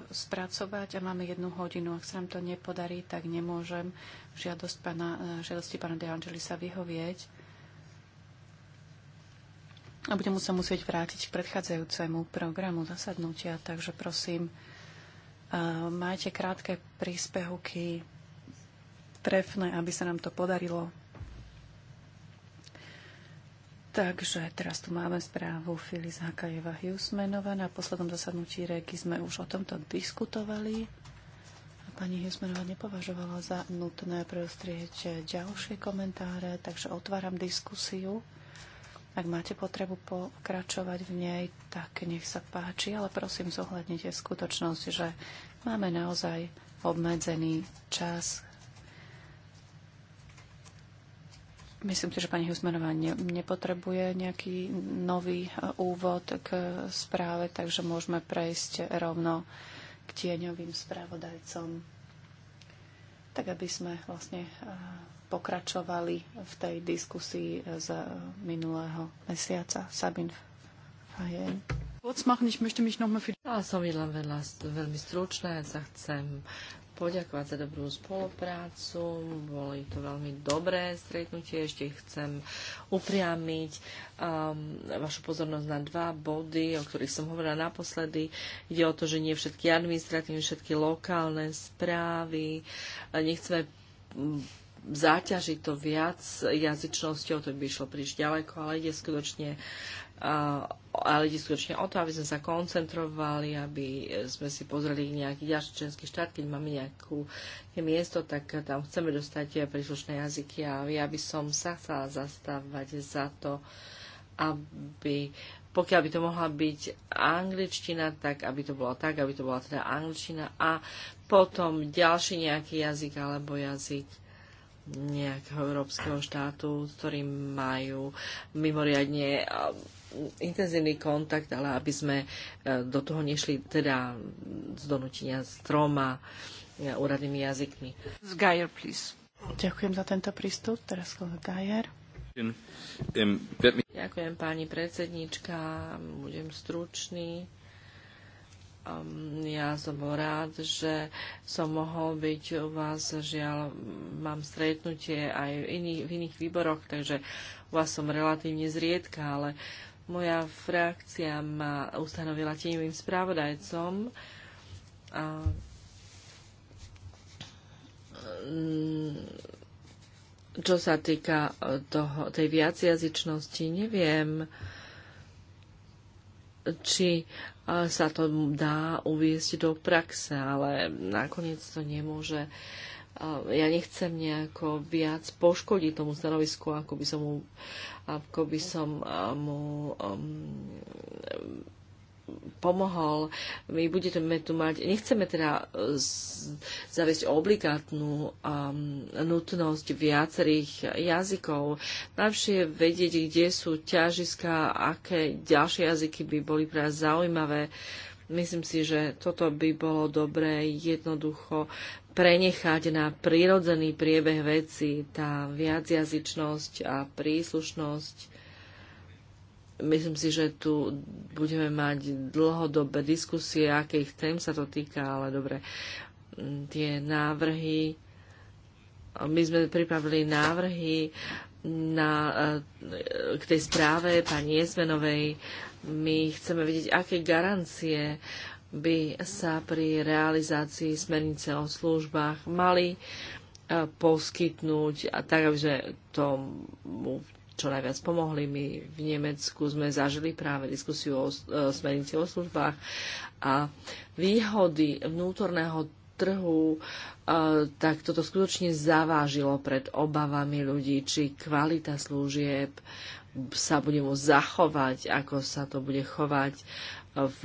spracovať a máme jednu hodinu. Ak sa nám to nepodarí, tak nemôžem žiadosť pana, žiadosti pána De Angelisa vyhovieť. A budem sa musieť vrátiť k predchádzajúcemu programu zasadnutia, takže prosím, majte krátke príspehuky trefné, aby sa nám to podarilo Takže teraz tu máme správu Filiz Hakajeva Husmenova. Na poslednom zasadnutí reky sme už o tomto diskutovali. A pani Husmenova nepovažovala za nutné prostrieť ďalšie komentáre, takže otváram diskusiu. Ak máte potrebu pokračovať v nej, tak nech sa páči, ale prosím zohľadnite skutočnosť, že máme naozaj obmedzený čas, Myslím si, že pani Husmanová ne, nepotrebuje nejaký nový e, úvod k správe, takže môžeme prejsť rovno k tieňovým správodajcom, tak aby sme vlastne e, pokračovali v tej diskusii z minulého mesiaca. Sabin Fajen.
Ja som byť veľmi stručná, ja sa chcem poďakovať za dobrú spoluprácu. Boli to veľmi dobré stretnutie. Ešte chcem upriamiť um, vašu pozornosť na dva body, o ktorých som hovorila naposledy. Ide o to, že nie všetky administratívne, všetky lokálne správy. Nechceme mm, záťažiť to viac jazyčnosťou, to by išlo príliš ďaleko, ale ide skutočne ale ide skutočne o to, aby sme sa koncentrovali, aby sme si pozreli nejaký ďalší členský štát, keď máme nejakú miesto, tak tam chceme dostať príslušné jazyky a ja by som sa chcela zastávať za to, aby pokiaľ by to mohla byť angličtina, tak aby to bola tak, aby to bola teda angličtina a potom ďalší nejaký jazyk alebo jazyk nejakého európskeho štátu, s ktorým majú mimoriadne eh, intenzívny kontakt, ale aby sme eh, do toho nešli teda z donútenia s troma eh, úradnými jazykmi. Z Geier, please. Ďakujem za tento prístup. Teraz Gajer. Ďakujem pani predsednička, budem stručný Um, ja som bol rád, že som mohol byť u vás. Žiaľ, mám stretnutie aj v iných, v iných výboroch, takže u vás som relatívne zriedka, ale moja frakcia ma ustanovila tieňovým správodajcom. A, mm, čo sa týka toho, tej viacjazyčnosti, neviem, či e, sa to dá uviesť do praxe, ale nakoniec to nemôže. E, ja nechcem nejako viac poškodiť tomu stanovisku, ako by som mu, ako by som e, mu um, pomohol. My budeme tu mať, nechceme teda e, zaviesť obligátnu um, nutnosť viacerých jazykov. Najlepšie vedieť, kde sú ťažiska, aké ďalšie jazyky by boli pre nás zaujímavé. Myslím si, že toto by bolo dobré jednoducho prenechať na prírodzený priebeh veci, tá viacjazyčnosť a príslušnosť Myslím si, že tu budeme mať dlhodobé diskusie, akých tém sa to týka, ale dobre, mm, tie návrhy, my sme pripravili návrhy na, eh, k tej správe pani Jezmenovej. My chceme vidieť, aké garancie by sa pri realizácii smernice o službách mali eh, poskytnúť, a tak aby sme tomu čo najviac pomohli. My v Nemecku sme zažili práve diskusiu o e, smernici o službách a výhody vnútorného trhu, e, tak toto skutočne zavážilo pred obavami ľudí, či kvalita služieb sa bude môcť zachovať, ako sa to bude chovať v,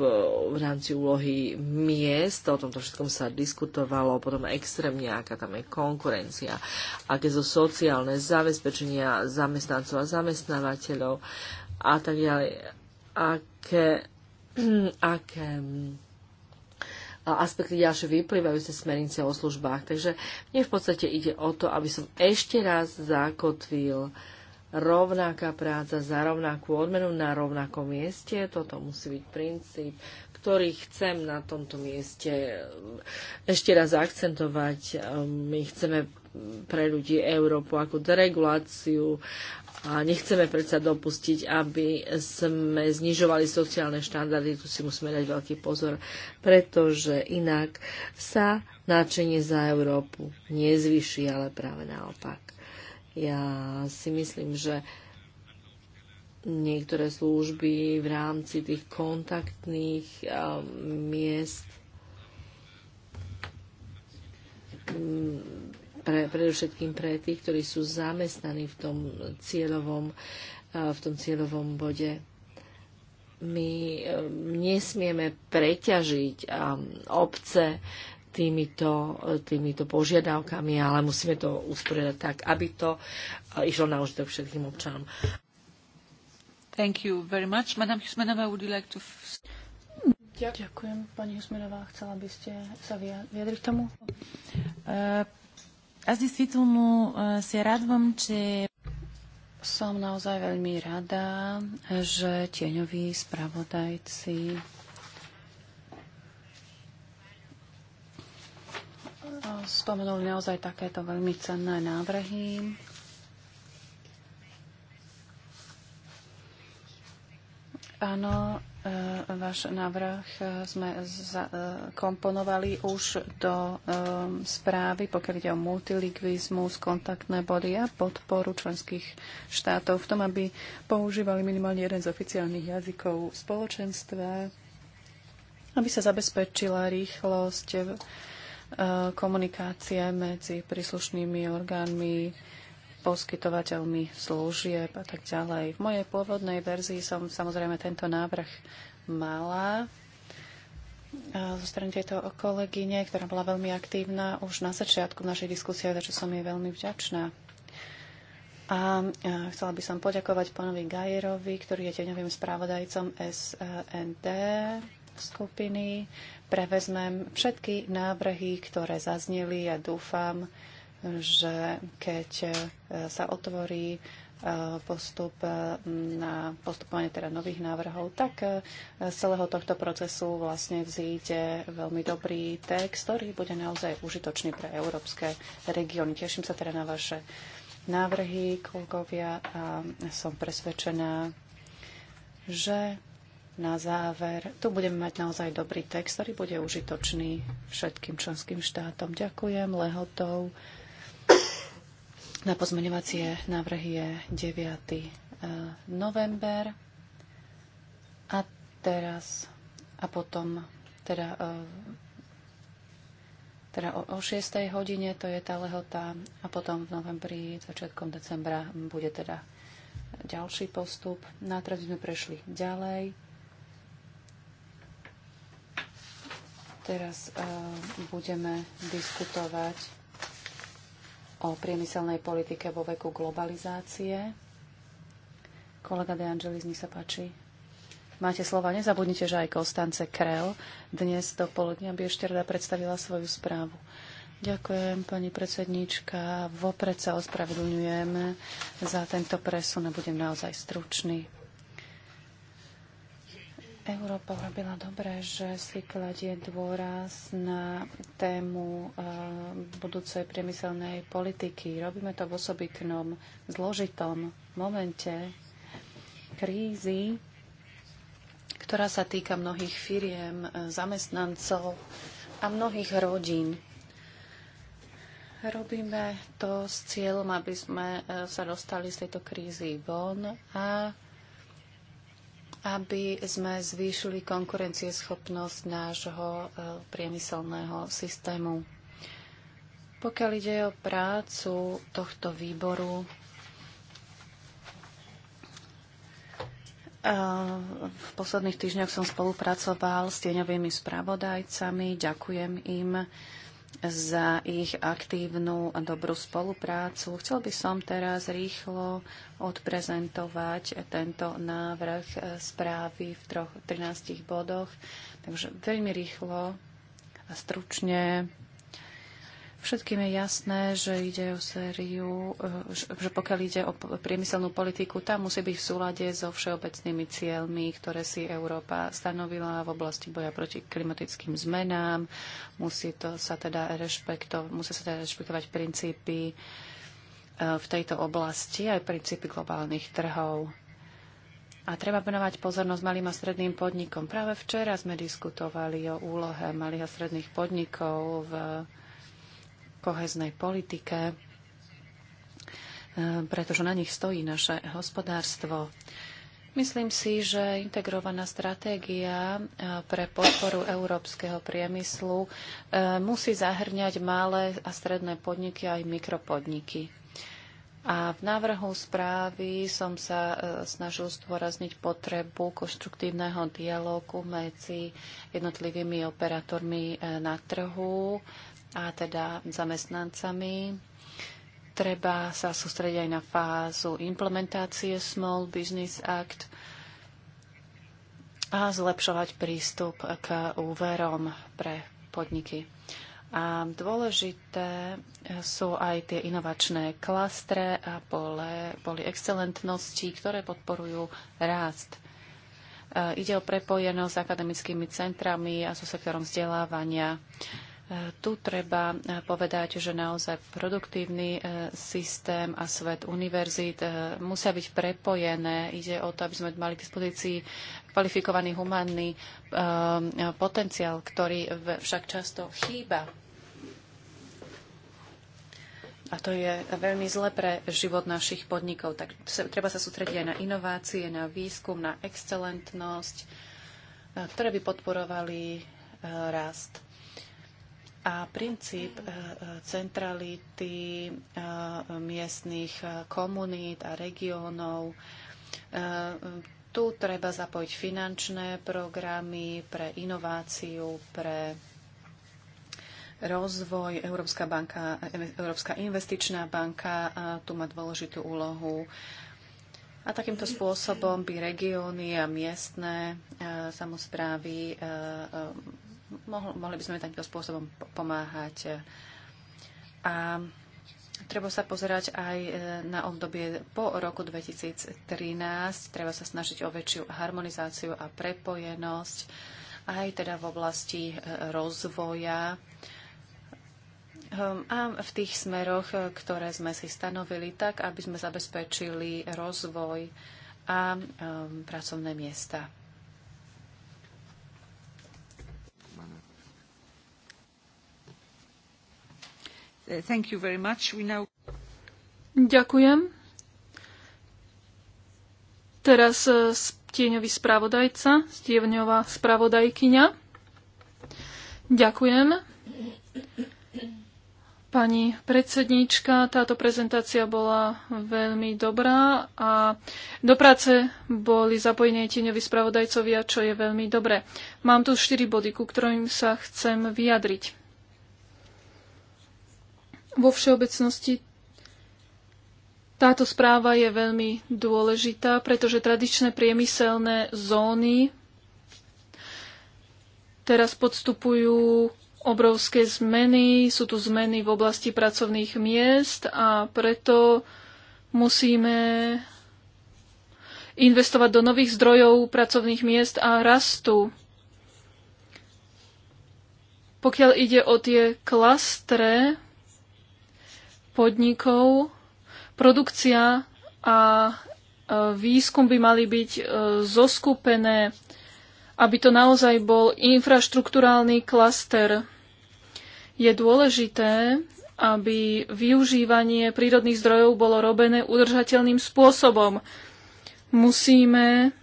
v rámci úlohy miest. O tomto všetkom sa diskutovalo, potom extrémne, aká tam je konkurencia, aké sú sociálne zabezpečenia zamestnancov a zamestnávateľov a tak ďalej. Aké, aké aspekty ďalšie vyplývajú z smernice o službách. Takže mne v podstate ide o to, aby som ešte raz zakotvil uh, rovnaká práca za rovnakú odmenu na rovnakom mieste. Toto musí byť princíp, ktorý chcem na tomto mieste um, ešte raz akcentovať. Um, my chceme pre ľudí Európu ako dereguláciu a nechceme predsa dopustiť, aby sme znižovali sociálne štandardy. Tu si musíme dať veľký pozor, pretože inak sa náčenie za Európu nezvyší, ale práve naopak. Ja si myslím, že niektoré služby v rámci tých kontaktných um, miest mm, pre, predovšetkým pre tých, ktorí sú zamestnaní v tom cieľovom, uh, v tom cieľovom bode. My um, nesmieme preťažiť um, obce týmito, týmito požiadavkami, ale musíme to usporiadať tak, aby to e, išlo na užitok všetkým občanom. Thank you very much. Madam Husmanová, would you like to...
Ďakujem. Pani Husmanová, chcela by ste sa vyjadriť tomu? E, Аз действително се радвам, че som naozaj veľmi rada, e, že tieňoví spravodajci spomenul naozaj takéto veľmi cenné návrhy. Áno, e, váš návrh e, sme e, komponovali už do správy, pokiaľ ide o multilingvizmus, kontaktné body a podporu členských štátov v tom, aby používali minimálne jeden z oficiálnych jazykov spoločenstva, aby sa zabezpečila rýchlosť E, komunikácie medzi príslušnými orgánmi, poskytovateľmi služieb a tak ďalej. V mojej pôvodnej verzii som samozrejme tento návrh mala zo strany tejto kolegyne, ktorá bola veľmi aktívna už na začiatku našej diskusie, za čo som jej veľmi vďačná. A chcela by som poďakovať pánovi Gajerovi, ktorý je teňovým správodajcom SND e skupiny prevezmem všetky návrhy, ktoré zazneli a ja dúfam, že keď e, sa otvorí e, postup e, na postupovanie teda nových návrhov, tak z celého tohto procesu vlastne vzíde veľmi dobrý text, ktorý bude naozaj užitočný pre európske regióny. Teším sa teda na vaše návrhy, kolegovia, a som presvedčená, že na záver. Tu budeme mať naozaj dobrý text, ktorý bude užitočný všetkým členským štátom. Ďakujem lehotou. Na pozmeňovacie návrhy je 9. Eh, november. A teraz a potom teda, eh, teda o, o 6. hodine to je tá lehota a potom v novembri, začiatkom decembra bude teda ďalší postup. No teraz sme prešli ďalej Teraz uh, budeme diskutovať o priemyselnej politike vo veku globalizácie. Kolega De Angelis, nech sa páči. Máte slova. Nezabudnite, že aj Konstance Krel dnes do poludnia by ešte rada predstavila svoju správu. Ďakujem, pani predsedníčka. Vopred sa ospravedlňujem za tento presun a budem naozaj stručný. Európa robila dobré, že si kladie dôraz na tému eh, budúcej priemyselnej politiky. Robíme to v osobitnom, zložitom momente krízy, ktorá sa týka mnohých firiem, zamestnancov a mnohých rodín. Robíme to s cieľom, aby sme eh, sa dostali z tejto krízy von a aby sme zvýšili konkurencieschopnosť nášho e, priemyselného systému. Pokiaľ ide o prácu tohto výboru, e, v posledných týždňoch som spolupracoval s tieňovými spravodajcami. Ďakujem im za ich aktívnu a dobrú spoluprácu. Chcel by som teraz rýchlo odprezentovať tento návrh správy v troch, 13 bodoch. Takže veľmi rýchlo a stručne Všetkým je jasné, že ide o sériu, eh, že pokiaľ ide o priemyselnú politiku, tá musí byť v súlade so všeobecnými cieľmi, ktoré si Európa stanovila v oblasti boja proti klimatickým zmenám. Musí to sa teda rešpekto, musí sa teda rešpektovať princípy eh, v tejto oblasti, aj princípy globálnych trhov. A treba venovať pozornosť malým a stredným podnikom. Práve včera sme diskutovali o úlohe malých a stredných podnikov v koheznej politike, e, pretože na nich stojí naše hospodárstvo. Myslím si, že integrovaná stratégia e, pre podporu európskeho priemyslu e, musí zahrňať malé a stredné podniky aj mikropodniky. A v návrhu správy som sa snažil zdôrazniť potrebu konštruktívneho dialógu medzi jednotlivými operátormi na trhu, a teda zamestnancami. Treba sa sústrediť aj na fázu implementácie Small Business Act a zlepšovať prístup k úverom pre podniky. A dôležité sú aj tie inovačné klastre a pole, poli excelentnosti, ktoré podporujú rást. E, ide o prepojenosť s akademickými centrami a so sektorom vzdelávania. Tu treba eh, povedať, že naozaj produktívny eh, systém a svet univerzít eh, musia byť prepojené. Ide o to, aby sme mali k dispozícii kvalifikovaný humánny potenciál, ktorý však často chýba. A to je veľmi zle pre život našich podnikov. Tak treba sa sústrediť aj na inovácie, na výskum, na excelentnosť, ktoré by podporovali rast a princíp e, e, centrality e, miestných komunít a regiónov. Tu treba zapojiť finančné programy pre inováciu, pre rozvoj. Európska, banka, Európska investičná banka tu má dôležitú úlohu. A takýmto spôsobom by regióny a miestne samozprávy mohli by sme takýmto spôsobom pomáhať. A treba sa pozerať aj e, na obdobie po roku 2013. Treba sa snažiť o väčšiu harmonizáciu a prepojenosť aj teda v oblasti e, rozvoja ehm, a v tých smeroch, e, ktoré sme si stanovili, tak aby sme zabezpečili rozvoj a ehm, pracovné miesta.
Uh,
Ďakujem. Teraz uh, tieňový spravodajca, stieňová spravodajkyňa. Ďakujem. Pani predsedníčka, táto prezentácia bola veľmi dobrá a do práce boli zapojení tieňoví spravodajcovia, čo je veľmi dobré. Mám tu štyri body, ku ktorým sa chcem vyjadriť. Vo všeobecnosti táto správa je veľmi dôležitá, pretože tradičné priemyselné zóny teraz podstupujú obrovské zmeny, sú tu zmeny v oblasti pracovných miest a preto musíme investovať do nových zdrojov pracovných miest a rastu. Pokiaľ ide o tie klastre, podnikov. Produkcia a e, výskum by mali byť e, zoskupené, aby to naozaj bol infraštruktúrálny klaster. Je dôležité, aby využívanie prírodných zdrojov bolo robené udržateľným spôsobom. Musíme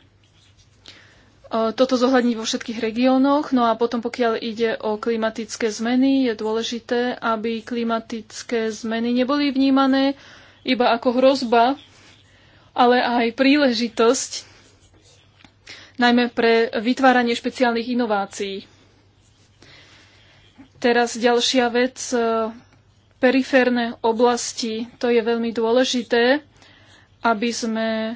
toto zohľadniť vo všetkých regiónoch. No a potom, pokiaľ ide o klimatické zmeny, je dôležité, aby klimatické zmeny neboli vnímané iba ako hrozba, ale aj príležitosť, najmä pre vytváranie špeciálnych inovácií. Teraz ďalšia vec, periférne oblasti. To je veľmi dôležité, aby sme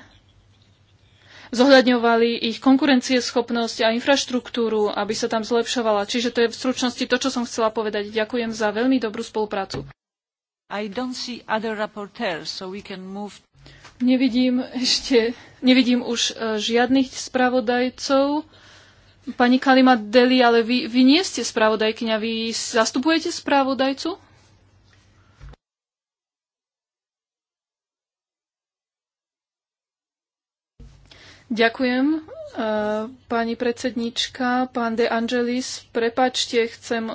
zohľadňovali ich konkurencieschopnosť a infraštruktúru, aby sa tam zlepšovala. Čiže to je v stručnosti to, čo som chcela povedať. Ďakujem za veľmi dobrú spoluprácu. So nevidím ešte, nevidím už e, žiadnych spravodajcov. Pani Kalima Deli, ale vy, vy nie ste spravodajkyňa, vy zastupujete spravodajcu? Ďakujem, e, pani predsednička, pán De Angelis. Prepačte, chcem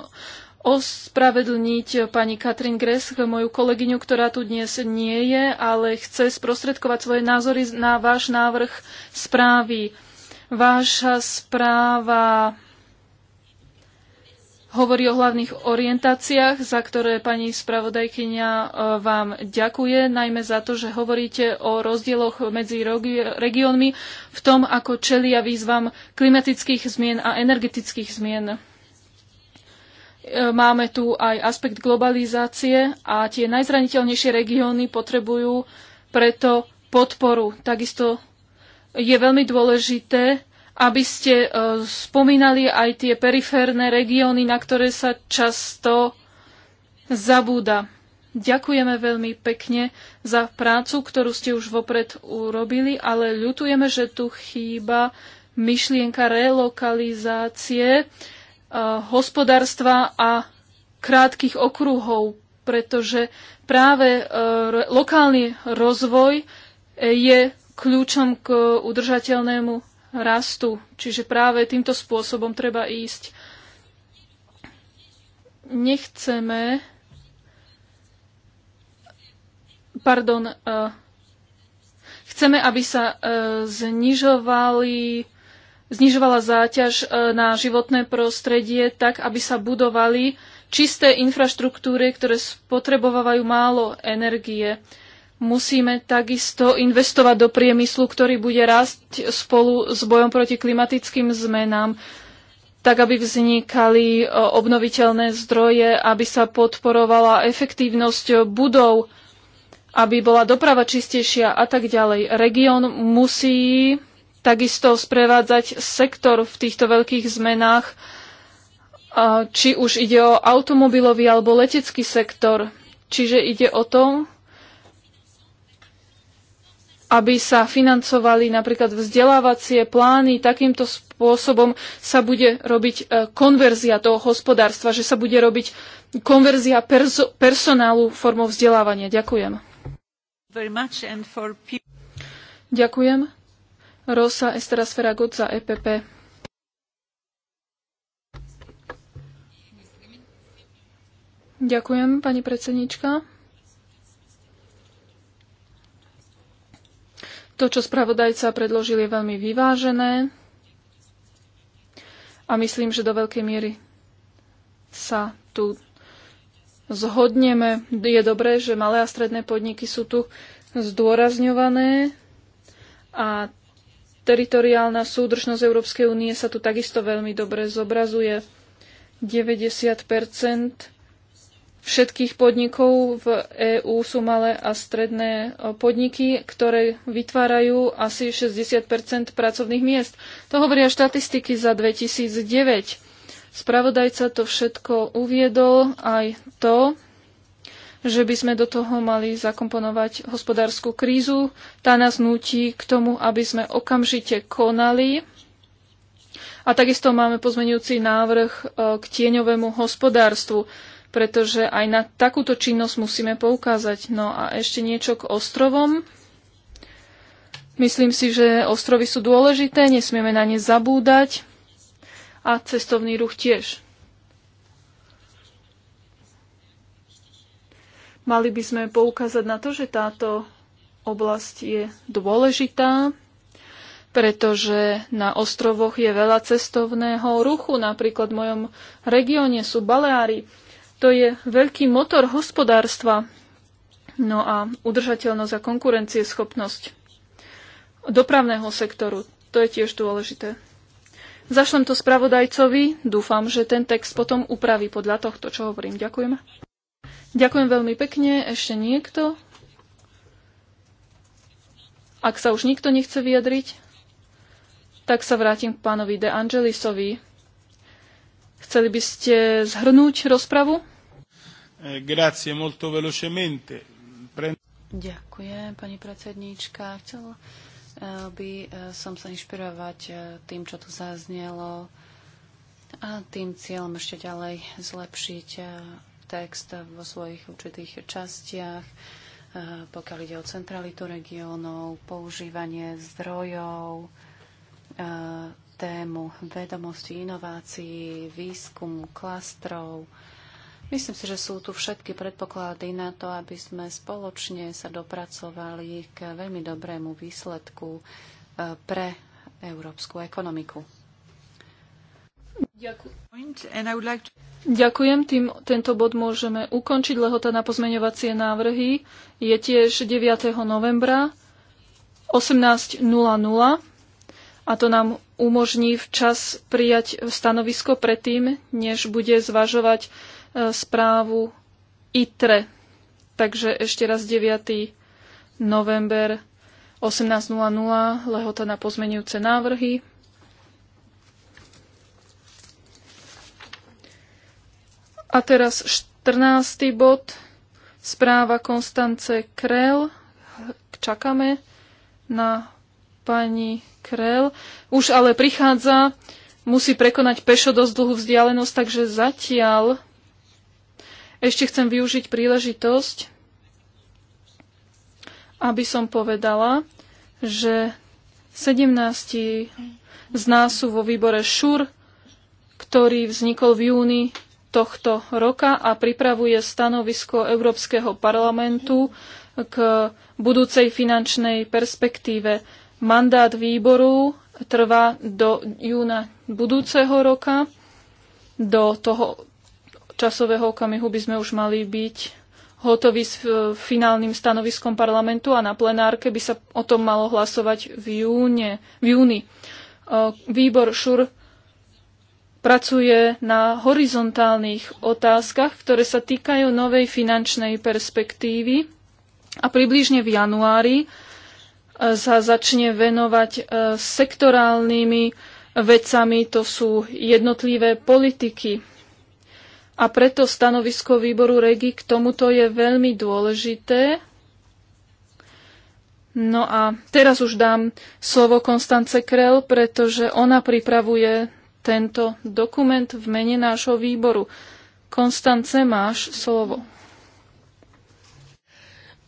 ospravedlniť pani Katrin Gresk, moju kolegyňu, ktorá tu dnes nie je, ale chce sprostredkovať svoje názory na váš návrh správy. Váša správa hovorí o hlavných orientáciách, za ktoré pani spravodajkyňa e, vám ďakuje, najmä za to, že hovoríte o rozdieloch medzi regiónmi v tom, ako čelia výzvam klimatických zmien a energetických zmien. E, máme tu aj aspekt globalizácie a tie najzraniteľnejšie regióny potrebujú preto podporu. Takisto je veľmi dôležité aby ste e, spomínali aj tie periférne regióny, na ktoré sa často zabúda. Ďakujeme veľmi pekne za prácu, ktorú ste už vopred urobili, ale ľutujeme, že tu chýba myšlienka relokalizácie e, hospodárstva a krátkých okruhov, pretože práve e, lokálny rozvoj je kľúčom k udržateľnému rastu. Čiže práve týmto spôsobom treba ísť. Nechceme, pardon, eh, chceme, aby sa eh, znižovali znižovala záťaž eh, na životné prostredie tak, aby sa budovali čisté infraštruktúry, ktoré spotrebovávajú málo energie. Musíme takisto investovať do priemyslu, ktorý bude rásť spolu s bojom proti klimatickým zmenám, tak aby vznikali e, obnoviteľné zdroje, aby sa podporovala efektívnosť budov, aby bola doprava čistejšia a tak ďalej. Región musí takisto sprevádzať sektor v týchto veľkých zmenách, e, či už ide o automobilový alebo letecký sektor. Čiže ide o to, aby sa financovali napríklad vzdelávacie plány. Takýmto spôsobom sa bude robiť e, konverzia toho hospodárstva, že sa bude robiť konverzia perso- personálu formou vzdelávania. Ďakujem. For... Ďakujem. Rosa Estera za EPP. Ďakujem, pani predsednička. To, čo spravodajca predložil, je veľmi vyvážené a myslím, že do veľkej miery sa tu zhodneme. Je dobré, že malé a stredné podniky sú tu zdôrazňované a teritoriálna súdržnosť Európskej únie sa tu takisto veľmi dobre zobrazuje. 90 všetkých podnikov v EÚ sú malé a stredné e, podniky, ktoré vytvárajú asi 60 pracovných miest. To hovoria štatistiky za 2009. Spravodajca to všetko uviedol, aj to, že by sme do toho mali zakomponovať hospodárskú krízu. Tá nás nutí k tomu, aby sme okamžite konali. A takisto máme pozmenujúci návrh e, k tieňovému hospodárstvu pretože aj na takúto činnosť musíme poukázať. No a ešte niečo k ostrovom. Myslím si, že ostrovy sú dôležité, nesmieme na ne zabúdať a cestovný ruch tiež. Mali by sme poukázať na to, že táto oblasť je dôležitá, pretože na ostrovoch je veľa cestovného ruchu. Napríklad v mojom regióne sú Baleári. To je veľký motor hospodárstva. No a udržateľnosť a konkurencieschopnosť dopravného sektoru. To je tiež dôležité. Zašlem to spravodajcovi. Dúfam, že ten text potom upraví podľa tohto, čo hovorím. Ďakujem. Ďakujem veľmi pekne. Ešte niekto? Ak sa už nikto nechce vyjadriť, tak sa vrátim k pánovi De Angelisovi. Chceli by ste zhrnúť rozpravu?
Eh, grazie, molto velocemente.
Ďakujem, pani predsedníčka. Chcel eh, by eh, som sa inšpirovať tým, čo tu zaznelo a tým cieľom ešte ďalej zlepšiť text vo svojich určitých častiach, pokiaľ ide o centralitu regiónov, používanie zdrojov, tému vedomostí, inovácií, výskumu, klastrov, Myslím si, že sú tu všetky predpoklady na to, aby sme spoločne sa dopracovali k veľmi dobrému výsledku eh, pre
európsku ekonomiku. Ďakujem. Tým, tento bod môžeme ukončiť. Lehota na pozmeňovacie návrhy je tiež 9. novembra 18.00 a to nám umožní včas prijať stanovisko predtým, než bude zvažovať správu ITRE. Takže ešte raz 9. november 18.00 lehota na pozmenujúce návrhy. A teraz 14. bod, správa Konstance Krell. Čakáme na pani Krell. Už ale prichádza, musí prekonať pešo dosť dlhú vzdialenosť, takže zatiaľ ešte chcem využiť príležitosť, aby som povedala, že 17 z nás sú vo výbore ŠUR, ktorý vznikol v júni tohto roka a pripravuje stanovisko Európskeho parlamentu k budúcej finančnej perspektíve. Mandát výboru trvá do júna budúceho roka. Do toho časového okamihu by sme už mali byť hotoví s e, finálnym stanoviskom parlamentu a na plenárke by sa o tom malo hlasovať v, júne, v júni. E, výbor ŠUR pracuje na horizontálnych otázkach, ktoré sa týkajú novej finančnej perspektívy a približne v januári e, sa začne venovať sektorálnymi vecami, to sú jednotlivé politiky a preto stanovisko výboru REGI k tomuto je veľmi dôležité. No a teraz už dám slovo Konstance Krel, pretože ona pripravuje tento dokument v mene nášho výboru.
Konstance, máš slovo.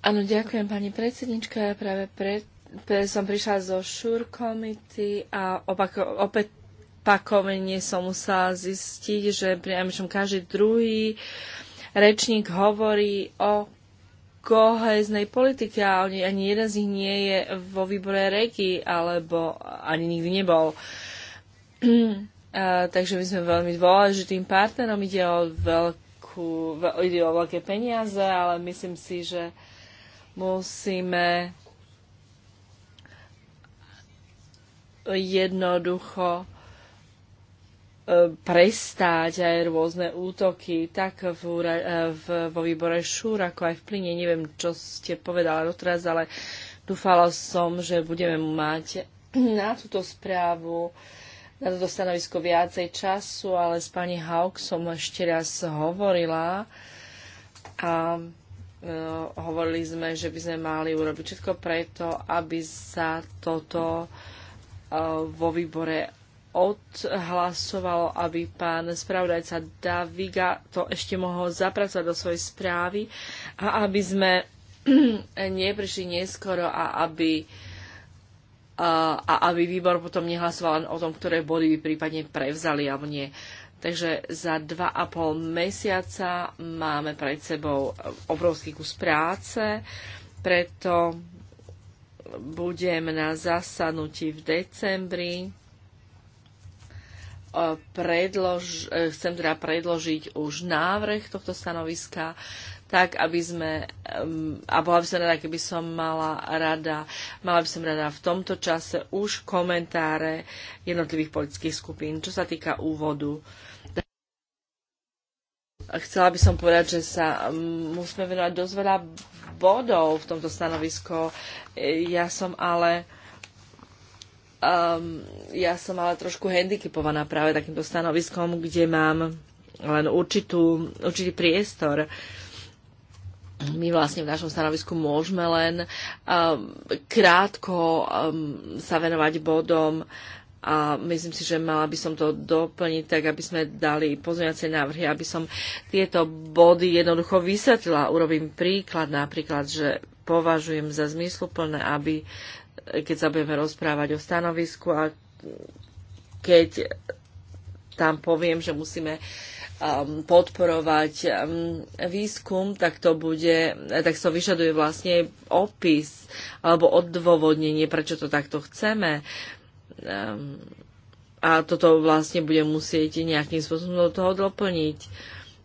Áno, ďakujem pani predsednička. Ja práve pre, som prišla zo Sure Committee a opak, opäť opakovane som musela zistiť, že priamšom každý druhý rečník hovorí o koheznej politike a oni, ani jeden z nich nie je vo výbore reky alebo ani nikdy nebol. takže my sme veľmi dôležitým partnerom, ide o, veľkú, veľ, ide o veľké peniaze, ale myslím si, že musíme jednoducho E, prestáť aj rôzne útoky, tak v, e, v, vo výbore Šúr, ako aj v plyne. Neviem, čo ste povedala doteraz, ale dúfala som, že budeme mať na túto správu, na toto stanovisko viacej času, ale s pani Hauk som ešte raz hovorila a e, hovorili sme, že by sme mali urobiť všetko preto, aby sa toto e, vo výbore odhlasovalo, aby pán spravodajca Daviga to ešte mohol zapracovať do svojej správy a aby sme neprišli neskoro a aby, a, a aby výbor potom nehlasoval len o tom, ktoré body by prípadne prevzali alebo nie. Takže za dva a pol mesiaca máme pred sebou obrovský kus práce, preto budem na zasadnutí v decembri predlož, eh, chcem teda predložiť už návrh tohto stanoviska, tak aby sme, mm, a bola by som rada, keby som mala rada, mala by som rada v tomto čase už komentáre jednotlivých politických skupín, čo sa týka úvodu. Chcela by som povedať, že sa mm, musíme venovať dosť veľa bodov v tomto stanovisko. Ja som ale Um, ja som ale trošku handicapovaná práve takýmto stanoviskom, kde mám len určitú, určitý priestor. My vlastne v našom stanovisku môžeme len um, krátko um, sa venovať bodom a myslím si, že mala by som to doplniť tak, aby sme dali pozmeňovacie návrhy, aby som tieto body jednoducho vysvetlila. Urobím príklad napríklad, že považujem za zmysluplné, aby keď sa budeme rozprávať o stanovisku a keď tam poviem, že musíme um, podporovať um, výskum, tak to bude, tak to vyžaduje vlastne opis alebo odôvodnenie, prečo to takto chceme. Um, a toto vlastne bude musieť nejakým spôsobom do toho doplniť.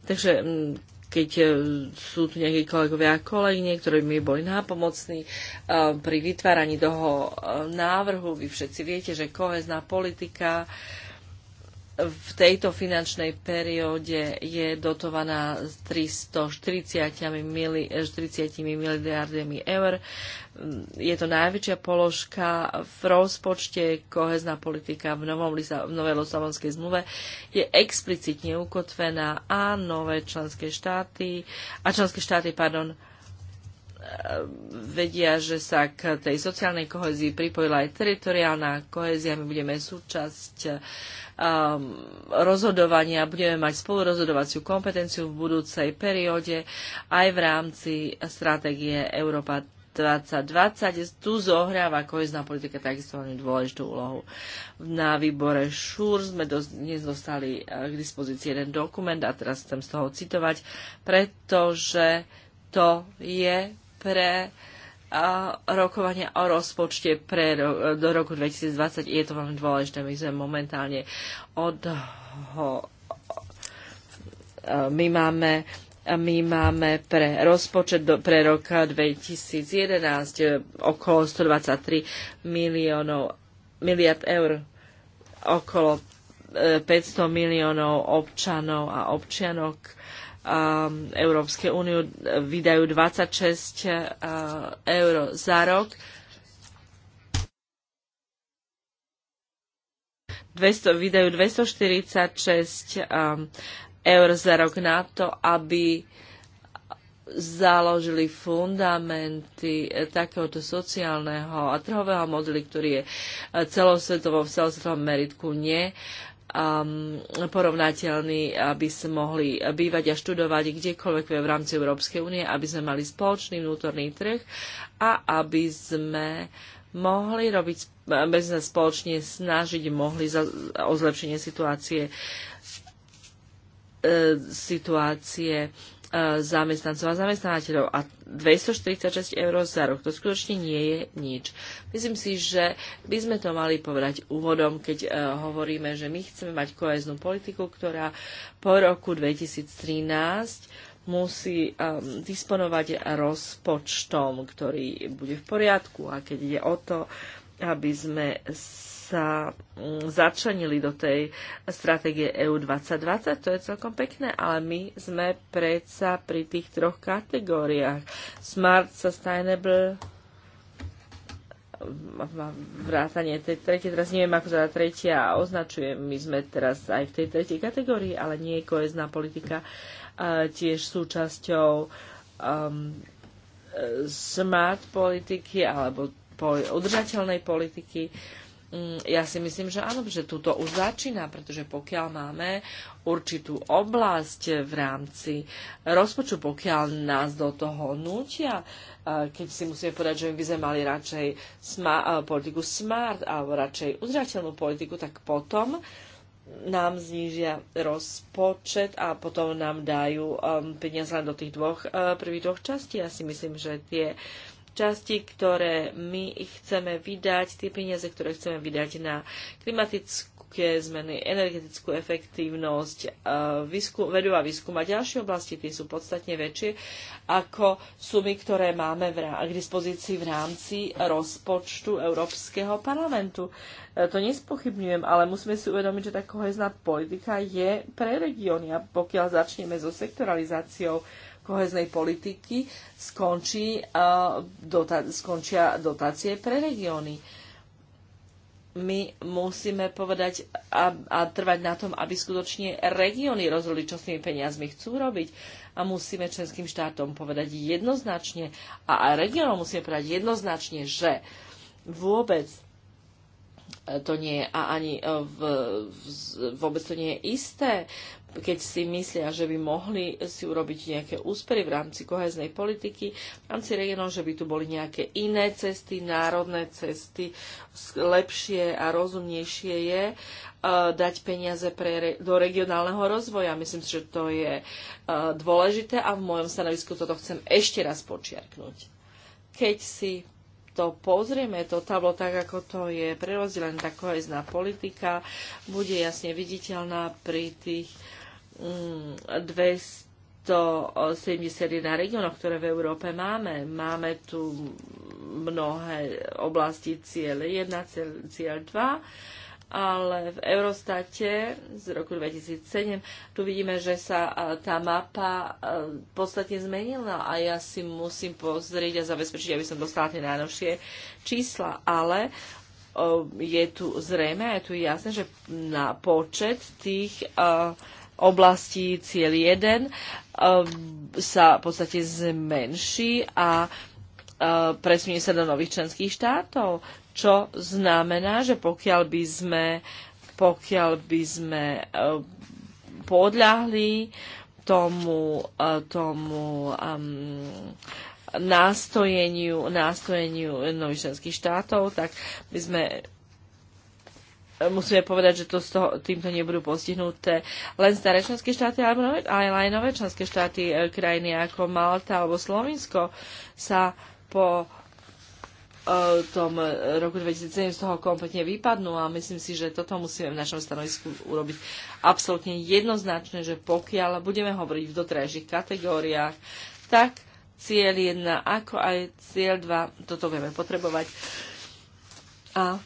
Takže um, keď e, sú tu nejakí kolegovia a kolegyne, ktorí mi boli nápomocní e, pri vytváraní toho e, návrhu. Vy všetci viete, že kohezná politika v tejto finančnej perióde je dotovaná s 340 miliardami eur je to najväčšia položka v rozpočte kohezná politika v, novom, v novej Lisabonskej zmluve je explicitne ukotvená a nové členské štáty a členské štáty, pardon, vedia, že sa k tej sociálnej kohezii pripojila aj teritoriálna kohezia. My budeme súčasť um, rozhodovania, budeme mať spolurozhodovaciu kompetenciu v budúcej perióde aj v rámci stratégie Európa 2020. Tu zohráva kohezná politika takisto veľmi dôležitú úlohu. Na výbore ŠUR sme dos- dnes dostali e, k dispozícii jeden dokument a teraz chcem z toho citovať, pretože to je pre rokovania o rozpočte pre, do roku 2020. Je to veľmi dôležité. My sme momentálne od ho, e, my máme my máme pre rozpočet do, pre rok 2011 e, okolo 123 miliónov, miliard eur, okolo 500 e, miliónov občanov a občianok Európskej úniu e, vydajú 26 eur za rok. 200, vydajú 246 um, eur za rok na to, aby založili fundamenty eh, takéhoto sociálneho a trhového modely, ktorý je eh, celosvetovo, v celosvetovom meritku nie um, porovnateľný, aby sme mohli bývať a študovať kdekoľvek v rámci Európskej únie, aby sme mali spoločný vnútorný trh a aby sme mohli robiť, aby sme spoločne snažiť mohli za, o zlepšenie situácie E, situácie e, zamestnancov a zamestnávateľov a 246 eur za rok. To skutočne nie je nič. Myslím si, že by sme to mali povedať úvodom, keď e, hovoríme, že my chceme mať koheznú politiku, ktorá po roku 2013 musí um, disponovať rozpočtom, ktorý bude v poriadku. A keď ide o to, aby sme sa mm, začlenili do tej stratégie EU 2020, to je celkom pekné, ale my sme predsa pri tých troch kategóriách. Smart, sustainable, vrátanie tej tretej, teraz neviem, ako sa tretia označuje, my sme teraz aj v tej tretej kategórii, ale nie je koezná politika tiež súčasťou um, e, smart politiky alebo udržateľnej politiky. Um, Mm, ja si myslím, že áno, že tu to už začína, pretože pokiaľ máme určitú oblasť v rámci rozpočtu, pokiaľ nás do toho nutia, e, keď si musíme povedať, že by sme mali radšej smart, e, politiku smart alebo radšej uzrateľnú politiku, tak potom nám znížia rozpočet a potom nám dajú e, peniaze len do tých dvoch, prvých dvoch častí. Ja si myslím, že tie časti, ktoré my chceme vydať, tie peniaze, ktoré chceme vydať na klimatické zmeny, energetickú efektívnosť, e, výskum, vedu a výskum a ďalšie oblasti, tie sú podstatne väčšie ako sumy, ktoré máme v, k dispozícii v rámci rozpočtu Európskeho parlamentu. E, to nespochybňujem, ale musíme si uvedomiť, že tá kohezná politika je pre regióny a pokiaľ začneme so sektoralizáciou, koheznej politiky skončí, skončia dotácie pre regióny. My musíme povedať a, a trvať na tom, aby skutočne regióny rozhodli, čo s tými peniazmi chcú robiť. A musíme členským štátom povedať jednoznačne a, a regiónom musíme povedať jednoznačne, že vôbec e, to nie je a ani e, v, v, vôbec to nie je isté keď si myslia, že by mohli si urobiť nejaké úspery v rámci koheznej politiky, v rámci regionov, že by tu boli nejaké iné cesty, národné cesty, lepšie a rozumnejšie je e, dať peniaze pre, do regionálneho rozvoja. Myslím si, že to je e, dôležité a v mojom stanovisku toto chcem ešte raz počiarknúť. Keď si to pozrieme, to tablo tak, ako to je prerozdelené, tá kohezná politika bude jasne viditeľná pri tých uh, 271 regionov, ktoré v Európe máme. Máme tu mnohé oblasti cieľ 1, cieľ 2 ale v Eurostate z roku 2007 tu vidíme, že sa tá mapa podstatne zmenila a ja si musím pozrieť a zabezpečiť, aby som dostala tie najnovšie čísla, ale je tu zrejme, je tu jasné, že na počet tých uh, oblasti cieľ 1 um, sa v podstate zmenší a uh, presunie sa do nových členských štátov, čo znamená, že pokiaľ by sme, pokiaľ by sme uh, podľahli tomu, uh, tomu um, nástojeniu, nástojeniu nových členských štátov, tak by sme musíme povedať, že to z toho, týmto nebudú postihnuté len staré členské štáty, ale, aj nové členské štáty, e, krajiny ako Malta alebo Slovinsko sa po e, tom roku 2007 z toho kompletne vypadnú a myslím si, že toto musíme v našom stanovisku urobiť absolútne jednoznačné, že pokiaľ budeme hovoriť v dotrajších kategóriách, tak cieľ 1 ako aj cieľ 2 toto budeme potrebovať. A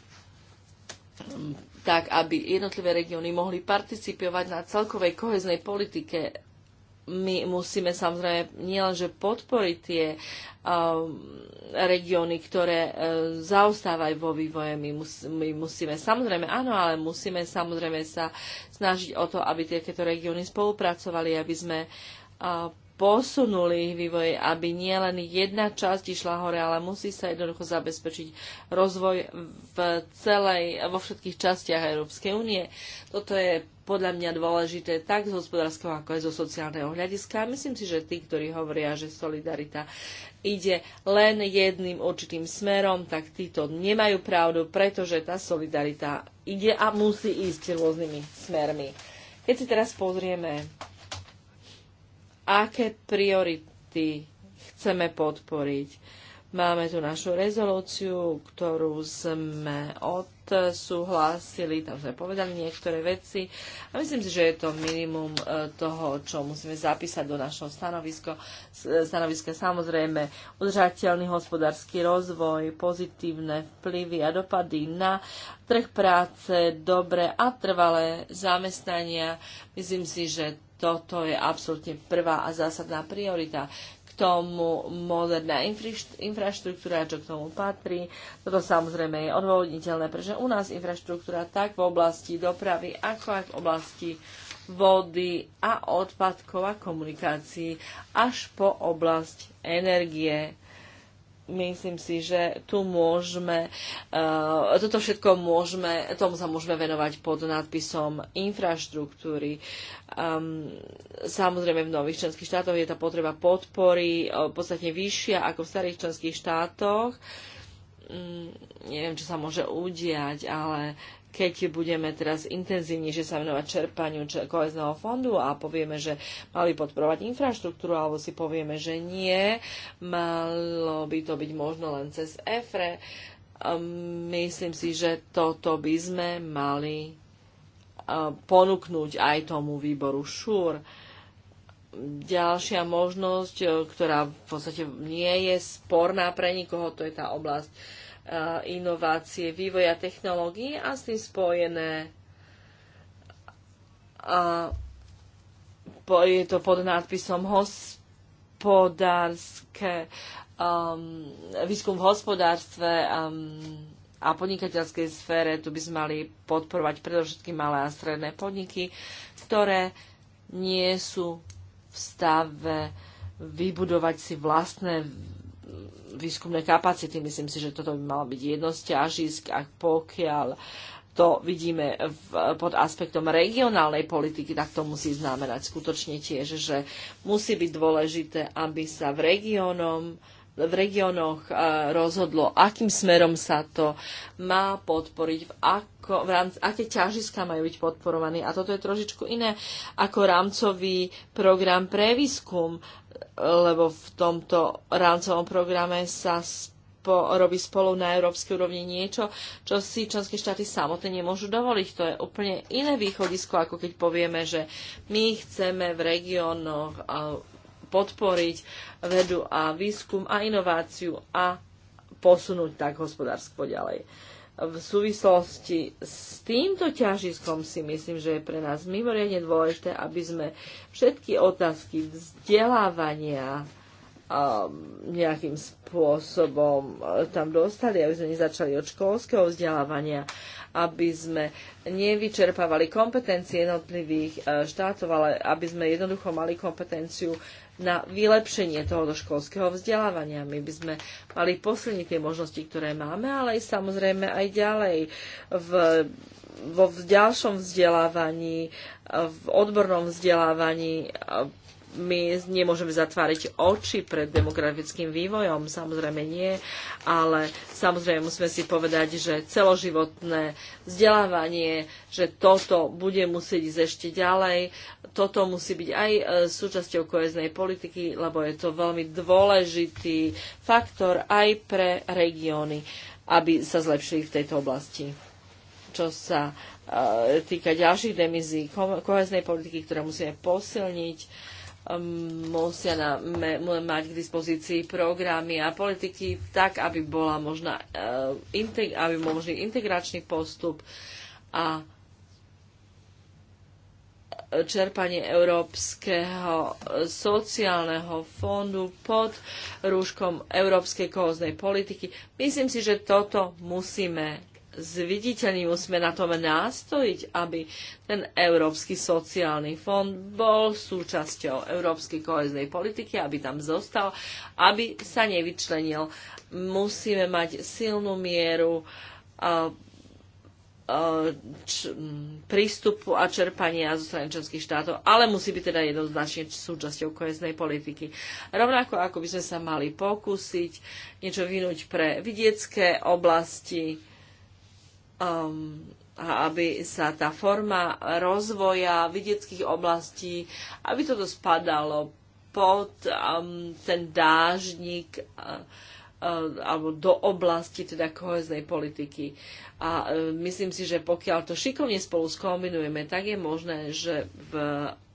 Um, tak aby jednotlivé regióny mohli participovať na celkovej koheznej politike. My musíme samozrejme nielenže podporiť tie um, regióny, ktoré uh, zaostávajú vo vývoje. My, mus, my musíme samozrejme, áno, ale musíme samozrejme sa snažiť o to, aby tieto regióny spolupracovali, aby sme uh, posunuli ich vývoj, aby nie len jedna časť išla hore, ale musí sa jednoducho zabezpečiť rozvoj v celej, vo všetkých častiach Európskej únie. Toto je podľa mňa dôležité tak z hospodárskeho, ako aj zo sociálneho hľadiska. A myslím si, že tí, ktorí hovoria, že solidarita ide len jedným určitým smerom, tak títo nemajú pravdu, pretože tá solidarita ide a musí ísť rôznymi smermi. Keď si teraz pozrieme aké priority chceme podporiť Máme tu našu rezolúciu, ktorú sme odsúhlasili, tam sme povedali niektoré veci a myslím si, že je to minimum e, toho, čo musíme zapísať do našho stanovisko. E, stanoviska. Samozrejme, udržateľný hospodársky rozvoj, pozitívne vplyvy a dopady na trh práce, dobré a trvalé zamestnania. Myslím si, že toto je absolútne prvá a zásadná priorita tomu moderná infraštruktúra, čo k tomu patrí. Toto samozrejme je odvodniteľné, pretože u nás infraštruktúra tak v oblasti dopravy, ako aj v oblasti vody a odpadkov a komunikácií, až po oblasť energie myslím si, že tu môžeme, uh, toto všetko môžeme, tomu sa môžeme venovať pod nadpisom infraštruktúry. Um, samozrejme v nových členských štátoch je tá potreba podpory uh, podstatne vyššia ako v starých členských štátoch. Um, neviem, čo sa môže udiať, ale keď budeme teraz intenzívnejšie sa venovať čerpaniu kohezného fondu a povieme, že mali podporovať infraštruktúru, alebo si povieme, že nie, malo by to byť možno len cez EFRE. Ehm, myslím si, že toto by sme mali ehm, ponúknuť aj tomu výboru ŠUR. Ďalšia možnosť, e, ktorá v podstate nie je sporná pre nikoho, to je tá oblasť uh, Eh, inovácie, vývoja technológií a s tým spojené a je to pod nádpisom hospodárske, um, výskum v hospodárstve um, a podnikateľskej sfére. Tu by sme mali podporovať predovšetkým malé a stredné podniky, ktoré nie sú v stave vybudovať si vlastné výskumné kapacity. Myslím si, že toto by malo byť jedno z ťažisk, ak pokiaľ to vidíme v, pod aspektom regionálnej politiky, tak to musí znamenať skutočne tiež, že musí byť dôležité, aby sa v regiónom v regiónoch e, rozhodlo, akým smerom sa to má podporiť, v ako, v rámci, aké ťažiska majú byť podporované. A toto je trošičku iné ako rámcový program pre výskum lebo v tomto rámcovom programe sa spo, robí spolu na európskej úrovni niečo, čo si členské štáty samotné nemôžu dovoliť. To je úplne iné východisko, ako keď povieme, že my chceme v regiónoch podporiť vedu a výskum a inováciu a posunúť tak hospodárstvo ďalej. Uh, v súvislosti s týmto ťažiskom si myslím, že je pre nás mimoriadne dôležité, aby sme všetky otázky vzdelávania um, nejakým spôsobom uh, tam dostali, aby sme nezačali od školského vzdelávania, aby sme nevyčerpávali kompetencie jednotlivých uh, štátov, ale aby sme jednoducho mali kompetenciu na vylepšenie tohoto školského vzdelávania. My by sme mali posilniť tie možnosti, ktoré máme, ale aj samozrejme aj ďalej v, vo v ďalšom vzdelávaní, v odbornom vzdelávaní my nemôžeme zatvárať oči pred demografickým vývojom, samozrejme nie, ale samozrejme musíme si povedať, že celoživotné vzdelávanie, že toto bude musieť ísť ešte ďalej, toto musí byť aj e, súčasťou koheznej politiky, lebo je to veľmi dôležitý faktor aj pre regióny, aby sa zlepšili v tejto oblasti. Čo sa e, týka ďalších demizí koheznej politiky, ktoré musíme posilniť, Ehm, musia na, me, mať k dispozícii programy a politiky tak, aby, bola možná, uh, integ, aby možný integračný postup a e, čerpanie Európskeho e, sociálneho fondu pod rúškom Európskej kohoznej politiky. Myslím si, že toto musíme zviditeľní, musíme na tom nástojiť, aby ten Európsky sociálny fond bol súčasťou Európskej koheznej politiky, aby tam zostal, aby sa nevyčlenil. Musíme mať silnú mieru a, a, č, prístupu a čerpania zo strany členských štátov, ale musí byť teda jednoznačne súčasťou koheznej politiky. Rovnako ako by sme sa mali pokúsiť niečo vynúť pre vidiecké oblasti, um, aby sa tá forma rozvoja vidieckých oblastí, aby toto spadalo pod um, ten dážnik uh, uh, alebo do oblasti teda koheznej politiky. A uh, myslím si, že pokiaľ to šikovne spolu skombinujeme, tak je možné, že v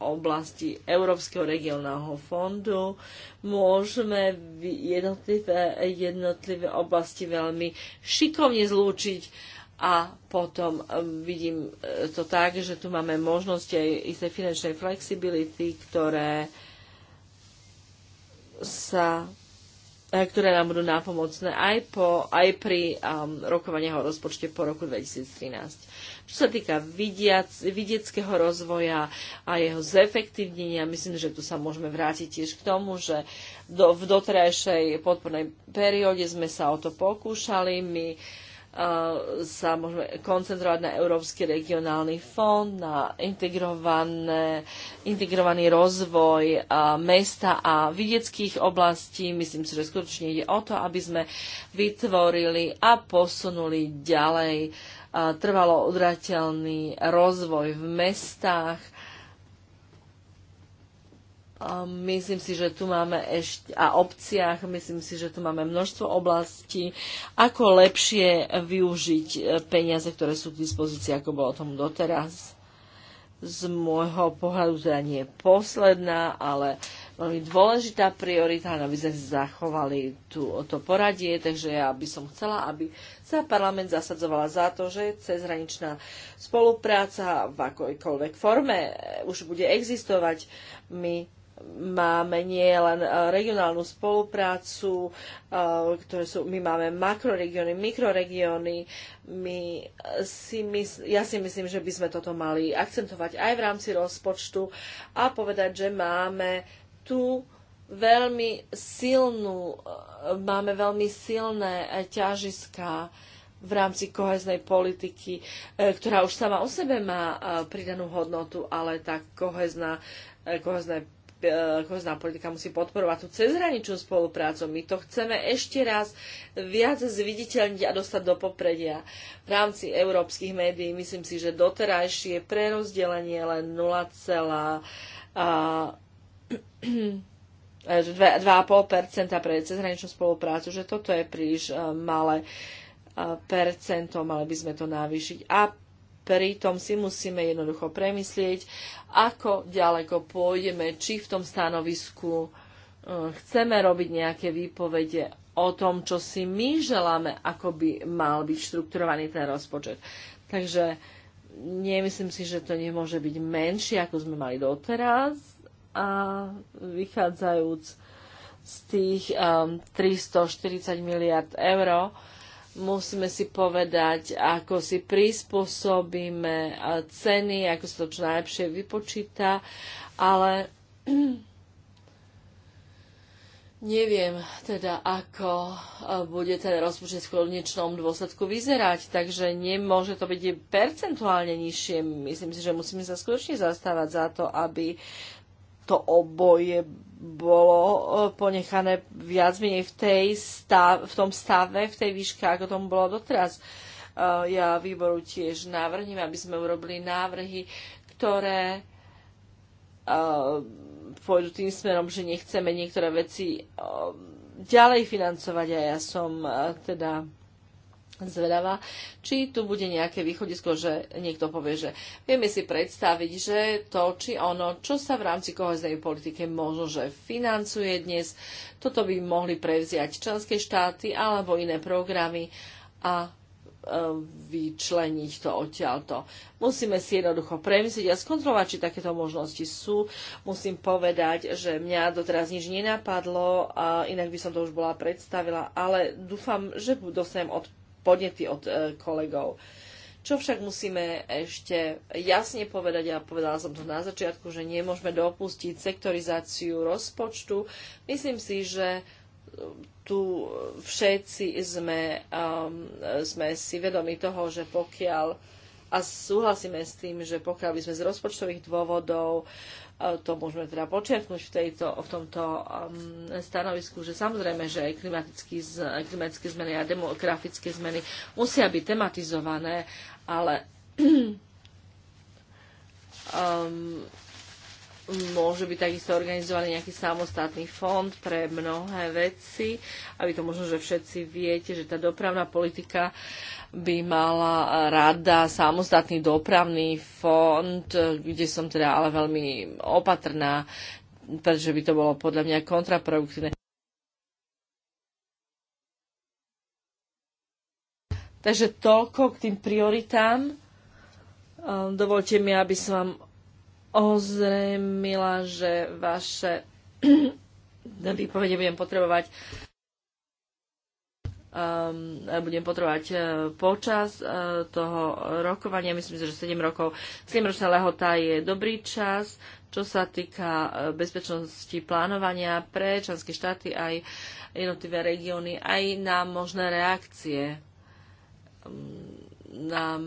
oblasti Európskeho regionálneho fondu môžeme jednotlivé, jednotlivé oblasti veľmi šikovne zlúčiť a potom e, vidím e, to tak, že tu máme možnosti aj isté finančnej flexibility, ktoré sa e, ktoré nám budú nápomocné aj, po, aj pri um, rokovaniach o rozpočte po roku 2013. Čo sa týka vidiac, vidieckého rozvoja a jeho zefektívnenia, myslím, že tu sa môžeme vrátiť tiež k tomu, že do, v doterajšej podpornej perióde sme sa o to pokúšali. My uh, Eh, sa môžeme koncentrovať na Európsky regionálny fond, na integrovaný rozvoj eh, mesta a vidieckých oblastí. Myslím si, že skutočne ide o to, aby sme vytvorili a posunuli ďalej eh, trvalo odrateľný rozvoj v mestách Myslím si, že tu máme ešte a obciach, myslím si, že tu máme množstvo oblastí, ako lepšie využiť e, peniaze, ktoré sú k dispozícii, ako bolo tomu doteraz. Z môjho pohľadu teda nie je posledná, ale veľmi dôležitá priorita, aby sme zachovali tú, to poradie, takže ja by som chcela, aby sa parlament zasadzovala za to, že cezhraničná spolupráca v akojkoľvek forme už bude existovať. My máme nielen e, regionálnu spoluprácu, e, ktoré sú, my máme makroregióny, mikroregióny. My si mysl, ja si myslím, že by sme toto mali akcentovať aj v rámci rozpočtu a povedať, že máme tu veľmi silnú, e, máme veľmi silné ťažiská v rámci koheznej politiky, ktorá už sama o sebe má pridanú hodnotu, ale tá kohezná kohezné E, kohezná politika musí podporovať tú cezhraničnú spoluprácu. My to chceme ešte raz viac zviditeľniť a dostať do popredia. V rámci európskych médií myslím si, že doterajšie prerozdelenie len 0, a, 2,5% e, pre cezhraničnú spoluprácu, že toto je príliš e, malé percento, mali by sme to navýšiť. A pritom si musíme jednoducho premyslieť, ako ďaleko pôjdeme, či v tom stanovisku e, chceme robiť nejaké výpovede o tom, čo si my želáme, ako by mal byť štrukturovaný ten rozpočet. Takže nemyslím si, že to nemôže byť menšie, ako sme mali doteraz a vychádzajúc z tých um, e, 340 miliard eur, musíme si povedať, ako si prispôsobíme ceny, ako sa to čo najlepšie vypočíta, ale neviem teda, ako e, bude ten teda rozpočet v konečnom dôsledku vyzerať, takže nemôže to byť percentuálne nižšie. Myslím si, že musíme sa skutočne zastávať za to, aby to oboje bolo e, ponechané viac menej v, tej stav, v tom stave, v tej výške, ako tomu bolo doteraz. E, ja výboru tiež návrhnem, aby sme urobili návrhy, ktoré e, pôjdu tým smerom, že nechceme niektoré veci ďalej financovať a ja som teda zvedavá, či tu bude nejaké východisko, že niekto povie, že vieme si predstaviť, že to či ono, čo sa v rámci koheznej politike možno, že financuje dnes, toto by mohli prevziať členské štáty alebo iné programy a e, vyčleniť to odtiaľto. Musíme si jednoducho premyslieť a skontrolovať, či takéto možnosti sú. Musím povedať, že mňa doteraz nič nenapadlo, a inak by som to už bola predstavila, ale dúfam, že dostanem od podnety od e, kolegov. Čo však musíme ešte jasne povedať, a ja povedala som to na začiatku, že nemôžeme dopustiť sektorizáciu rozpočtu. Myslím si, že e, tu všetci sme, um, sme si vedomi toho, že pokiaľ a súhlasíme s tým, že pokiaľ by sme z rozpočtových dôvodov to môžeme teda počiarknúť v, tejto, v tomto um, stanovisku, že samozrejme, že klimatické zmeny a demografické zmeny musia byť tematizované, ale um, môže byť takisto organizovaný nejaký samostatný fond pre mnohé veci, aby to možno, že všetci viete, že tá dopravná politika uh, by mala rada samostatný dopravný fond, kde som teda ale veľmi opatrná, pretože by to bolo podľa mňa kontraproduktívne. Takže toľko k tým prioritám. Ehm, dovolte mi, aby som vám ozremila, že vaše výpovede budem potrebovať um, budem potrebovať uh, počas uh, toho rokovania. Myslím si, že 7 rokov, 7-ročná lehota je dobrý čas, čo sa týka uh, bezpečnosti plánovania pre členské štáty aj jednotlivé regióny, aj na možné reakcie. Um, nám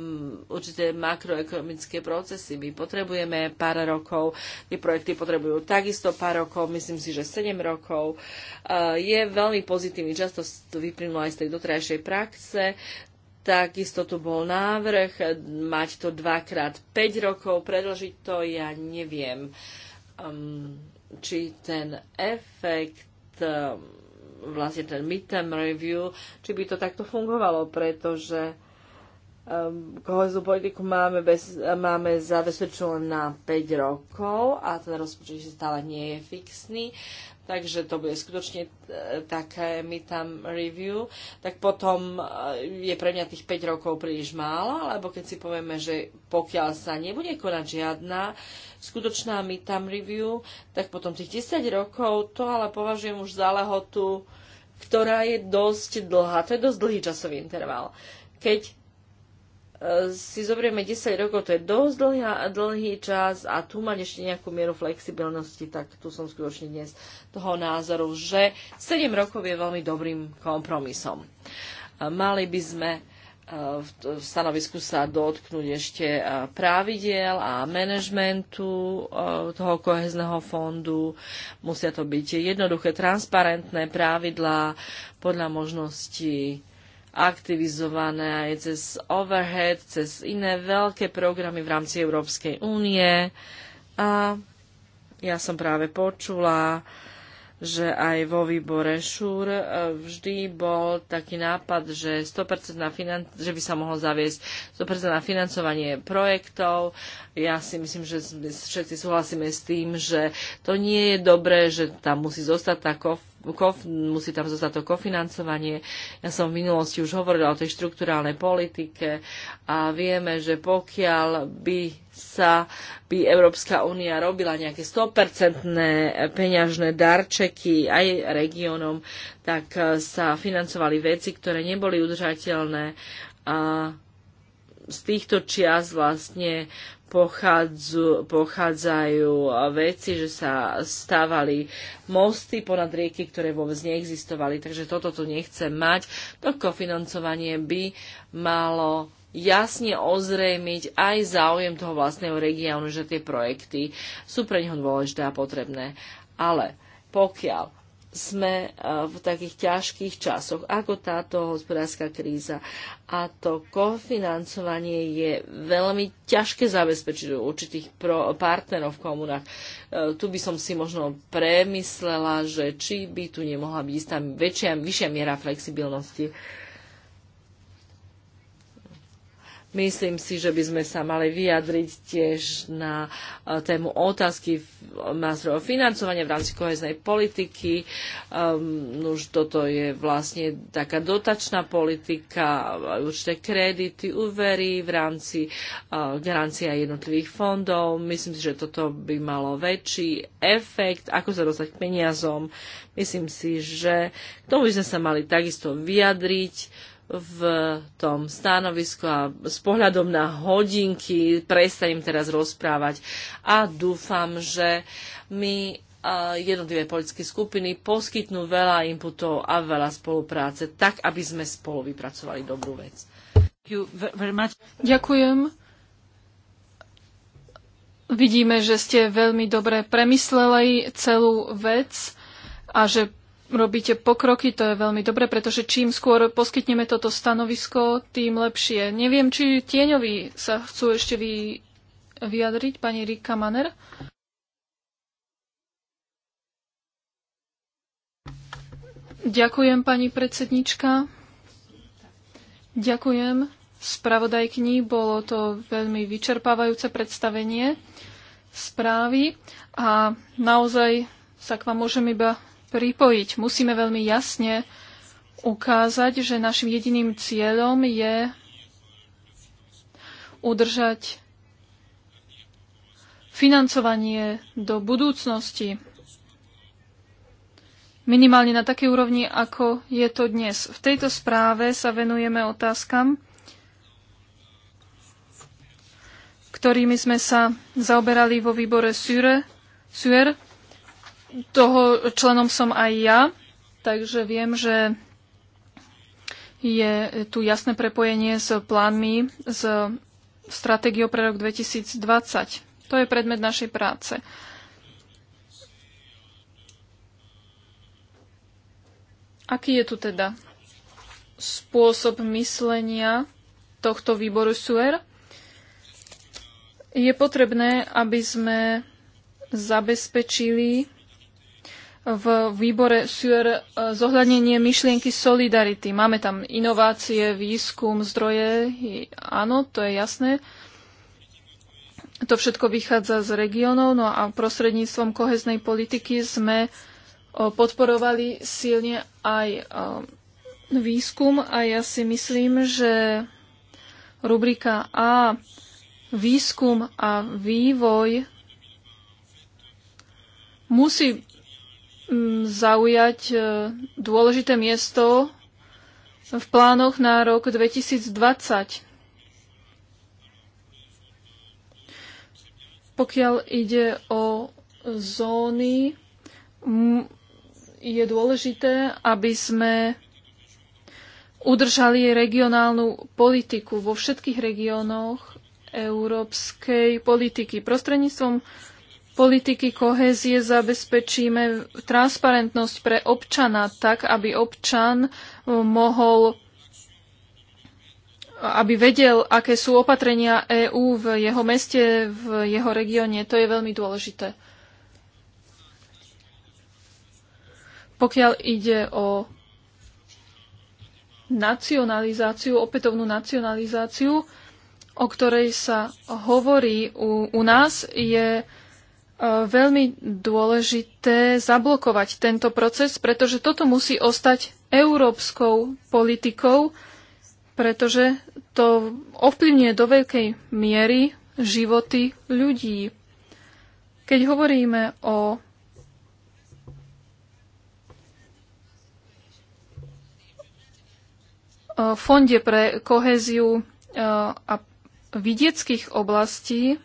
určité makroekonomické procesy. My potrebujeme pár rokov, tie projekty potrebujú takisto pár rokov, myslím si, že 7 rokov. Je veľmi pozitívny, často vyplynulo aj z tej dotrajšej praxe. Takisto tu bol návrh e, mať to dvakrát 5 rokov, predlžiť to, ja neviem, um, či ten efekt um, vlastne ten midterm review, či by to takto fungovalo, pretože Ehm, koheznú politiku máme, bez, máme zabezpečenú na 5 rokov a ten rozpočet stále nie je fixný, takže to bude skutočne e, také my tam review, tak potom e, je pre mňa tých 5 rokov príliš málo, alebo keď si povieme, že pokiaľ sa nebude konať žiadna skutočná my tam review, tak potom tých 10 rokov to ale považujem už za lehotu, ktorá je dosť dlhá, to je dosť dlhý časový interval. Keď si zoberieme 10 rokov, to je dosť dlhý, dlhý čas a tu mať ešte nejakú mieru flexibilnosti, tak tu som skutočne dnes toho názoru, že 7 rokov je veľmi dobrým kompromisom. Mali by sme e, v stanovisku sa dotknúť ešte e, pravidiel a manažmentu e, toho kohezného fondu. Musia to byť jednoduché, transparentné pravidlá podľa možností aktivizované aj cez Overhead, cez iné veľké programy v rámci Európskej únie. A ja som práve počula, že aj vo výbore ŠUR e, vždy bol taký nápad, že, 100% finan- že by sa mohlo zaviesť 100% na financovanie projektov. Ja si myslím, že všetci súhlasíme s tým, že to nie je dobré, že tam musí zostať tá kof, musí tam zostať to kofinancovanie. Ja som v minulosti už hovorila o tej štruktúrálnej politike a vieme, že pokiaľ by sa by Európska únia robila nejaké 100% peňažné darčeky aj regiónom, tak e, sa financovali veci, ktoré neboli udržateľné a z týchto čias vlastne pochádzu, pochádzajú veci, že sa stávali mosty ponad rieky, ktoré vôbec neexistovali. Takže toto tu nechcem mať. To kofinancovanie by malo jasne ozrejmiť aj záujem toho vlastného regiónu, že tie projekty sú pre neho dôležité a potrebné. Ale pokiaľ sme e, v takých ťažkých časoch, ako táto hospodárska kríza. A to kofinancovanie je veľmi ťažké zabezpečiť u určitých pro, partnerov v komunách. E, tu by som si možno premyslela, že či by tu nemohla byť istá väčšia, vyššia miera flexibilnosti Myslím si, že by sme sa mali vyjadriť tiež na e, tému otázky nástrojov financovania v rámci koheznej politiky. Um, ehm, už toto je vlastne taká dotačná politika, určité kredity, úvery v rámci uh, garancia jednotlivých fondov. Myslím si, že toto by malo väčší efekt, ako sa dostať k peniazom. Myslím si, že k tomu by sme sa mali takisto vyjadriť v tom stanovisku a s pohľadom na hodinky prestanem teraz rozprávať a dúfam, že mi jednotlivé politické skupiny poskytnú veľa inputov a veľa spolupráce, tak aby sme spolu vypracovali dobrú vec.
Ďakujem. Vidíme, že ste veľmi dobre premysleli celú vec a že robíte pokroky, to je veľmi dobre, pretože čím skôr poskytneme toto stanovisko, tým lepšie. Neviem, či tieňovi sa chcú ešte vy, vyjadriť, pani Rika Maner. Ďakujem, pani predsednička. Ďakujem spravodajkni. Bolo to veľmi vyčerpávajúce predstavenie správy a naozaj sa k vám môžem iba pripojiť. Musíme veľmi jasne ukázať, že našim jediným cieľom je udržať financovanie do budúcnosti minimálne na takej úrovni, ako je to dnes. V tejto správe sa venujeme otázkam, ktorými sme sa zaoberali vo výbore SURE, SURE toho členom som aj ja, takže viem, že je tu jasné prepojenie s plánmi, s stratégiou pre rok 2020. To je predmet našej práce. Aký je tu teda spôsob myslenia tohto výboru SUER? Je potrebné, aby sme zabezpečili v výbore SUR e, zohľadnenie myšlienky solidarity. Máme tam inovácie, výskum, zdroje, áno, to je jasné. To všetko vychádza z regionov no a prostredníctvom koheznej politiky sme e, podporovali silne aj e, výskum a ja si myslím, že rubrika A výskum a vývoj musí Mm, zaujať e, dôležité miesto v plánoch na rok 2020. Pokiaľ ide o zóny, je dôležité, aby sme udržali regionálnu politiku vo všetkých regiónoch európskej politiky prostredníctvom politiky kohézie zabezpečíme transparentnosť pre občana tak, aby občan eh, mohol aby vedel, aké sú opatrenia EÚ v jeho meste, v jeho regióne. To je veľmi dôležité. Pokiaľ ide o nacionalizáciu, opätovnú nacionalizáciu, o ktorej sa hovorí u, u nás, je E, veľmi dôležité zablokovať tento proces, pretože toto musí ostať európskou politikou, pretože to ovplyvňuje do veľkej miery životy ľudí. Keď hovoríme o e, fonde pre kohéziu e, a vidieckých oblastí,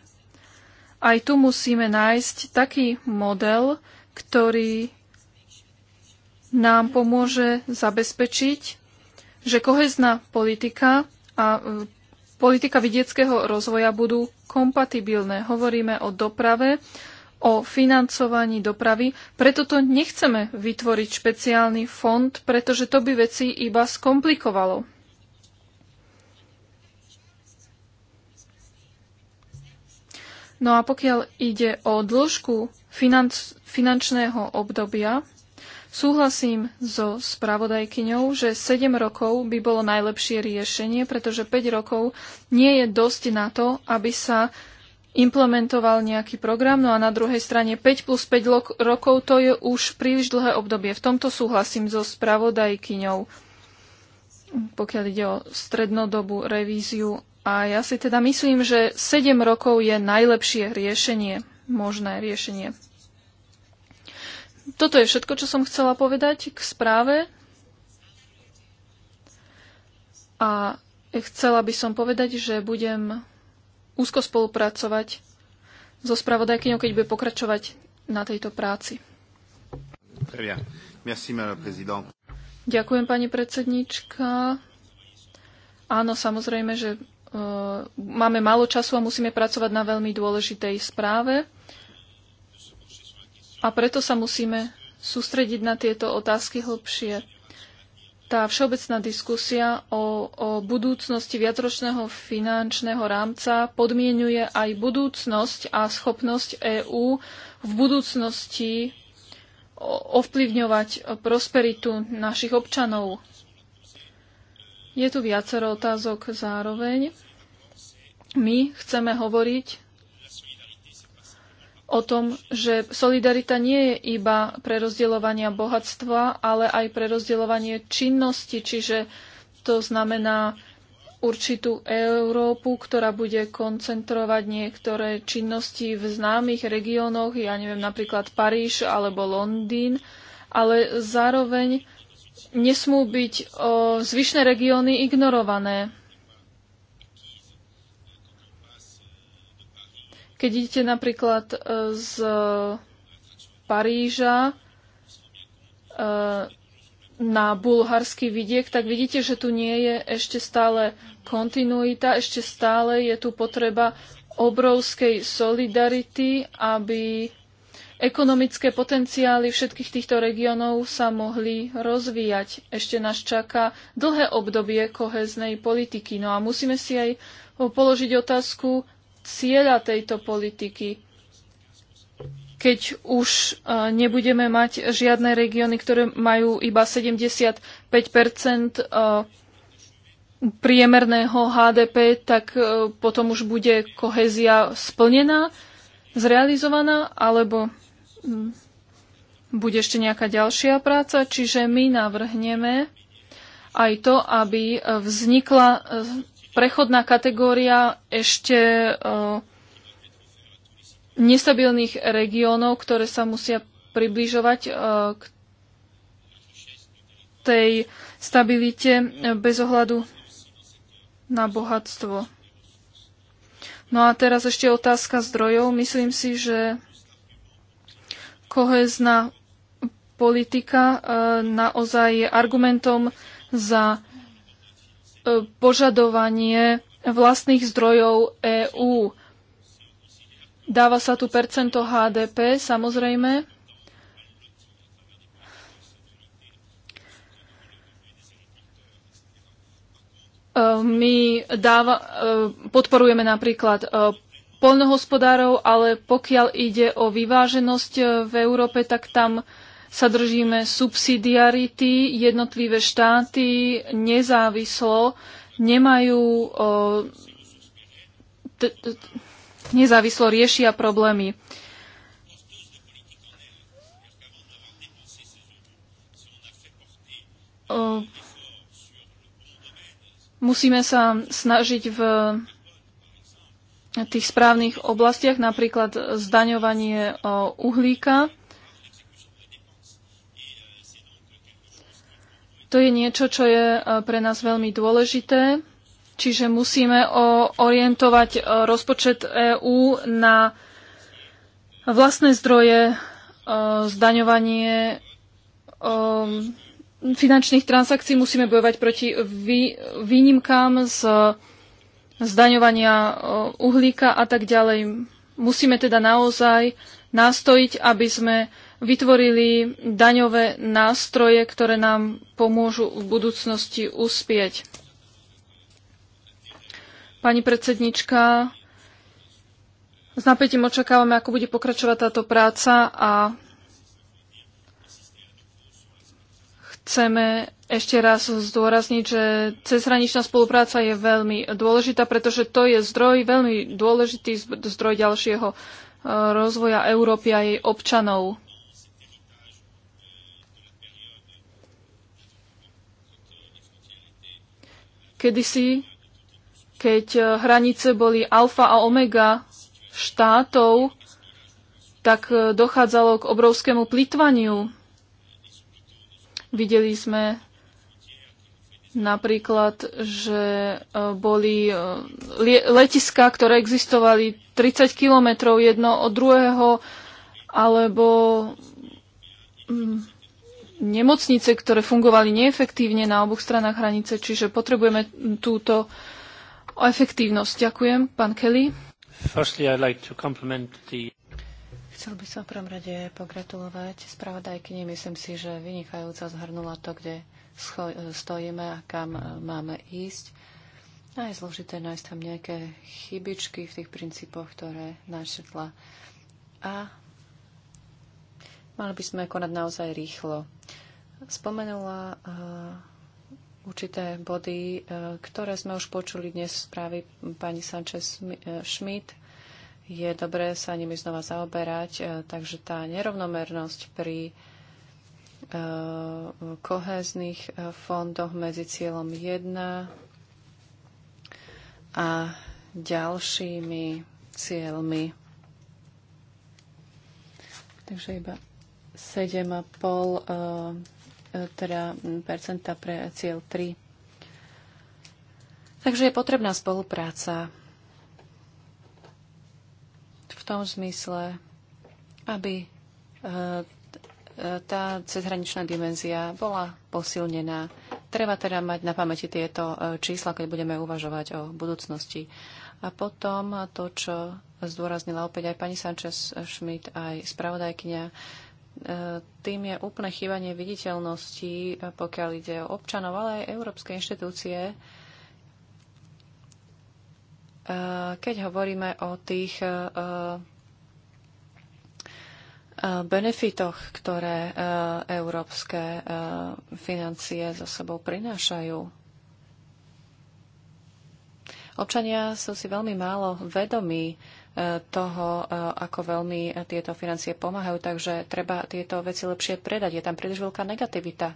aj tu musíme nájsť taký model, ktorý nám pomôže zabezpečiť, že kohezná politika a e, politika vidieckého rozvoja budú kompatibilné. Hovoríme o doprave, o financovaní dopravy, preto to nechceme vytvoriť špeciálny fond, pretože to by veci iba skomplikovalo. No a pokiaľ ide o dĺžku finanč- finančného obdobia, súhlasím so spravodajkyňou, že 7 rokov by bolo najlepšie riešenie, pretože 5 rokov nie je dosť na to, aby sa implementoval nejaký program, no a na druhej strane 5 plus 5 rokov to je už príliš dlhé obdobie. V tomto súhlasím so spravodajkyňou, pokiaľ ide o strednodobú revíziu a ja si teda myslím, že 7 rokov je najlepšie riešenie, možné riešenie. Toto je všetko, čo som chcela povedať k správe. A chcela by som povedať, že budem úzko spolupracovať so spravodajkyňou, keď bude pokračovať na tejto práci. Ďakujem, pani predsednička. Áno, samozrejme, že Ehm, máme málo času a musíme pracovať na veľmi dôležitej správe. A preto sa musíme sústrediť na tieto otázky hlbšie. Tá všeobecná diskusia o, o budúcnosti viacročného finančného rámca podmienuje aj budúcnosť a schopnosť EÚ v budúcnosti ovplyvňovať prosperitu našich občanov. Je tu viacero otázok zároveň. My chceme hovoriť o tom, že solidarita nie je iba pre rozdielovania bohatstva, ale aj pre rozdielovanie činnosti, čiže to znamená určitú Európu, ktorá bude koncentrovať niektoré činnosti v známych regiónoch, ja neviem, napríklad Paríž alebo Londýn, ale zároveň nesmú byť o, zvyšné regióny ignorované. Keď idete napríklad e, z Paríža e, na bulharský vidiek, tak vidíte, že tu nie je ešte stále kontinuita, ešte stále je tu potreba obrovskej solidarity, aby ekonomické potenciály všetkých týchto regiónov sa mohli rozvíjať. Ešte nás čaká dlhé obdobie koheznej politiky. No a musíme si aj položiť otázku cieľa tejto politiky. Keď už e, nebudeme mať žiadne regióny, ktoré majú iba 75 e, priemerného HDP, tak e, potom už bude kohézia splnená, zrealizovaná, alebo Hm. bude ešte nejaká ďalšia práca, čiže my navrhneme aj to, aby e, vznikla e, prechodná kategória ešte e, nestabilných regiónov, ktoré sa musia približovať k tej stabilite bez ohľadu na bohatstvo. No a teraz ešte otázka zdrojov. Myslím si, že kohezná politika e, naozaj je argumentom za e, požadovanie vlastných zdrojov EÚ. Dáva sa tu percento HDP, samozrejme. E, my dáva, podporujeme napríklad polnohospodárov, ale pokiaľ ide o vyváženosť eh, v Európe, tak tam sa držíme subsidiarity. Jednotlivé štáty nezávislo nemajú eh, nezávislo riešia problémy. Eh, musíme sa snažiť v tých správnych oblastiach, napríklad zdaňovanie e, uhlíka. To je niečo, čo je e, pre nás veľmi dôležité, čiže musíme orientovať e, rozpočet EÚ na vlastné zdroje, zdaňovanie finančných transakcií, musíme bojovať proti výnimkám z zdaňovania e, uhlíka a tak ďalej. Musíme teda naozaj nastojiť, aby sme vytvorili daňové nástroje, ktoré nám pomôžu v budúcnosti uspieť. Pani predsednička, s napätím očakávame, ako bude pokračovať táto práca a chceme ešte raz zdôrazniť, že cezhraničná spolupráca je veľmi dôležitá, pretože to je zdroj, veľmi dôležitý zdroj ďalšieho e, rozvoja Európy a jej občanov. Kedysi, keď e, hranice boli alfa a omega štátov, tak e, dochádzalo k obrovskému plitvaniu Videli sme napríklad, že e, boli e, letiská, ktoré existovali 30 kilometrov jedno od druhého, alebo mm, nemocnice, ktoré fungovali neefektívne na oboch stranách hranice, čiže potrebujeme túto efektívnosť. Ďakujem, pán Kelly. Firstly, I'd like to compliment the Chcel by som v prvom rade pogratulovať spravodajkyni.
Myslím si, že vynikajúco zhrnula to, kde stojíme a kam e, máme ísť. A je zložité nájsť tam nejaké chybičky v tých princípoch, ktoré našetla. A mali by sme konať naozaj rýchlo. Spomenula e, určité body, e, ktoré sme už počuli dnes správy pani Sanchez Schmidt je dobré sa nimi znova zaoberať. E, takže tá nerovnomernosť pri e, kohéznych e, fondoch medzi cieľom 1 a ďalšími cieľmi. Takže iba 7,5 teda percenta pre cieľ 3. Takže je potrebná spolupráca tom zmysle, aby e, e, tá cezhraničná dimenzia bola posilnená. Treba teda mať na pamäti tieto e, čísla, keď budeme uvažovať o budúcnosti. A potom to, čo zdôraznila opäť aj pani Sanchez Schmidt, aj spravodajkynia, tým je úplne chýbanie viditeľnosti, pokiaľ ide o občanov, ale aj európske inštitúcie, Eh, keď hovoríme o tých eh, eh, benefitoch, ktoré európske financie so sebou prinášajú. Občania sú si veľmi málo vedomí toho, ako veľmi tieto financie pomáhajú, takže treba tieto veci lepšie predať. Je tam príliš veľká negativita.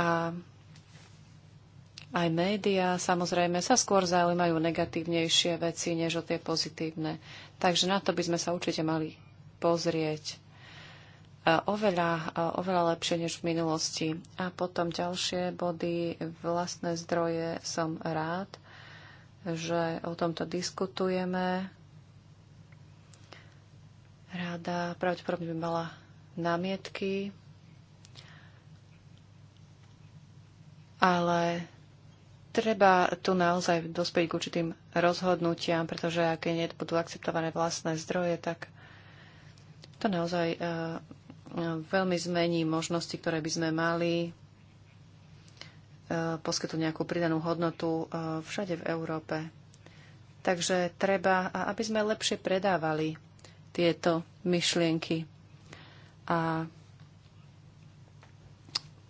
A aj médiá samozrejme sa skôr zaujímajú negatívnejšie veci, než o tie pozitívne. Takže na to by sme sa určite mali pozrieť e, oveľa, e, oveľa lepšie než v minulosti. A potom ďalšie body, vlastné zdroje, som rád, že o tomto diskutujeme. Rada pravdepodobne by mala námietky, ale treba tu naozaj dospieť k určitým rozhodnutiam, pretože ak nie budú akceptované vlastné zdroje, tak to naozaj e, veľmi zmení možnosti, ktoré by sme mali e, poskytnúť nejakú pridanú hodnotu e, všade v Európe. Takže treba, aby sme lepšie predávali tieto myšlienky. A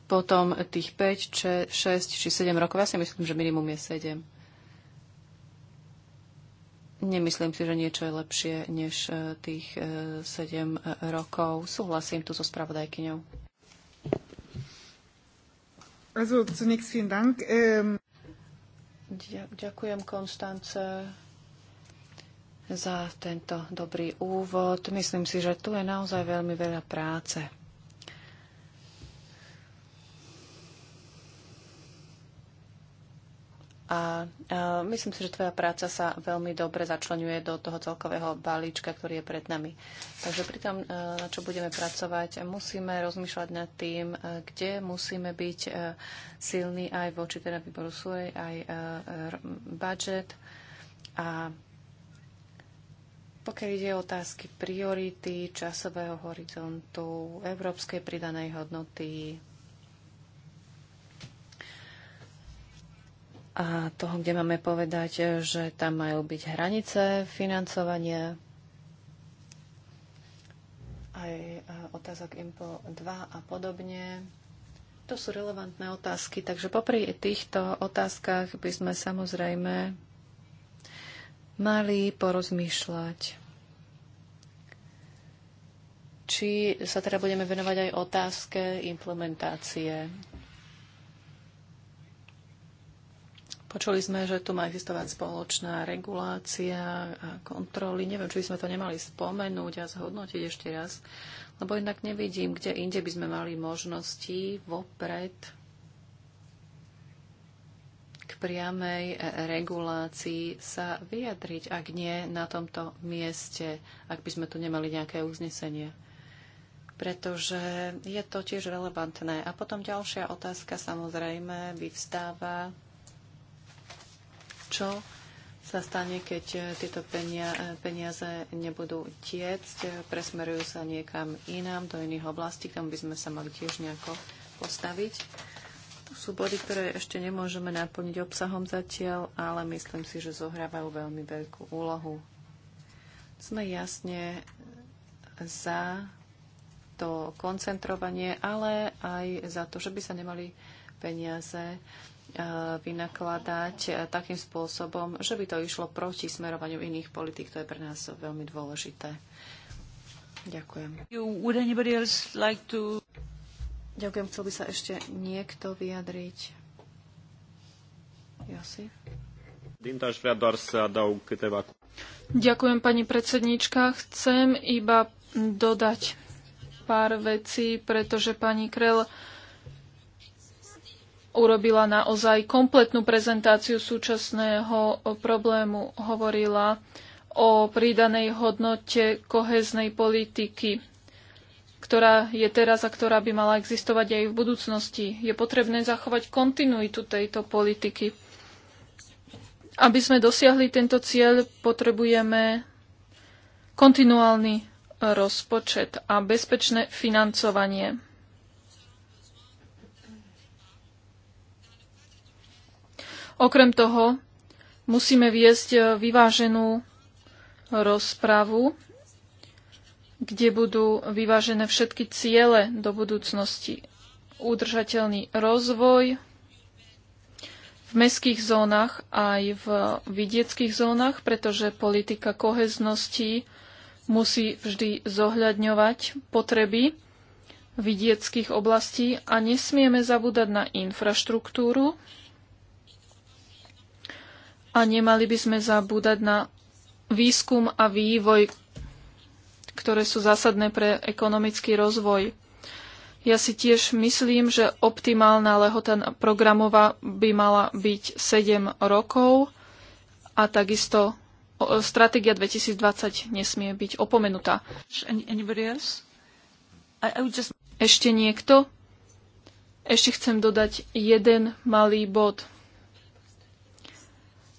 potom tých 5, 6 či 7 rokov. Ja si myslím, že minimum je 7. Nemyslím si, že niečo je lepšie než e, tých 7 e, e, rokov. Súhlasím tu so spravodajkyňou. Also zunächst vielen Dank. Ähm Ďakujem, Konstance, za tento dobrý úvod. Myslím si, že tu je naozaj veľmi veľa práce. A, e, myslím si, že tvoja práca sa veľmi dobre začlenuje do toho celkového balíčka, ktorý je pred nami. Takže pri tom, e, na čo budeme pracovať, musíme rozmýšľať nad tým, e, kde musíme byť silní aj voči teda výboru svojej aj budget. A pokiaľ ide o otázky priority, časového horizontu, európskej pridanej hodnoty, a toho, kde máme povedať, e, že tam majú byť hranice financovania aj e, otázok IMPO 2 a podobne. To sú relevantné otázky, takže popri týchto otázkach by sme samozrejme mali porozmýšľať či sa teda budeme venovať aj otázke implementácie Počuli sme, že tu má existovať spoločná regulácia a kontroly. Neviem, či by sme to nemali spomenúť a zhodnotiť ešte raz, lebo inak nevidím, kde inde by sme mali možnosti vopred k priamej regulácii sa vyjadriť, ak nie na tomto mieste, ak by sme tu nemali nejaké uznesenie. Pretože je to tiež relevantné. A potom ďalšia otázka samozrejme vyvstáva čo sa stane, keď e, tieto e, peniaze nebudú tiecť, presmerujú sa niekam inám, do iných oblastí, kam by sme sa mali tiež nejako postaviť. To sú body, ktoré ešte nemôžeme naplniť obsahom zatiaľ, ale myslím si, že zohrávajú veľmi veľkú úlohu. Sme jasne za to koncentrovanie, ale aj za to, že by sa nemali peniaze E, vynakladať e, takým spôsobom, že by to išlo proti smerovaniu iných politik. To je pre nás veľmi dôležité. Ďakujem. Like to... Ďakujem. Chcel by sa ešte niekto vyjadriť? Josif?
Ďakujem, pani predsednička. Chcem iba dodať pár vecí, pretože pani Krell urobila naozaj kompletnú prezentáciu súčasného problému. Hovorila o pridanej hodnote koheznej politiky, ktorá je teraz a ktorá by mala existovať aj v budúcnosti. Je potrebné zachovať kontinuitu tejto politiky. Aby sme dosiahli tento cieľ, potrebujeme kontinuálny rozpočet a bezpečné financovanie. Okrem toho musíme viesť e, vyváženú rozpravu, kde budú vyvážené všetky ciele do budúcnosti. Udržateľný rozvoj v mestských zónach aj v vidieckých zónach, pretože politika koheznosti musí vždy zohľadňovať potreby vidieckých oblastí a nesmieme zabúdať na infraštruktúru, a nemali by sme zabúdať na výskum a vývoj, ktoré sú zásadné pre ekonomický rozvoj. Ja si tiež myslím, že optimálna lehota programová by mala byť 7 rokov a takisto stratégia 2020 nesmie byť opomenutá. Ešte niekto? Ešte chcem dodať jeden malý bod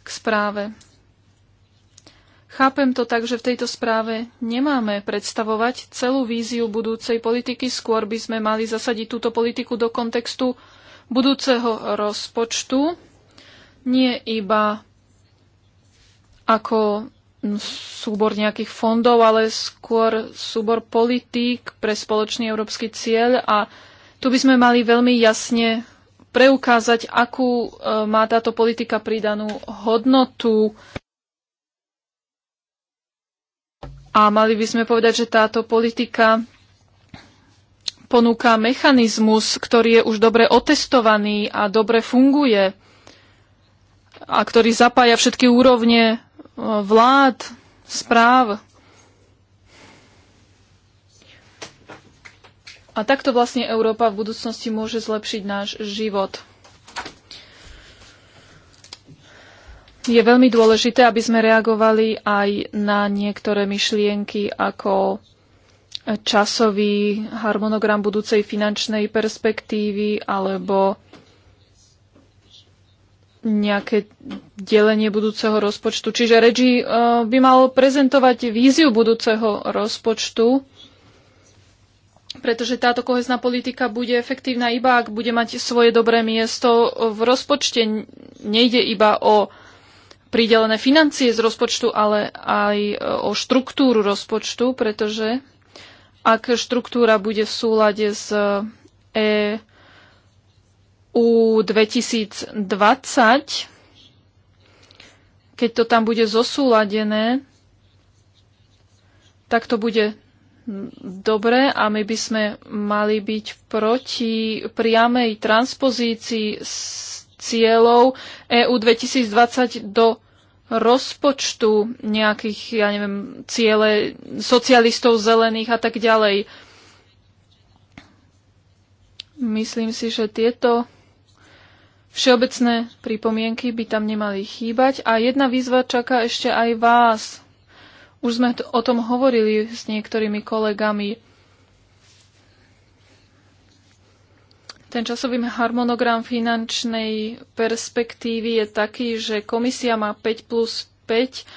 k správe. Chápem to tak, že v tejto správe nemáme predstavovať celú víziu budúcej politiky, skôr by sme mali zasadiť túto politiku do kontextu budúceho rozpočtu, nie iba ako súbor nejakých fondov, ale skôr súbor politík pre spoločný európsky cieľ a tu by sme mali veľmi jasne preukázať, akú e, má táto politika pridanú hodnotu. A mali by sme povedať, že táto politika ponúka mechanizmus, ktorý je už dobre otestovaný a dobre funguje a ktorý zapája všetky úrovne e, vlád, správ. A takto vlastne Európa v budúcnosti môže zlepšiť náš život. Je veľmi dôležité, aby sme reagovali aj na niektoré myšlienky ako časový harmonogram budúcej finančnej perspektívy alebo nejaké delenie budúceho rozpočtu. Čiže Regi eh, by mal prezentovať víziu budúceho rozpočtu pretože táto kohezná politika bude efektívna iba, ak bude mať svoje dobré miesto v rozpočte. Nejde iba o pridelené financie z rozpočtu, ale aj e, o štruktúru rozpočtu, pretože ak štruktúra bude v súlade s EU e 2020, keď to tam bude zosúladené, tak to bude dobre a my by sme mali byť proti priamej transpozícii cieľov EU 2020 do rozpočtu nejakých, ja neviem, ciele socialistov, zelených a tak ďalej. Myslím si, že tieto všeobecné pripomienky by tam nemali chýbať. A jedna výzva čaká ešte aj vás, už sme o tom hovorili s niektorými kolegami. Ten časový harmonogram finančnej perspektívy je taký, že komisia má 5 plus 5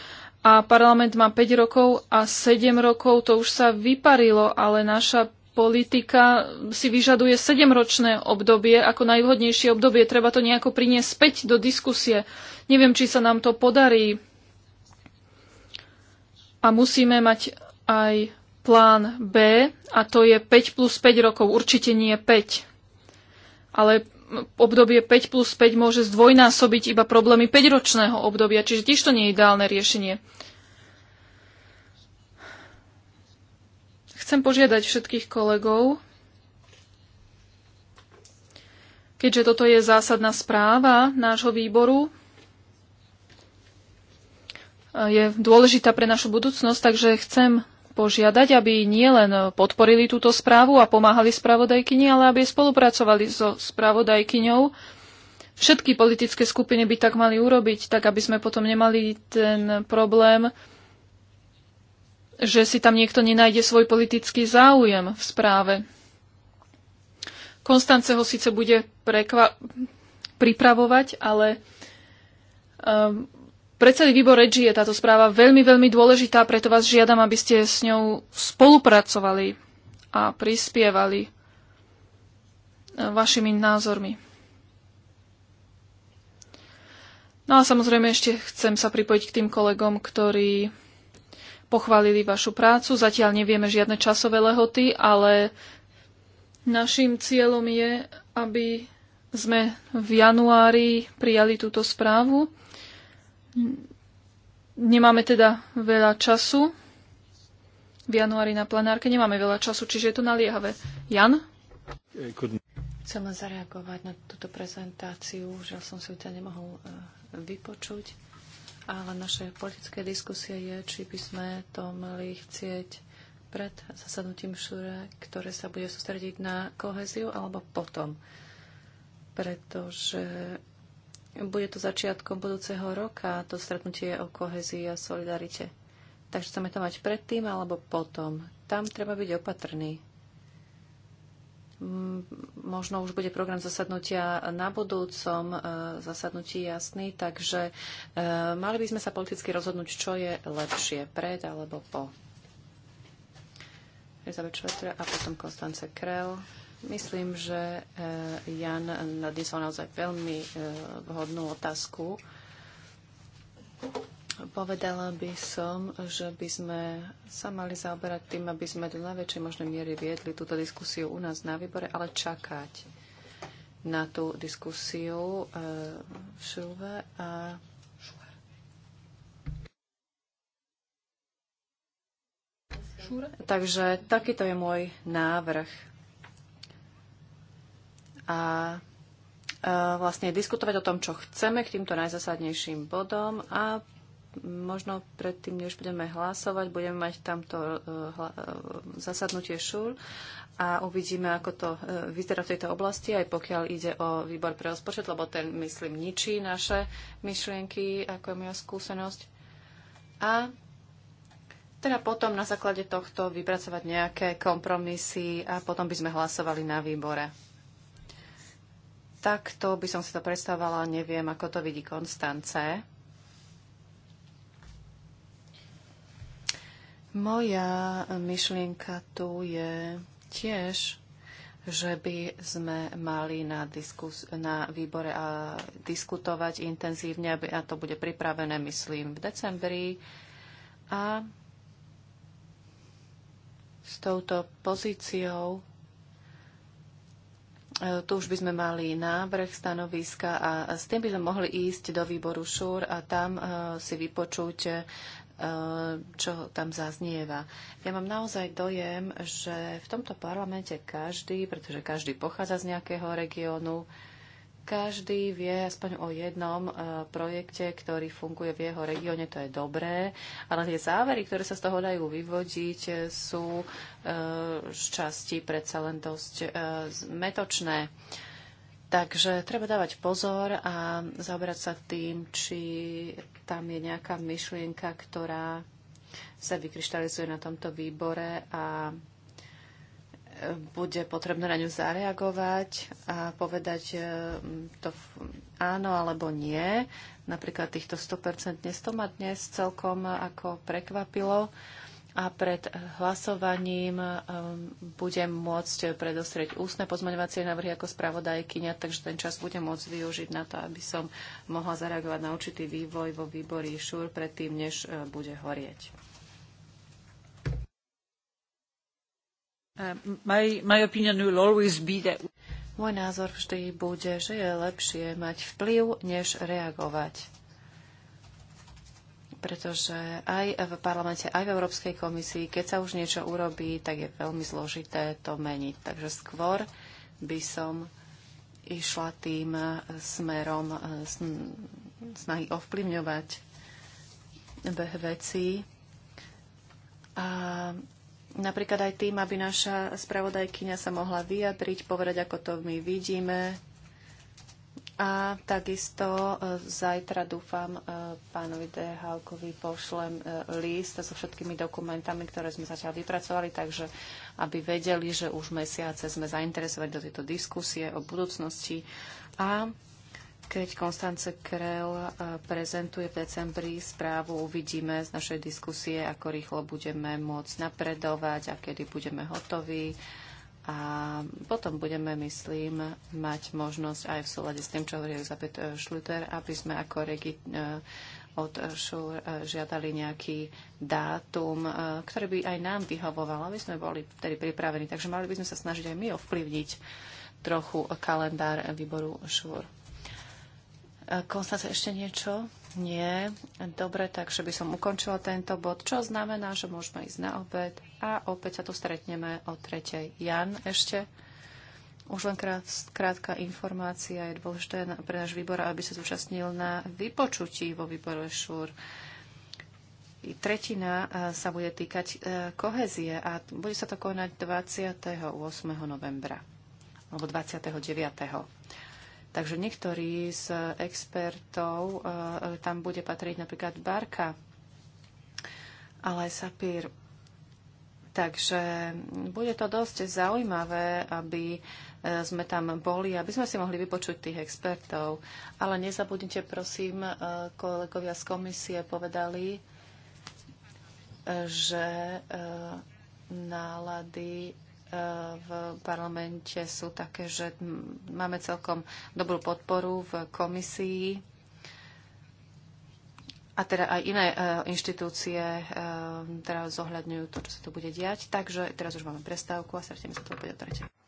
a parlament má 5 rokov a 7 rokov to už sa vyparilo, ale naša politika si vyžaduje 7-ročné obdobie ako najvhodnejšie obdobie. Treba to nejako priniesť späť do diskusie. Neviem, či sa nám to podarí a musíme mať aj plán B a to je 5 plus 5 rokov, určite nie 5. Ale obdobie 5 plus 5 môže zdvojnásobiť iba problémy 5-ročného obdobia, čiže tiež to nie je ideálne riešenie. Chcem požiadať všetkých kolegov, keďže toto je zásadná správa nášho výboru, je dôležitá pre našu budúcnosť, takže chcem požiadať, aby nielen podporili túto správu a pomáhali spravodajkyni, ale aby spolupracovali so spravodajkyňou. Všetky politické skupiny by tak mali urobiť, tak aby sme potom nemali ten problém, že si tam niekto nenájde svoj politický záujem v správe. Konstance ho síce bude pripravovať, ale um, pre celý výbor REGI je táto správa veľmi, veľmi dôležitá, preto vás žiadam, aby ste s ňou spolupracovali a prispievali eh, vašimi názormi. No a samozrejme ešte chcem sa pripojiť k tým kolegom, ktorí pochválili vašu prácu. Zatiaľ nevieme žiadne časové lehoty, ale našim cieľom je, aby sme v januári prijali túto správu Nemáme teda veľa času. V januári na plenárke nemáme veľa času, čiže je to naliehavé. Jan? Chcem zareagovať na túto prezentáciu,
že som si to nemohol e, vypočuť, ale naše politické diskusie je, či by sme to mali chcieť pred zasadnutím šúre, ktoré sa bude sústrediť na koheziu, alebo potom. Pretože bude to začiatkom budúceho roka, to stretnutie o kohezii a solidarite. Takže chceme to mať predtým alebo potom. Tam treba byť opatrný. Možno už bude program zasadnutia na budúcom e, zasadnutí jasný, takže e, mali by sme sa politicky rozhodnúť, čo je lepšie, pred alebo po. Elizabeth Švetra a potom Konstance Krell. Myslím, že e, Jan nadnesol naozaj veľmi e, vhodnú otázku. Povedala by som, že by sme sa mali zaoberať tým, aby sme do najväčšej možnej miery viedli túto diskusiu u nás na výbore, ale čakať na tú diskusiu v e, Šuve a Takže takýto je môj návrh a e, vlastne diskutovať o tom, čo chceme k týmto najzasadnejším bodom a možno predtým, než budeme hlasovať, budeme mať tamto e, e, zasadnutie šul a uvidíme, ako to vyzerá v tejto oblasti, aj pokiaľ ide o výbor pre rozpočet, lebo ten, myslím, ničí naše myšlienky, ako je moja skúsenosť. A teda potom na základe tohto vypracovať nejaké kompromisy a potom by sme hlasovali na výbore. Takto by som si to predstavovala, neviem, ako to vidí Konstance. Moja myšlienka tu je tiež, že by sme mali na, diskus- na výbore a diskutovať intenzívne, aby, a to bude pripravené, myslím, v decembri. A s touto pozíciou E, tu už by sme mali návrh stanoviska a s tým by sme mohli ísť do výboru ŠUR a tam e, si vypočuť, e, čo tam zaznieva. Ja mám naozaj dojem, že v tomto parlamente každý, pretože každý pochádza z nejakého regiónu, každý vie aspoň o jednom eh, projekte, ktorý funguje v jeho regióne, to je dobré, ale tie závery, ktoré sa z toho dajú vyvodiť, eh, sú eh, z časti predsa len dosť zmetočné. Takže treba dávať pozor a zaoberať sa tým, či tam je nejaká myšlienka, ktorá sa vykryštalizuje na tomto výbore a bude potrebné na ňu zareagovať a povedať e, to áno alebo nie. Napríklad týchto 100% dnes to ma dnes celkom e, ako prekvapilo a pred hlasovaním e, budem môcť predostrieť ústne pozmaňovacie návrhy ako spravodajkyňa, takže ten čas budem môcť využiť na to, aby som mohla zareagovať na určitý vývoj vo výbori ŠUR predtým, než bude horieť. Uh, Môj názor vždy bude, že je lepšie mať vplyv, než reagovať. Pretože aj v parlamente, aj v Európskej komisii, keď sa už niečo urobí, tak je veľmi zložité to meniť. Takže skôr by som išla tým uh, smerom uh, snahy ovplyvňovať beh vecí. A napríklad aj tým, aby naša spravodajkyňa sa mohla vyjadriť, povedať, ako to my vidíme. A takisto e, zajtra dúfam e, pánovi D. Halkovi pošlem e, list so všetkými dokumentami, ktoré sme zatiaľ vypracovali, takže aby vedeli, že už mesiace sme zainteresovali do tejto diskusie o budúcnosti. A keď Konstance Krell e, prezentuje v decembri správu, uvidíme z našej diskusie, ako rýchlo budeme môcť napredovať a kedy budeme hotoví. A potom budeme, myslím, mať možnosť aj v súlade s tým, čo hovorí Elizabeth e, Schluter, aby sme ako regi- e, od Šur žiadali nejaký dátum, ktorý by aj nám vyhovoval, aby sme boli vtedy pripravení. Takže mali by sme sa snažiť aj my ovplyvniť trochu kalendár výboru Šúr. Konstanca, ešte niečo? Nie. Dobre, takže by som ukončila tento bod, čo znamená, že môžeme ísť na obed a opäť sa tu stretneme o tretej. Jan ešte? Už len krát, krátka informácia je dôležité pre náš výbor, aby sa zúčastnil na vypočutí vo výbore ŠUR. Tretina sa bude týkať e, kohezie a bude sa to konať 28. novembra alebo 29. Takže niektorí z expertov e, tam bude patriť napríklad Barka, ale aj Sapir. Takže bude to dosť zaujímavé, aby e, sme tam boli, aby sme si mohli vypočuť tých expertov. Ale nezabudnite, prosím, e, kolegovia z komisie povedali, že nálady v parlamente sú také, že máme celkom dobrú podporu v komisii a teda aj iné e, inštitúcie teda zohľadňujú to, čo sa tu bude diať. Takže teraz už máme prestávku a stretneme sa tu opäť o tretej.